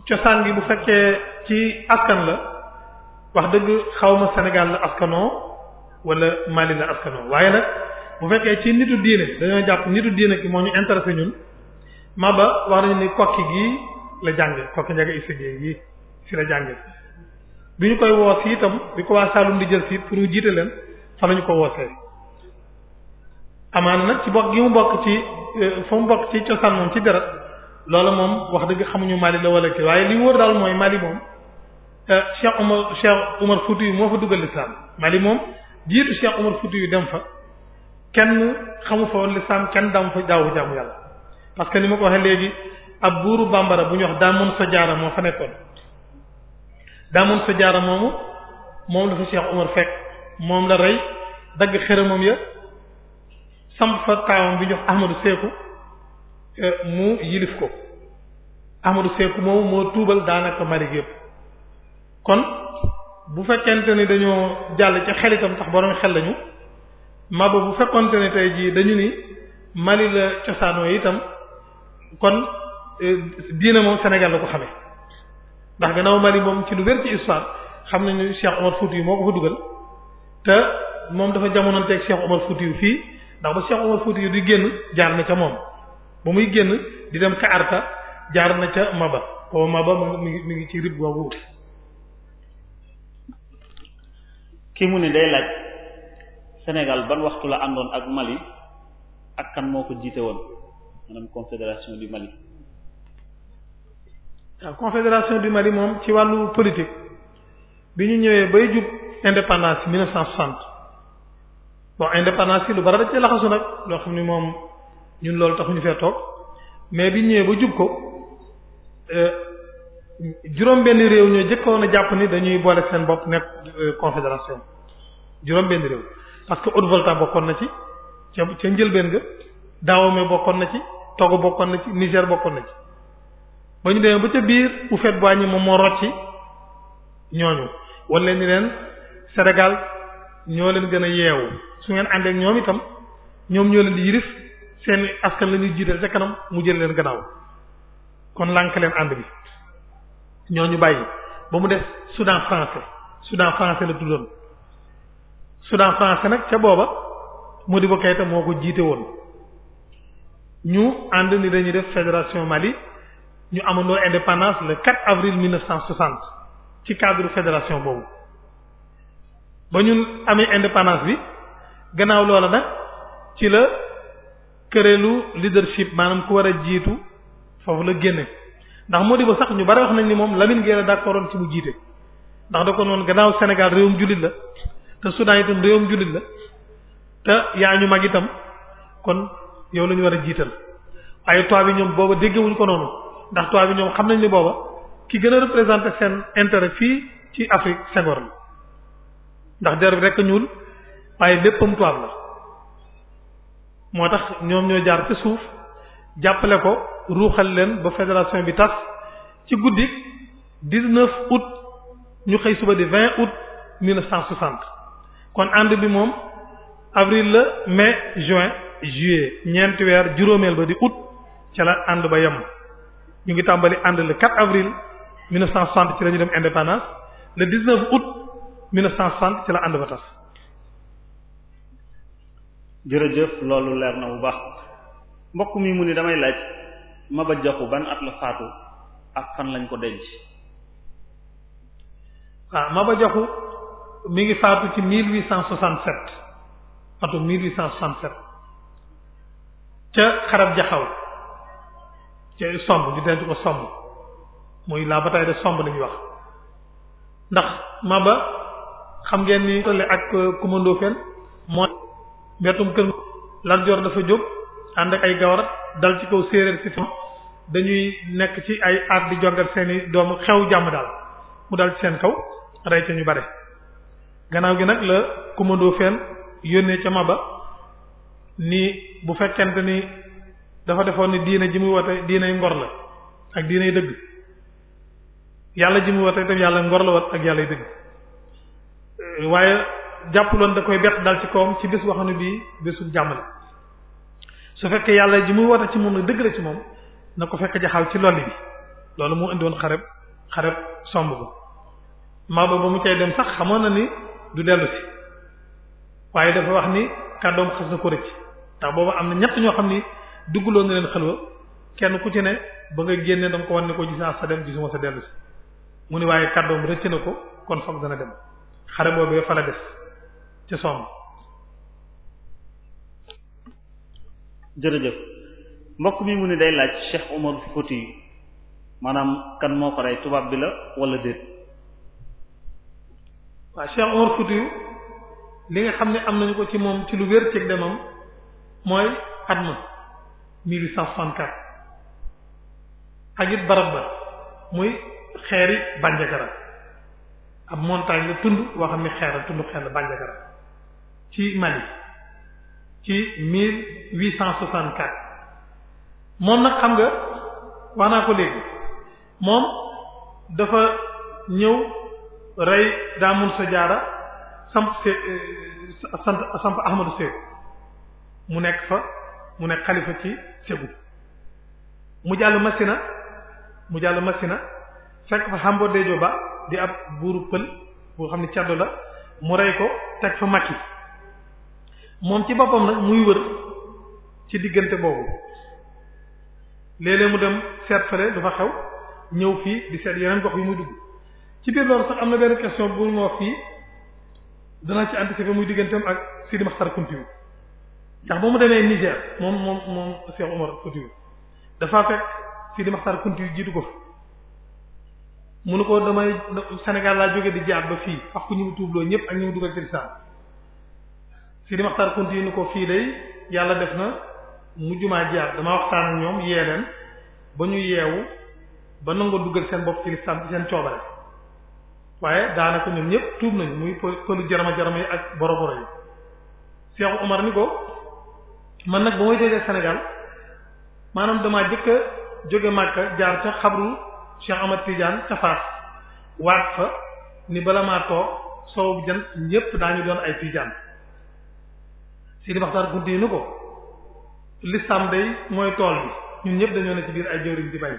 cosaan gi bu fekkee ci askan la wax dëgg xawma Sénégal la askanoo wala Mali la askanoo waaye nag bu fekkee ci nitu diine dañoo jàpp nitu diine ki moo ñu intéressé ñun Maba wax nañu ni kokki gi la jànge kokki njaga isegee gi la jànge bi ñu koy woos itam bi ko waa Saalum di jël si pour ñu jiite leen fa lañu ko woosee amaana na ci bokk gi mu bokk ci euh, fa mu bokk ci cosaan moom ci deret loolu moom wax dëgg xamuñu Mali la wala kii waaye li wóor daal mooy Mali moom euh, Cheikh Umar Cheikh Umar Fouti moo fa dugal lislaam Mali moom jiitu Cheikh Umar Fouti yu dem fa kenn xamu fa woon lislaam kenn daamu fa daawu jaamu yàlla parce que ni ma ko waxee léegi ab buuru bambara bu ñu wax daamun sa jaara moo fa nekkoon daamun sa jaara moomu moom la fa Cheikh Umar fekk moom la rey dagg xëramam ya samp fa taawam bi jox Ahmadu Seeku mu yilif ko Ahmadu Seeku moomu moo tuubal daanaka Mali yëpp kon bu fekkente ni dañoo jàll ci xel itam tax borom xel lañu maba bu fekkonte ne tey jii dañu ni Mali la cosaanoo itam kon eh, diina moom Sénégal la ko xamee ndax gannaaw Mali moom ci lu wér ci histoire xam nañu Cheikh Omar Fouti moo ko fa dugal te moom dafa jamononteeg Cheikh Omar Fouti fii ndax ba Cheikh Omar Fouti di génn jaar na ca moom ba muy génn di dem Kaarta jaar na ca Maba booba Maba mu ngi mi ngi ci rib googu wuti kii mu ne day laaj Sénégal ban waxtu la àndoon ak Mali ak kan moo ko jiite woon maanaam confédération du Mali waaw confédération du Mali moom ci wàllu politique bi ñu ñëwee bay jub indépendance yi 1960 bon indépendance yi lu bari da ci laxasu nag loo xam ni moom ñun loolu taxuñu fee toog mais bi ñëwee ba jub ko euh, juróom benn réew ñoo jëkkoon a jàpp ni dañuy boole seen bopp nekk euh, confédération juróom benn réew parce que Haute-Volta bokkoon na ci ca ca njëlbeen ga Dahomey bokkoon na ci Togo bokkoon na ci Niger bokkoon na ci ba ñu demee ba ca biir bu fet bu ñi moom moo rocci ñooñu wan leen ni leen Sénégal ñoo leen gën a yeewu su ngeen àndeek ñoom itam ñoom ñoo leen di yirif seen askan la ñuy jiital ca kanam mu jël leen gannaaw kon lànk leen ànd bi ñooñu bàyyi ba mu def Soudan français Soudan français la tuddoon soudant français nag ca booba Modibo Keïta moo ko jiite woon ñu ànd ni dañuy def fédération Mali ñu amoon amandoo indépendance le 4 avril 1960 ci cadre fédération boobu ba ñu amee indépendance bi gannaaw loola nag ci la këreelu leadership maanaam ku war a jiitu foofu la génne ndax moo di ba sax ñu bari wax nañ ni moom Lamine Gueye la d'accordoon ci mu jiite ndax da ko noonu gannaaw Sénégal réewum jullit la te Soudan itam réewum jullit la te yaa ñu mag itam kon yow la war a jiital waaye toit bi ñoom booba déggewuñ ko noonu. ndax tubaab bi ñoom xam nañ ni booba ki gën a représenté seen intérêt fii ci Afrique Senghor la ndax der bi rek ñuul waaye léppam tubaab la moo tax ñoom ñoo jaar ci suuf jàppale ko ruuxal leen ba fédération bi tas ci guddi 19 août ñu xëy suba di 20 août 1960 kon ànd bi moom avril la mais juin juillet ñeenti weer juróomeel ba di août ca la ànd ba yem ñu ngi tàmbali ànd le 4 avril 1960 ci la ñu dem indépendance le 19 août 1960 ci la ànd ba tas. jërëjëf loolu leer na bu baax mbokk mi mu ni damay laaj ma Maba Jaxu ban at la faatu ak fan lañ ko denc. Ah, ma ba Jaxu mi ngi faatu ci 1867 atum 1867 ca xarab jaxaw ci somb ñu denc ko somb muy la bataille de somb la ñuy wax ndax Maba xam ngeen ni tolle ak euh, commando fen mooy mbettum kër Lat Joor dafa jóg ànd ak ay gawar dal ci kaw séeréer si dañuy nekk ci ay aat di jongal seeni doomu xew jàmm daal mu dal ci seen kaw rey ca ñu bare gannaaw gi nag la commando fen yónnee ca Maba ni bu fekkente ni dafa defoon ni diine ji muy woote diiney ngor la ak diiney dëgg yàlla ji muy woote itam yàlla ngor la wat ak yàlla dëgg euh, waaye jàpp jàppuloon da koy bett dal ci kawam ci bés wax ne bii bésub jàmm su fekkee yàlla ji muy woote ci moom a dëgg la ci moom na ko fekk jaxaw ci lolli bi loolu moo indi woon xareb xareb somb ko maa ba mu cay dem sax xamoon na ni du dellu si waaye dafa wax ni kàddoom xas na ko rëcc ndax boobu am na ñett ñoo xam ni dugguloo nga leen xalwa kenn ku ci ne ba nga génne da nga ko wan ne ko gis naa sa dem gisuma sa dellu mu ne waaye kàddoom rëcc na ko kon foog dana dem xare boobee fa la des ca sonn. jërëjëf mbokk mi mu ni day laaj Cheikh Omar Fouti maanaam kan moo ko rey tubaab bi la wala déet. waaw Cheikh Omar Fouti li nga xam ne am nañu ko ci moom ci lu wér ci demam mooy at ma 1864 ak it barab ba muy xeeri Bandiagara ab montagne la tund boo xam xeer la tund xeer la Bandiagara ci Mali ci 1864 moom nag xam nga wax naa ko léegi moom dafa ñëw rey Daamun Sajaara samp sant eh, samp Ahmadu Seydou mu nekk fa mu nekk xalifa ci tegu mu jàll Masina mu jàll Masina fekk fa Hambo Dejo Ba di ab buuru pël boo xam ne caddo la mu rey ko teg fa Makki moom ci boppam nag muy wër ci diggante boobu léeg mu dem seet fale du fa xew ñëw fii di seet yeneen gox yi muy dugg ci biir loolu sax am na benn question bu ma wax fii danaa ci anticiper muy digganteem ak Sidi Maxtar Kunti bi ndax ba mu demee Niger moom moom moom Cheikh Omar Foutiyou dafa fekk Sidi Maxtaar jiitu ko fi mu ne ko damay senegal laa jóge di jaar ba fii wax ko ñu mu tuubloo ñëpp ak ñu mu dugal ci lislaam Sidi Maxtaar ni ko fii day yàlla def na mujjumaa jaar dama waxtaan ñoom yee leen ba ñu yeewu ba nangoo dugal seen bopp ci lislaam seen coobare waaye daanaka ñoom ñëpp tuub nañu muy pëlu jarama jarama yi ak boroboro yi Cheikh Omar ni ko man nag ba may déggee Sénégal maanaam damaa jëkk a jóge Màkka jaar ca xabru Cheikh Ahmad Tidiane ca Faas waat fa ni bala maa toog soowu jant ñépp daañu doon ay Tidiane Sidi Maxtaar Kunti yi ni ko lislam day mooy tool bi ñun ñëpp dañoo ne ci biir ay jëwriñ di bay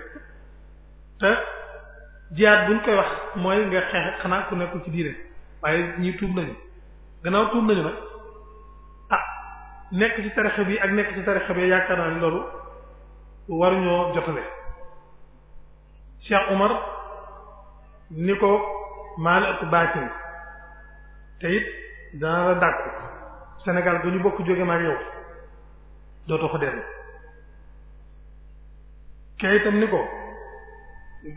te jiyaat buñ koy wax mooy nga xeex xanaa ku nekkul ci diine waaye ñi tuub nañu gannaaw tuub nañu nag nekk ci tarixa bi ak nekk ci tarixa bi yaakaar naa ne loolu war ñoo jotale Cheikh Umar ni ko maa la ëpp baatin te it dana la dàq Sénégal ba ñu bokk jóge ma yow dootoo ko dellu kee itam ni ko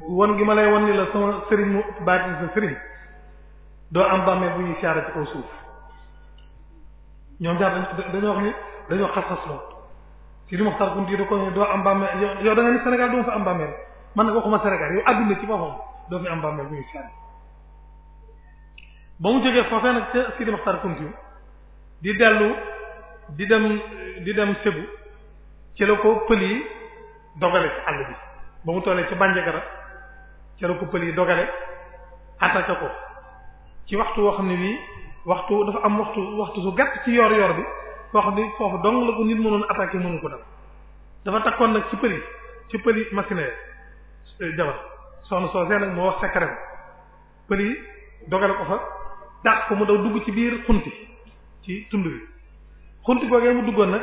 won gi ma lay won ni la sama sëriñ mu baatin sa sëriñ doo am bàmmee bu ñuy siyaare ci kaw suuf ñoom ñaar dañoo wax ni dañoo xas-xasloo Sidi Mokhtar Kounti da ko doo am bàmmeel yow da nga ni Sénégal doo fa am bàmmeel man nag waxuma Sénégal yow adduna doo fi am ba mu jógee foofee nag ca Sidi Mokhtar Kounti di dellu di dem di dem Sébu ci la ko pël yi dogale ci àll bi ba mu tollee ci Bandiagara ci la ko pël yi dogale attaqué ko ci waxtu woo xam ne waxtu dafa am waxtu waxtu su gàtt ci yoor yor bi boo xam ni foofu dong la ko nit mënoon attaqué mënu ko dal dafa takkoon nag ci përi ci përi machine eh, jabar soxna soosee nag moo wax secret ba përi dogale ko fa dàq ko mu daw dugg ci biir xunti ci tund bi xunti googee mu duggoon nag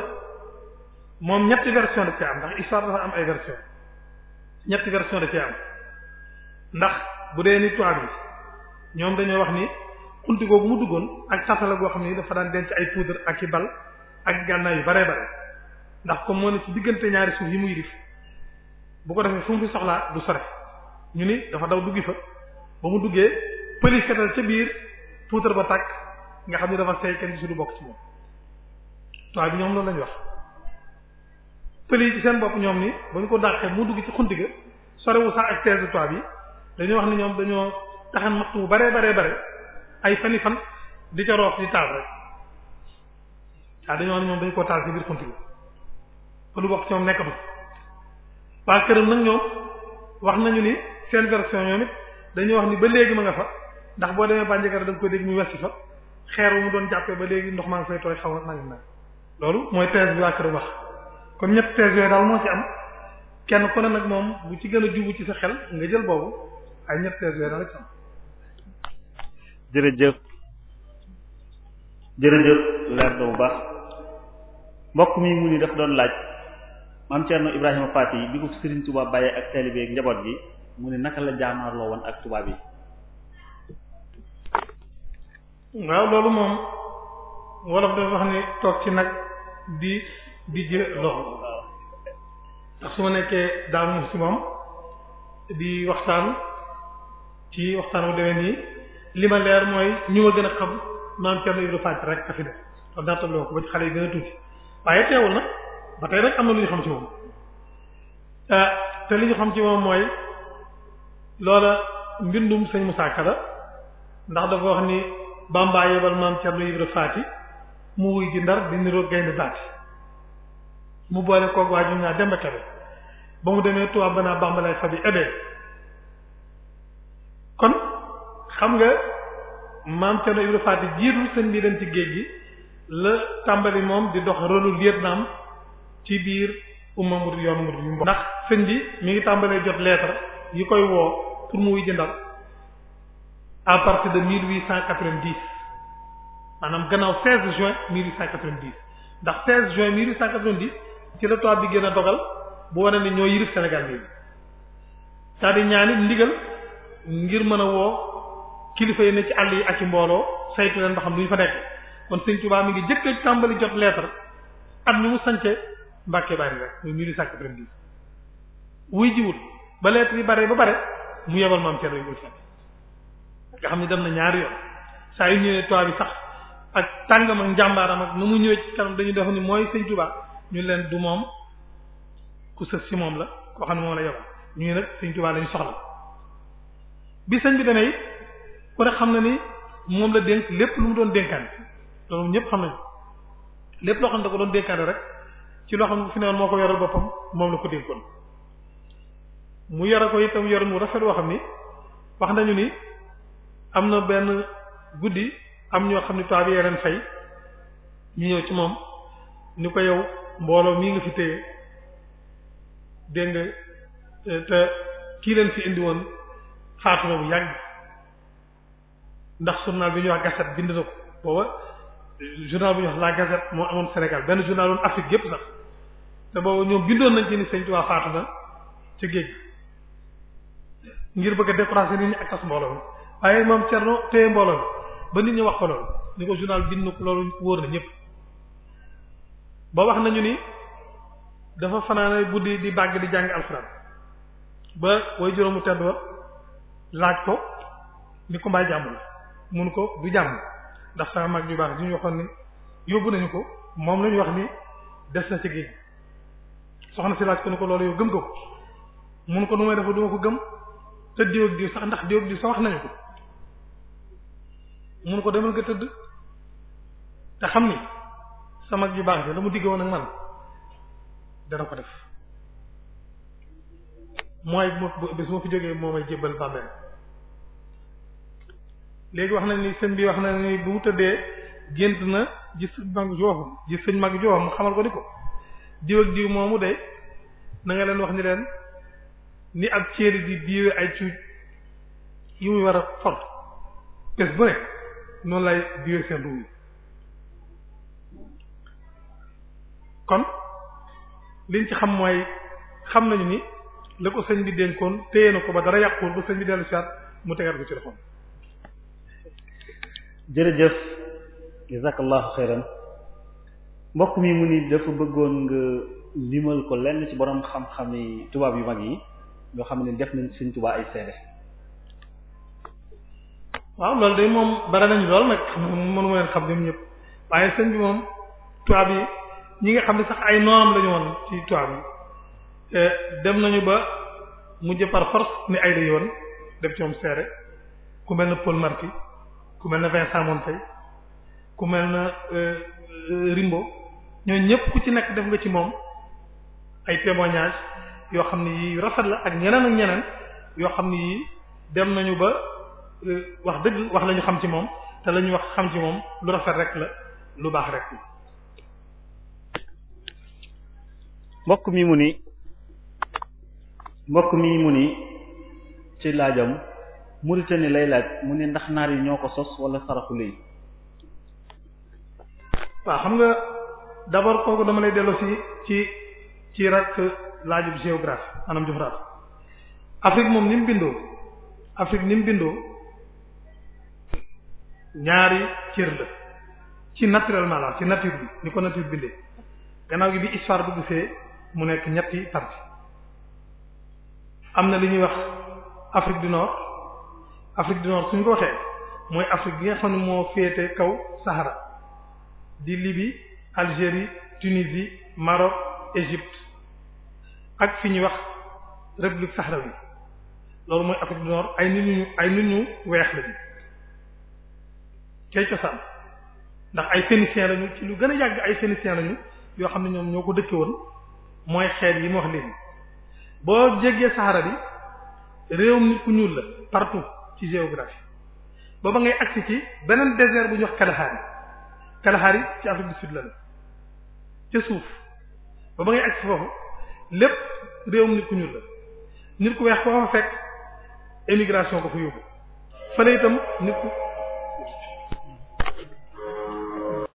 moom ñetti version daf ci am ndax histoire dafa am ay version ñetti version daf ci am ndax bu dee ni tubaab yi ñoom dañoo wax ni buntu googu mu duggoon ak xasala goo xam ne dafa daan denc ay poudre ak yi bal ak gànnaay yu bare bare ndax comme moo ne ci diggante ñaari suuf yi muy dif bu ko defee fu mu fi soxlaa du sore ñu ni dafa daw duggi fa ba mu duggee pëli fetal ca biir poudre ba tàkk nga xam ne dafa seey kenn du bokk ci moom toit bi ñoom loolu lañu wax pëli ci seen bopp ñoom ni ba ñu ko dàqee mu dugg ci xunti ga sorewu sax ak tees du toit bi dañoo wax ni ñoom dañoo taxan maxtu bare bare ay fani fan di ca roof di taal rek waaw ah, dañoo ne ñoom dañ koo taal ci biir xunti bi ba lu bokk ci ñoom nekkatu waa këram nag ñoom wax nañu ni seen version ñoom it dañuy wax ni ba léegi ma nga fa ndax boo demee bànjagara da nga koy dégg muy wessi fa xeer wu mu doon jàppee ba léegi ndox maa ngi fay tooy xaw na nangam nag loolu mooy thèse bi waa këram wax kon ñett thèse yooyu daal moo ci am kenn ku ne nag moom bu ci gën a jubu ci sa xel nga jël boobu ay ñett jërëjëf jërëjëf leer na bu baax mbokk mi mu ni daf doon laaj maam Cerno Ibrahima Faati yi bi ko Sëriñ Tuubaa bàyyee ak taalibe ak njaboot gi mu ne naka la jaamaarloo woon ak tubaab yi waaw loolu moom wolof dafa wax ne toog ci nag di di jë loxo ndax su ma nekkee daal moom si di waxtaan ci waxtaan wu demee nii li ma leer mooy ñu ma gën a xam maam Thierno Ibrahima Faty rek a fi def xam naa tolloo ko ba ci xale yi gën a tuuti waaye teewul nag ba tey nag am na lu ñu xam ci moom ah, te li ñu xam ci moom mooy loola mbindum sëñ Moussa la ndax dafa wax ni Bamba yebal maam Thierno Ibrahima Faty mu wuy ji ndar di niroo gaynde baati mu boole koog waa ñu naa dem ba kebe ba mu demee tubaab banaa Bamba lay fabi ebee kon xam nga maam Thierno Ibrahima Fati jiitu sëñ bi ci géej gi la tàmbali moom di dox rôle lieutenant ci biir umma murid yoon murid yu ndax sëñ bi mi ngi tàmbalee jot lettre yi koy woo pour mu wuy jëndal à partir de 1890 maanaam gannaaw 16 juin 1890 ndax 16 juin 1890 ci la toit bi gën a dogal bu wane ne ñoo yirif Sénégal bi cest à ndigal ngir mën a woo. kilifa yi ne ci àll yi ak ci mbooloo saytu leen ba xam lu ñu fa nekk kon sëñ Tuubaa mu ngi jëkk tàmbali jot lettre at lu mu sance Mbàkke bari rek muy mille cinq vingt wuy jiwut ba lettre yi bare ba bare mu yebal maam Thierno Ibrahima dem na ñaari yoon saa yu ñëwee toit bi ak tàngam ak njàmbaaram ak nu dañu def ni mooy sëñ Tuubaa ñu leen du moom ku sës si moom la koo xam ne moom la yebal ñu ngi nag sëñ Tuubaa lañu soxla bi sëñ bi demee ku ne xam na ni moom la dénk lépp lu mu doon dénkaan loolu ñëpp xam nañ lépp loo xam ne da ko doon dénkaane rek ci loo xam ne fi moo ko yoral boppam moom la ko dénkoon mu yore ko itam yore mu rafet woo xam ni wax nañu ni am na benn guddi am ñoo xam ne toit bi yeneen fay ñu ñëw ci moom ni ko yow mbooloo mii nga fi téye dégg nga te kii leen fi indi woon faatu bu yàgg ndax journal bi ñuy wax Gazette bind na ko booba journal bu ñuy wax La Gazette moo amoon Sénégal benn journal woon Afrique yépp sax te booba ñoom bindoon nañ ci ni Sëriñ Tuubaa faatu na ca géej ngir bëgg a décourager nit ñi ak tas mbooloo mi waaye moom Cerno téye mbooloo mi ba nit ñi wax ko loolu ni ko journal bind ko loolu wóor na ñépp ba wax nañu ni dafa fanaane buddi di bàgg di jàng alxuraan ba way juróomu tedd wa laaj ko ni ko jàmm la mun ko du jàmm ndax sama mag yu baax du ñu waxoon ni yóbbu nañu ko moom lañu wax ni des na ci géej soxna si laaj ko ni ko loolu yow gëm ko mun ko nu may dafa ma ko gëm te diw ak diw sax ndax diw ko mun ko demal nga tëdd te xam ni sama mag yu baax la mu digg woon ak man dana ko def mooy bu bis moo fi jógee moo may jébbal bàmmeel léegi wax nañ ni sëñ bi wax na ni bu mu tëddee gént na gis sëñ mag jooxum gis sëñ mag jooxum mu xamal ko ni ko diw ak diw moomu de na nga leen wax ni leen ni ak céeri di biiwe ay cuuj yu muy war a fot bés bu nekk noonu lay biiwe seen ruuy kon liñ ci xam mooy xam nañu ni la ko sëñ bi dénkoon téye na ko ba dara yàquwul ba sëñ bi dellu si waat mu tegaat ko ci loxoom jërëjëf jazakallahu xayran mbokk mi mu ni dafa bëggoon nga limal ko lenn ci borom xam-xam yi tubaab yu mag yi yoo xam ne def nañ suñ tubaab ay seede moom bare nañu lool nag mënu waaye sëñ moom tubaab yi ñi nga xam ne sax ay noonam lañu woon ci tubaab yi dem nañu ba mujj par force ni ay la yoon def ci moom seede ku mel ne Paul Marty ku mel na ne Vincent Monteil ku mel ne euh, euh, rimbo ñoo ñëpp ku ci nekk def nga ci moom ay témoignages yoo xam ne yii rafet la ak ñeneen ak ñeneen yoo xam ne yii dem nañu ba euh, wax dëgg wax lañu xam ci moom te lañu wax xam ci moom lu rafet rek la lu baax rek la. mbokk mi mu ni mbokk mi mu ni ci laajam. Mauritanie lay laaj mu ne ndax naar yi ñoo ko sos wala saraxule yi waa xam nga d'abord kooku dama lay delloosi si ci ci rak laajub géographie maanaam jufaraat Afrique moom ni mu bindoo Afrique ni mu bindoo ñaari cër la ci naturellement la ci nature bi ni ko nature bindee gannaaw gi bi histoire dugg see mu nekk ñetti parties am na li ñuy wax Afrique du Afrique du Nord suñ ko waxee mooy Afrique bi nga xam ne moo féete kaw Sahara di Libye Algérie Tunisie Maroc Égypte ak fi ñuy wax république sahrawi loolu mooy Afrique du Nord ay nit ñu ay nit ñu weex lañu kay cosaan ndax ay phéniciens lañu ci lu gën a yàgg ay phéniciens lañu yoo xam ne ñoom ñoo ko dëkke woon mooy xeet yi mu wax léegi boo jéggee Sahara bi réew mi ku ñuul la partout ci géographie booba ngay agsi ci beneen désert bu ñuy wax Kalahari Kalahari ci Afrique du Sud la ca suuf booba ngay agsi foofu lépp réewum nit ku ñuul la nit ku weex koo fa fekk émigration ko fa yóbbu fële itam nit ku